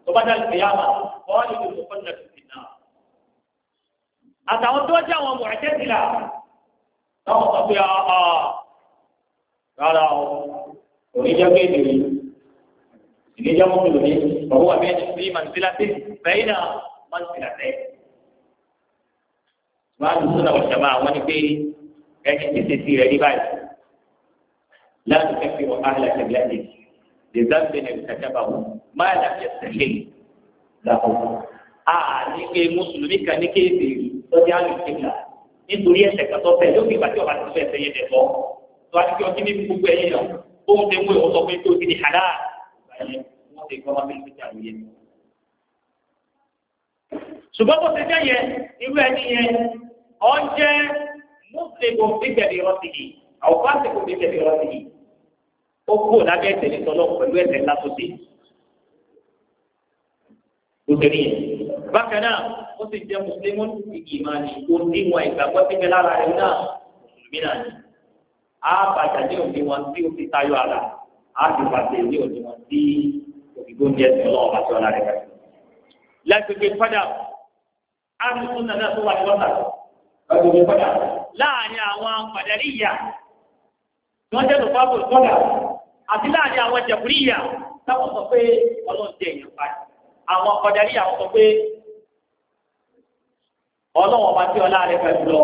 tọ́ba dá lùkẹ́ yá wọn wọ́n lè lò fún ọ̀nà tuntun náà. àtàwọn tó jẹ́ àwọn mọ̀ọ́jẹ́ ti là táwọn sọ pé ọ̀ ah, ah, rárá o oníjẹ́ kéde rí ìdíjẹ́ mọ́tòlóní ọ̀hún àbí ẹni sí màǹtílátì bẹ́ẹ̀ náà màǹtílátì. wọ́n á lù sọ́nà ọ̀ṣẹ́ máa wọ́n ní pé ẹni tètè sí rẹ̀ ní báyìí. لا تكفر أهلك بأهلك لذنب ارتكبه ما لم يستحل له àní pé mùsùlùmí kan ní kéèké lọ́jà àlùkìlà nítorí ẹ̀ṣẹ̀ kan tó fẹ́ lókè ìgbà tí ọba ti fẹ́ ẹ̀ṣẹ̀ yẹn dẹ̀tọ́ tó a ti fi ọtí níbi gbogbo ẹ̀yẹ yàn ó ń tẹ́wọ́ ìwọ sọ pé tó ti di hàdá báyẹn wọ́n ti gbọ́ máa fi àlùyẹ. ṣùgbọ́n bó ṣe jẹ́ yẹn irú ẹni yẹn ọ jẹ́ mùsùlùmí kò fi tẹ̀lé rọ́ọ̀tì yìí àwòkọ́ àti kò fi tẹ̀lé rọ́ọ̀tì yìí ó kú lábẹ́ ìtẹ̀lé tọ́lọ́ pẹ̀lú ẹ̀sẹ̀ ńlá tó dé. Obìnrin yẹn bákan náà ó sì jẹ́ mùsùlùmí ìgbì máa ní òdiwọ̀n ìgbàgbọ́ sí mi lára rẹ̀ náà mùsùlùmí náà ni. Á bàjá ní òdiwọ̀n tí ó fi tayọ ara, á sì bàjẹ́ ní òdiwọ̀n tí òdìgbò ń jẹ́ tọ́lọ́ ọ̀bà tí ọ̀la rẹ̀ rẹ̀. Lẹ́gbẹ̀gbẹ̀ padà, á ti tún nàná tó wà ní wọ́tà. padà, láàárín àwọn pàdánì àti láàrin àwọn jẹ̀búríyà táwọn sọ pé ọlọ́run jẹ èèyàn pa àwọn ọ̀dàrí àwọn sọ pé ọlọ́run ọba tí ọlá rẹ̀ pẹ̀lú lọ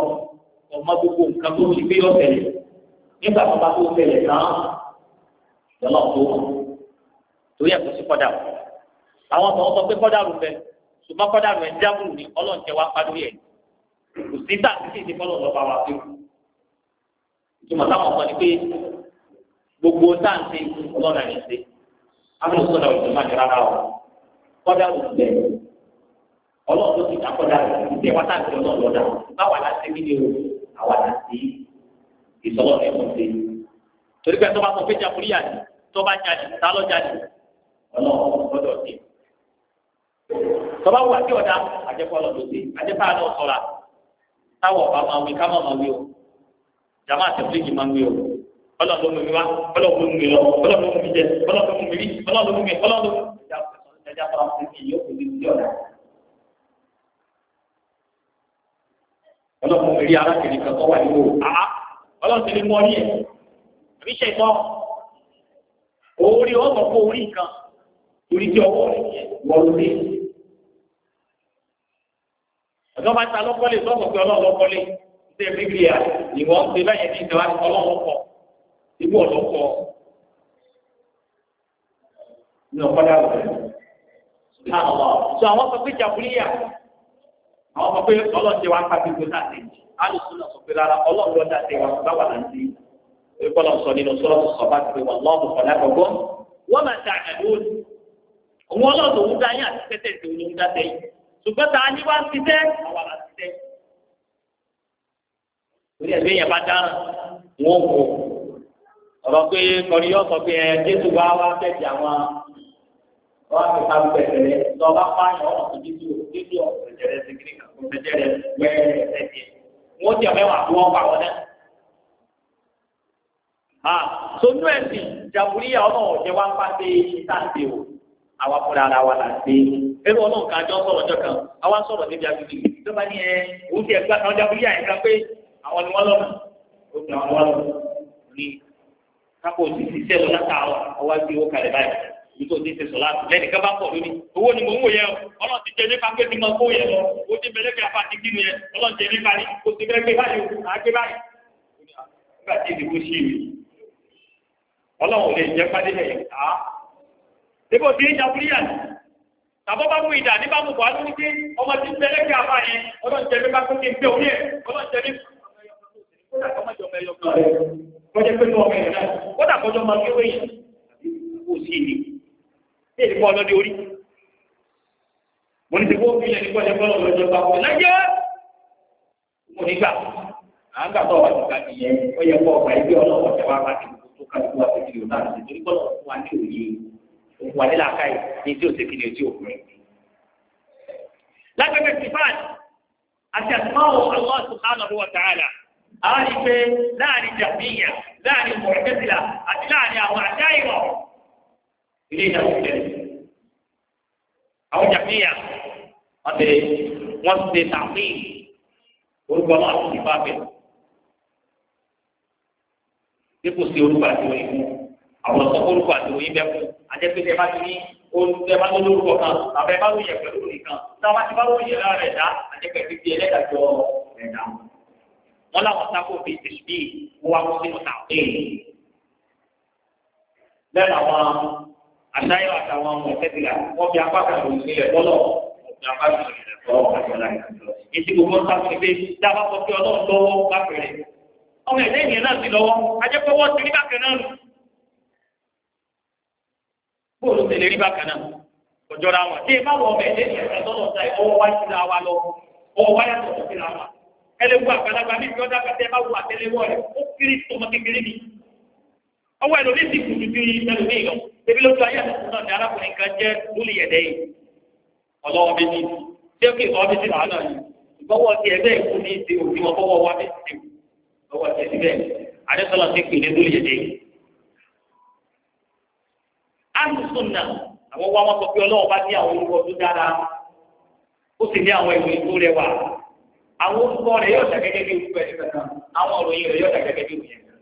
ọmọ gbogbo nǹkan tó ti gbé ọ̀tẹ̀lẹ̀ nígbà tó bá tó tẹ̀lẹ̀ tán lọ́lọ́run tó torí ẹ̀kọ́ sí kọ́dà àwọn tó sọ pé kọ́dà rù bẹ́ẹ̀ ṣùgbọ́n kọ́dà rẹ̀ ń dábùrù ní ọlọ́run wa wá pàdé ẹ̀ kò sí tà sí ìdí fọlọ́ gbogbo sáǹtì lọ́nà ní sí afẹ́lẹ́sọ̀dọ̀ ìjọba ní rárá o kọ́dà òṣìṣẹ́ ọlọ́run ló ti dá kọ́dà òṣìṣẹ́ wọ́n sáǹtì ọlọ́run lọ́dà báwa la ṣe nílé o àwa la ṣe ìsọ̀rọ̀ rẹ̀ torí pé tọ́ba péjà kúrìyà ni tọ́ba jáde jáde ọlọ́run gbọ́dọ̀ tọ́ba wà ọ̀dà àjẹpọ̀ ọlọ́run ṣe àjẹpọ̀ àlọ́ sọ̀ra táwọn ọlọ́dún mi wá ọlọ́dún mi lọ ọlọ́dún mi jẹ ọlọ́dún mi rí ọlọ́dún mi ọlọ́dún ẹja fara fún mi yóò fi di ọ̀dà. ọlọ́dún mi rí arákùnrin kan tó wà ní òwò àá ọlọ́dún mi mọ́ ní ẹ̀ àbí ṣe ìtọ́ orí ọ̀sán kó orí nǹkan orí tí ọwọ́ rẹ̀ wọ́n lórí. ọ̀dọ́ bá ta lọ́kọ́lé sọ́kọ̀ pé ọlọ́run lọ́kọ́lé ṣé bíbélì à ìwọ́n ṣe báyẹn ní ìjọba ọlọ́run kọ̀ ibú ọ̀lọ́kọ̀ ní ọ̀pọ̀dà rẹ̀. Sọ àwọn sọ pé jàbúlíyà, àwọn sọ pé ọlọ́run ti wá pàbí gbogbo láti jì. Alùsùn náà sọ pé rárá ọlọ́run lọ́dà tẹ wá bá wà láti ìkọlọ sọ nínú sọ́rọ́ tó sọ bá wà lọ́ọ̀bù ọ̀rọ̀ pé kọ́ni yóò sọ pé ẹ jésù wá wá tẹ̀sí àwọn wọ́n ti ka gbẹ̀rẹ̀ lọ́ba pààyàn ọ̀nà tó jésù jésù ọ̀gbẹ̀jẹ̀rẹ̀ sìnkiri ọ̀gbẹ̀jẹ̀rẹ̀ wẹ́ẹ̀rẹ̀ ẹ̀jẹ̀ wọ́n ti ọ̀mẹ́wàá tó wọ́n pa wọn náà. sonú ẹ̀sìn jàmbúríyà ọ̀nà ọ̀jẹ̀ wá ń pa dé sáǹdé o àwa fúnra ara wa là ń dé ẹrú ọ̀nà nǹkan àjọ sọ̀rọ̀ ọjọ́ kan àwa sọ̀rọ̀ níbi agbègbè tó bá ní ẹ òun ti ẹgbẹ́ àwọn jàmbúríyà yẹn kan pé àwọn ni wọ́n lọ́nà kápò tí ti sẹ́wọ̀n látàárọ̀ ọwọ́ gbé owó kalẹ̀ báyìí ibi tó ti ti sọ̀ láti lẹ́nu ká bá pọ̀ lórí owó ni mò ń wò yẹ ọ ọlọ́run ti jẹ nípa pé ti mọ owó yẹ lọ ó ti mẹlẹ́kì apáti kí ni yẹ ọlọ́run jẹ nípa ni kò sí mẹ́gbẹ́ báyìí o àgbẹ̀ báyìí. nígbà tí ìdìbò ṣe rè ọlọ́run ò lè jẹ́ pàdé ẹ̀yẹ ká. débò tí ìjà fúlíyà ni tàbọ́ bá mú ìdà nípa mú buhari ní pé ọmọ ti mẹlẹ́kì apá yẹn ọlọ́run jẹ nípa pé kí n gbé òun yẹ ọlọ́run jẹ nípa kọjá pé ní ọmọ ìrìnà kódà kọjá máa kéwé yìí kò sí ìní ní èdè kọ́ ọlọ́dẹ orí mo ní ti kó fi lẹ́ni kọjá kọ́ ọlọ́dẹ ọjọ́ bá wọ lẹ́jẹ́ mo ní gbà à ń gbàtọ̀ wà nígbà nìyẹn ó yẹ kó ọgbà ẹgbẹ́ ọlọ́wọ́ tẹ wá láti tó kálukú wa fífi yòó láti torí kọ́ ọ̀sán fún wa ní òye òfin wa nílà káyì ní tí òsè kí ni etí òkùnrin. lágbègbè Allah subhanahu wa ta'ala àwọn ìpè láàrin jàmíyà láàrin mọ̀rẹ́kẹ́sìlà àti láàrin àwọn àjá ìwọ̀ ilé ìdáwó ìlẹ̀ àwọn jàmíyà wọ́n ti wọ́n ti tàbí orúkọ náà ti bá bẹ̀rẹ̀ dípò sí orúkọ àti òyìnbó àwọn sọ orúkọ àti òyìnbó ẹ̀kú àjẹpẹ́sẹ̀ bá ti ní olùsẹ̀ bá lórí orúkọ kan àbẹ̀ bá lóye pẹ̀lú òyìn kan táwọn bá ti bá lóye lára ẹ̀dá àjẹpẹ́sẹ̀ ti ẹlẹ́dàjọ́ ẹ̀dá wọn làwọn sáfò bíi tìṣbí wọn wá kó sínú tàwọn bẹ́ẹ̀ làwọn àṣàyọ àtàwọn ọmọ ìtẹ́tìlá wọn fi apá kan lòun sílẹ̀ bọ́lọ̀ ọ̀gbìn apá kan lòun lọ́wọ́ àjọlá ìtàjọ ètí gbogbo sáfò ìgbé dábàá sọ pé ọlọ́run lọ́wọ́ bá fẹ̀rẹ̀ ọmọ ẹ̀dá ìyẹn náà sí lọ́wọ́ ajẹ́pọ̀wọ́ ti rí bákan náà lù bóòlù tẹ̀lé rí bákan náà ọjọ́ra wọn tí ẹ ọmọ ẹ̀dá ìyẹn náà ẹlẹ́wọ́ àgbàlagbà níbi ọ̀dà pàtẹ́ bá wù àtẹlẹwọ́ rẹ̀ ó kiri tọmọ kékeré mi. ọwọ́ ẹ̀rọ ní ti kùtù bí ẹlòmíì lọ ebi ló tó ayé àtúntò náà ní arákùnrin kan jẹ́ lórí ẹ̀dẹ́ yìí ọlọ́wọ́ méjì tí ó kì í sọ méjì làwọn náà yìí ìgbọ́wọ́ ti ẹgbẹ́ ìkú ní ti òbí wọn fọwọ́ wa bẹ́ẹ̀ ti ọwọ́ ti ẹ̀sìn bẹ́ẹ̀ adéṣọ́lá ti pè ní lórí ẹ̀dẹ́ yìí. alùsùn náà àwọn wa wọn sọ pé ọlọ́wọ́ bá ní àwọn orúkọ tó dára ó sì ní àwọn ìwé tó rẹwà àwọn orúkọ rẹ̀ yóò dà gẹ́gẹ́ bí orúkọ ẹni kankan àwọn òròyìn rẹ̀ yóò dà gẹ́gẹ́ bí òyìn kankan.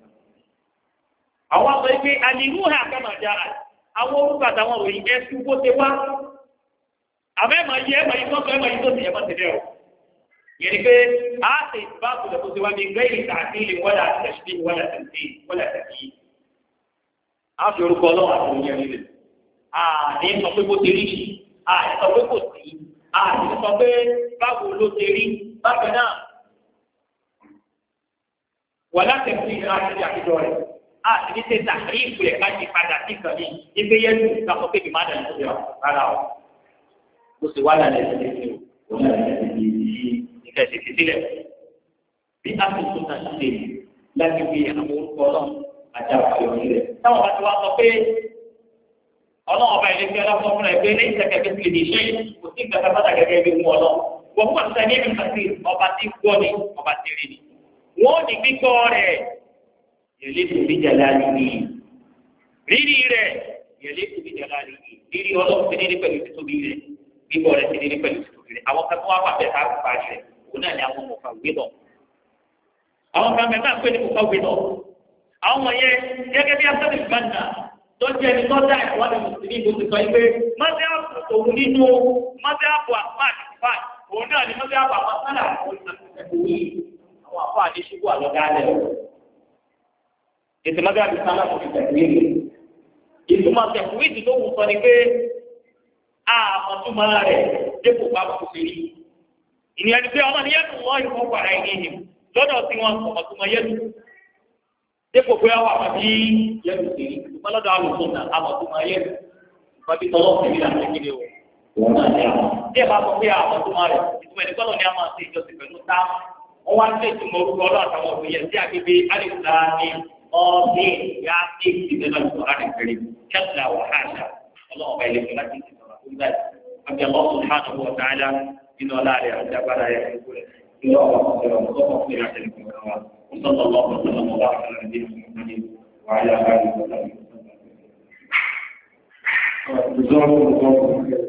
àwọn sọ pé àlìmú hà kàmà dára àwọn orúkọ àtàwọn òròyìn ẹ fi wó ṣe wá àmọ́ ẹ̀ máa yẹ ẹ̀ máa yí tọ́tọ̀ ẹ̀ máa yí tó ti ẹ̀ máa tẹ̀lé o. yẹn ni pé a ṣe ìbáàkù lẹ̀ tó ṣe wá ní gẹ́yìn tààtìlì wọ́lá tẹ̀sí wọ́lá tẹ̀sí wọ́lá tẹ̀sí. a fi orúkọ ọlọ́run àti bákan náà wà láti fi àti àtijọ́ rẹ̀ a ti ní sẹ́ta rí ìpìlẹ̀ ká ti padà sí kan ní ibi yẹn tó ká sọ pé kì má dà ní ìjọba rárá o mo sì wá lálẹ́ ìdílé mi o wọ́n lálẹ́ ìdílé mi ìkà ìsìnkì sílẹ̀ bí a ti tún náà ṣe láti fi àwọn orúkọ náà àti àwọn àyọ̀ní rẹ̀ táwọn bá ti wá sọ pé ọlọ́run ọba ìlẹ́sẹ̀ ọlọ́run fúnra ẹgbẹ́ ní ìtẹ̀kẹ́ bí ti lè kò sí ìgbà wọ́n wà sẹ́ni mi kàtí ọba ti gbọ́ ni ọba ti rí ni. wọ́n ní gbígbọ́ rẹ̀ yẹlé tó bí jàlá ni ni rírì rẹ̀ yẹlé tó bí jàlá ni ni rírì ọlọ́run ti nílé pẹ̀lú títóbi rẹ̀ gbígbọ́ rẹ̀ ti nílé pẹ̀lú títóbi rẹ̀ àwọn kan tó wá wà bẹ́ẹ̀ ká parí rẹ̀ òun náà ni àwọn mọ̀fà gbé lọ. àwọn kan mẹ́ta pé ní mọ̀fà gbé lọ. àwọn ọmọ yẹn gẹ́gẹ́ bí afẹ́lẹ́ ìgbàna tó jẹ́ ẹni tó dá ìwádìí mùsùlùmí ló ti sọ pé mọ́tẹ́ àpò òun nínú mọ́tẹ́ àpò àpáàdì òun náà ni mọ́tò àpò àwọn sálà àwọn àpò àdéṣubú àlọ́dálẹ̀ ètò mọ́tò àpò sálà kò fi tẹ̀wé ìtumọ̀ tẹ̀wé ti tó wù sọ ni pé àmọ̀túmọ̀ rẹ̀ dépò bá kò sí rí ìnìyàn ni pé ọmọ ni yẹn tó wọ́n ìfọwọ́ ara ẹni nìyẹn lọ́dọ̀ tí wọ́n ọ̀túnmọ̀ yẹn tó dépò pé àwọn àmàbí yẹn tó sí rí ìtumọ̀ lọ́dọ̀ àlùfọ̀nà òun náà ní àwọn tí ẹ bá sọ pé àwọn tó máa rẹ ìtumọ̀ ẹni gbọ́dọ̀ ní a máa ṣe ìjọsìn pẹ̀lú tá wọ́n wá ní ìtumọ̀ orúkọ ọlọ́ àtàwọn òfin yẹn sí agbègbè alìsà ní ọ̀ọ́dún yá sí ìdílé náà sọ̀rọ̀ láti kiri kẹ́tìlá wàhálà ọlọ́wọ́ bá ilé fún láti ìsọ̀rọ̀ fún báyìí àbí ọlọ́wọ́ sùnmọ́ àwọn ọ̀tá ẹ̀dá nínú ọlá rẹ̀ àti agbára rẹ̀ ìlú ọ̀rọ̀ ọ̀rọ̀ ọ̀rọ̀ fún ìrìn àtẹ̀lẹ̀ kọ̀ọ̀kan wa sọ́tọ̀ lọ́wọ́ sọ́tọ̀ lọ́wọ́ bá kàlà ní ìlú wàhálà bá ìlú ọ̀tá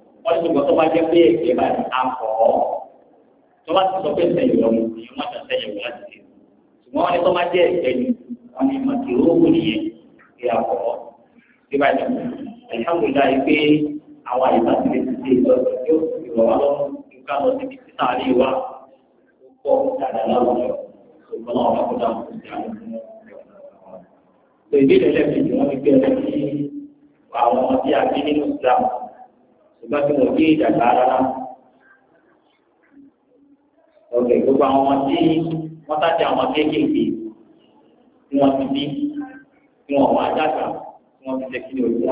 wọ́n ti gbọ́ tó bá jẹ́ pé èké bá ti akọ̀ ọ́ tó bá ti sọ pé sẹ́yìn lọ mu èèyàn má tàn sẹ́yìn láti dé ṣùgbọ́n wọ́n ní tó bá jẹ́ ìgbẹ́ni wọ́n ní màkì owó nìyẹn ti akọ̀ ọ́ tí bá yẹ kó yìí pé àwọn àyíká ti lè ti dé ìlọsọ yóò fi wọ́n wá lọ́wọ́ nǹkan lọ síbi títà rí wa ó pọ̀ dáadáa láwùjọ ṣùgbọ́n àwọn akọ̀dà kò sí àwọn ọmọ ìgbésẹ̀ lẹ́ẹ̀kejì wọ́n fi gbé ẹ ṣùgbọ́n tí mo kí ìjàgbá rárá. ọ̀gẹ̀ gbogbo àwọn ọmọ tí wọ́n sájà àwọn kéékèèké tí wọ́n ti bí tí wọ́n wá dàgbà tí wọ́n ti jẹ́ kí ni òtún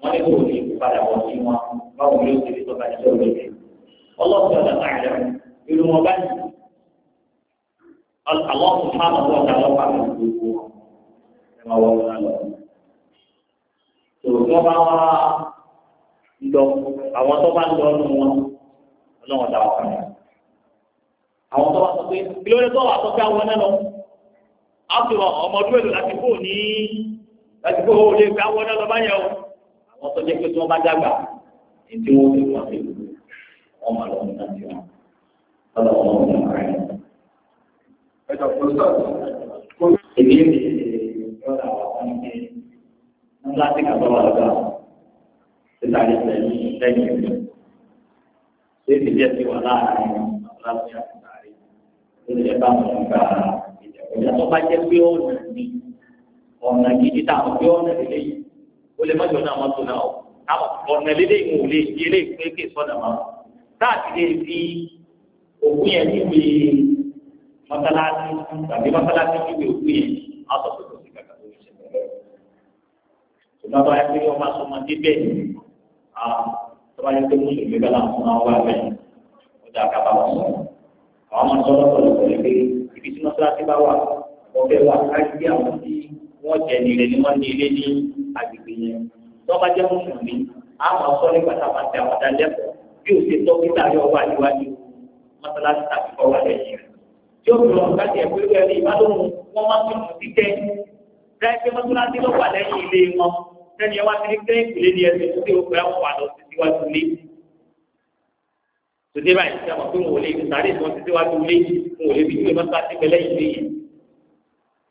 wọn fi kú wọ́n ní kò ní padà wọ̀ sí wọn báwo ni ó ti fi tọ́ka ní sọ́wọ́ lóde. ọlọ́sìn ọ̀dà àìlẹ́ irú wọn báyìí àwọn ọ̀sán máa ń ọ̀dà ọlọ́pàá lọ́wọ́ gbogbo ẹ̀ máa wọ̀ ọ̀dà lọ́wọ́. bá wá lọ àwọn tó bá ń lọ nù wọn ọlọ́wọ́n dà wọ́n kàn àwọn tó bá sọ pé kí ló dé tó wà sọ pé àwọn náà lọ àtúrọ̀ ọmọ ọdún èlò láti kó ní láti kó o lè fi àwọn náà lọ bá yẹ o àwọn tó jẹ́ pé tí wọ́n bá dàgbà ètò wọn fi wọ́n fi wọ́n máa lọ nígbà tí wọ́n lọ́dọ̀ wọn ò ní ọ̀rẹ́ yẹn. kò sọ̀rọ̀ kó èmi èmi ìrọ̀lá wà fún mi ní láti kàtọ́ wà lọ́dọ̀ títà lè tẹ̀lé lẹ́yìn rẹ̀. Ṣé ti jẹ́ sí wà láàárín ọ̀làbí àtàrí? Ṣé ti jẹ́ bá wọn gba ìjà tó bá jẹ́ pé ọ̀nà ni ọ̀nà gidi tá a mọ̀ pé ọ̀nà lélẹ̀ yìí. Ó lè má jọ náà mọ́tò náà o. Ọ̀nà lélẹ̀ yìí ò lè di eléyìí pé kí sọ̀nà máa. Táàtì lè fi òkú yẹn níbi mọ́sálásí tàbí tọ́wájú pé mùsùlùmí bẹ́ẹ̀ làwọn máa wá bẹ́ẹ̀ ó dáa ká bá wọn sọ. àwọn máa sọ lọ́pọ̀lọpọ̀ pẹ̀lú pé ibi tí mọ́sálásí bá wà ọ̀fẹ́ wà káàkiri àwọn tí wọ́n jẹ nílé ni wọ́n ní ilé ní agbègbè yẹn. tọ́ba jẹ́ mùsùlùmí a máa sọ nípa táwọn àti àwọn adalẹ́kọ̀ọ́ bí o ṣe dókítà yọ wà níwájú mọ́sálásí tàbí kọ́ wà lẹ́yìn rẹ̀. tí ó lọ láti ẹ̀kọ́ ìwé ẹ̀rí ìbálòun sẹ́ni ẹ wá sí ní kílíìkì lé ní ẹsẹ̀ tó ti o pẹ́ àwọn àlọ́ sí síwájú lé. tòde báyìí ṣe àwọn pé wọn ò lè fi sáré ìtàn sí síwájú lé wọn ò lè fi ìwé mọ́tà sí pẹ́lẹ́ ìlé yẹn.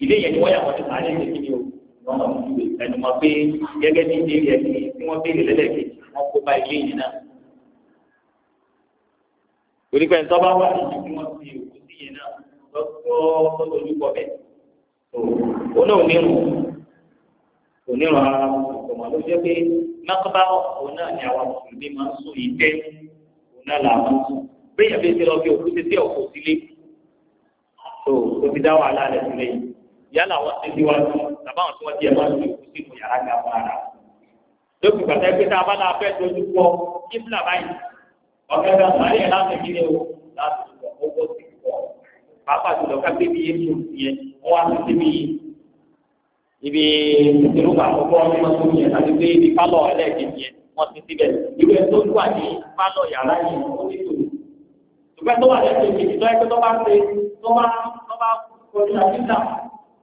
ilé yẹn ni wọ́n yà wọ́n ti sáré ìlé kí ni o wọ́n mọ̀ ní ìwé ẹnu mọ̀ pé gẹ́gẹ́ bí ilé yẹn ni tí wọ́n béèrè lẹ́lẹ́kejì wọ́n kó bá ilé yẹn náà. torí pé ntọ́ bá wà níbi tí wọ́n ti òkú sí yẹn náà lọ́sọ̀ọ́ onírun onírun ara ọ̀pọ̀ mọ́ ló jẹ́ pé mákàbá òun náà ni àwọn mùsùlùmí máa ń sùn yìí tẹ́ òun náà là máa ń sùn bẹ́ẹ̀ bí ṣe lọ fi òkú títí ọ̀pọ̀ sílé tó o ti dá wàhálà rẹ̀ sílé yálà wọ́n ti díwájú tàbá àwọn tí wọ́n ti ẹ̀ máa ń fi òkú sínú yàrá ga fún ara lókè gbàtà pé tá a bá la fẹ́ dojú kọ kífìlà báyìí ọ̀gá ẹ̀ka sàárẹ̀ ẹ̀ láti kí o láti owó ti pọ̀ pàápàá jùlọ ká ibi ìrúbà àkọ́kọ́ ní wọ́n tún yẹn àti pé ibi pálọ̀ ẹlẹ́ẹ̀kejì yẹn wọ́n ti síbẹ̀ ìwé tó wà ní pálọ̀ yàrá yìí wọ́n ti tò ìgbẹ́ tó wà lẹ́sẹ̀ kejì tó yẹ kó tó bá ṣe tó bá tó bá kọjú àbíjà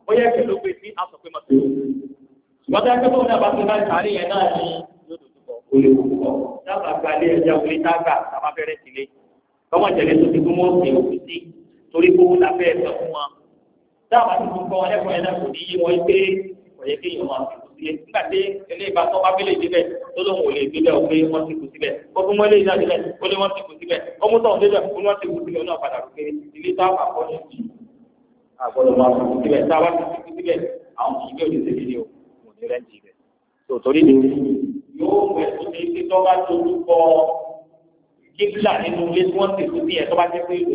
ó yẹ kí ló gbé sí aṣọ pé mọ̀tò ṣùgbọ́n tó yẹ kó tó ní àbáṣe bá ìtàrí yẹn náà ní yóò dòdò tó ti kú mọ́ òsè òfìsí torí kó wọ́n lábẹ́ dábàá tó gbogbo wọn lẹ́kọ̀ọ́ yẹn lẹ́kọ̀ọ́ ní yí wọn pé kò yẹ kí èèyàn máa fi kú sílẹ̀ nígbà tí ilé ìbá tó bá bílẹ̀ débẹ̀ tó lóun ò lè débẹ̀ ó pé wọ́n ti kú síbẹ̀ ó fún mọ́lẹ̀ ìjà débẹ̀ ó lé wọ́n ti kú síbẹ̀ ó mú tọ̀hún débẹ̀ ó ní wọ́n ti kú síbẹ̀ ó náà padà pé ilé táwọn àkọ́ni jì àgbọ̀dọ̀ máa fi kú síbẹ̀ táwa ti kú síbẹ̀ àwọn kì í bẹ́ẹ̀ òjòṣe mi ni o mo ní rẹ́ǹtì rẹ̀ tó torí ni yóò wẹ̀ tó ti ti tọ́ bá tó lúkọ kíkílà nínú ilé tí wọ́n ti kú sí ẹ̀ tó bá ti kú ìlú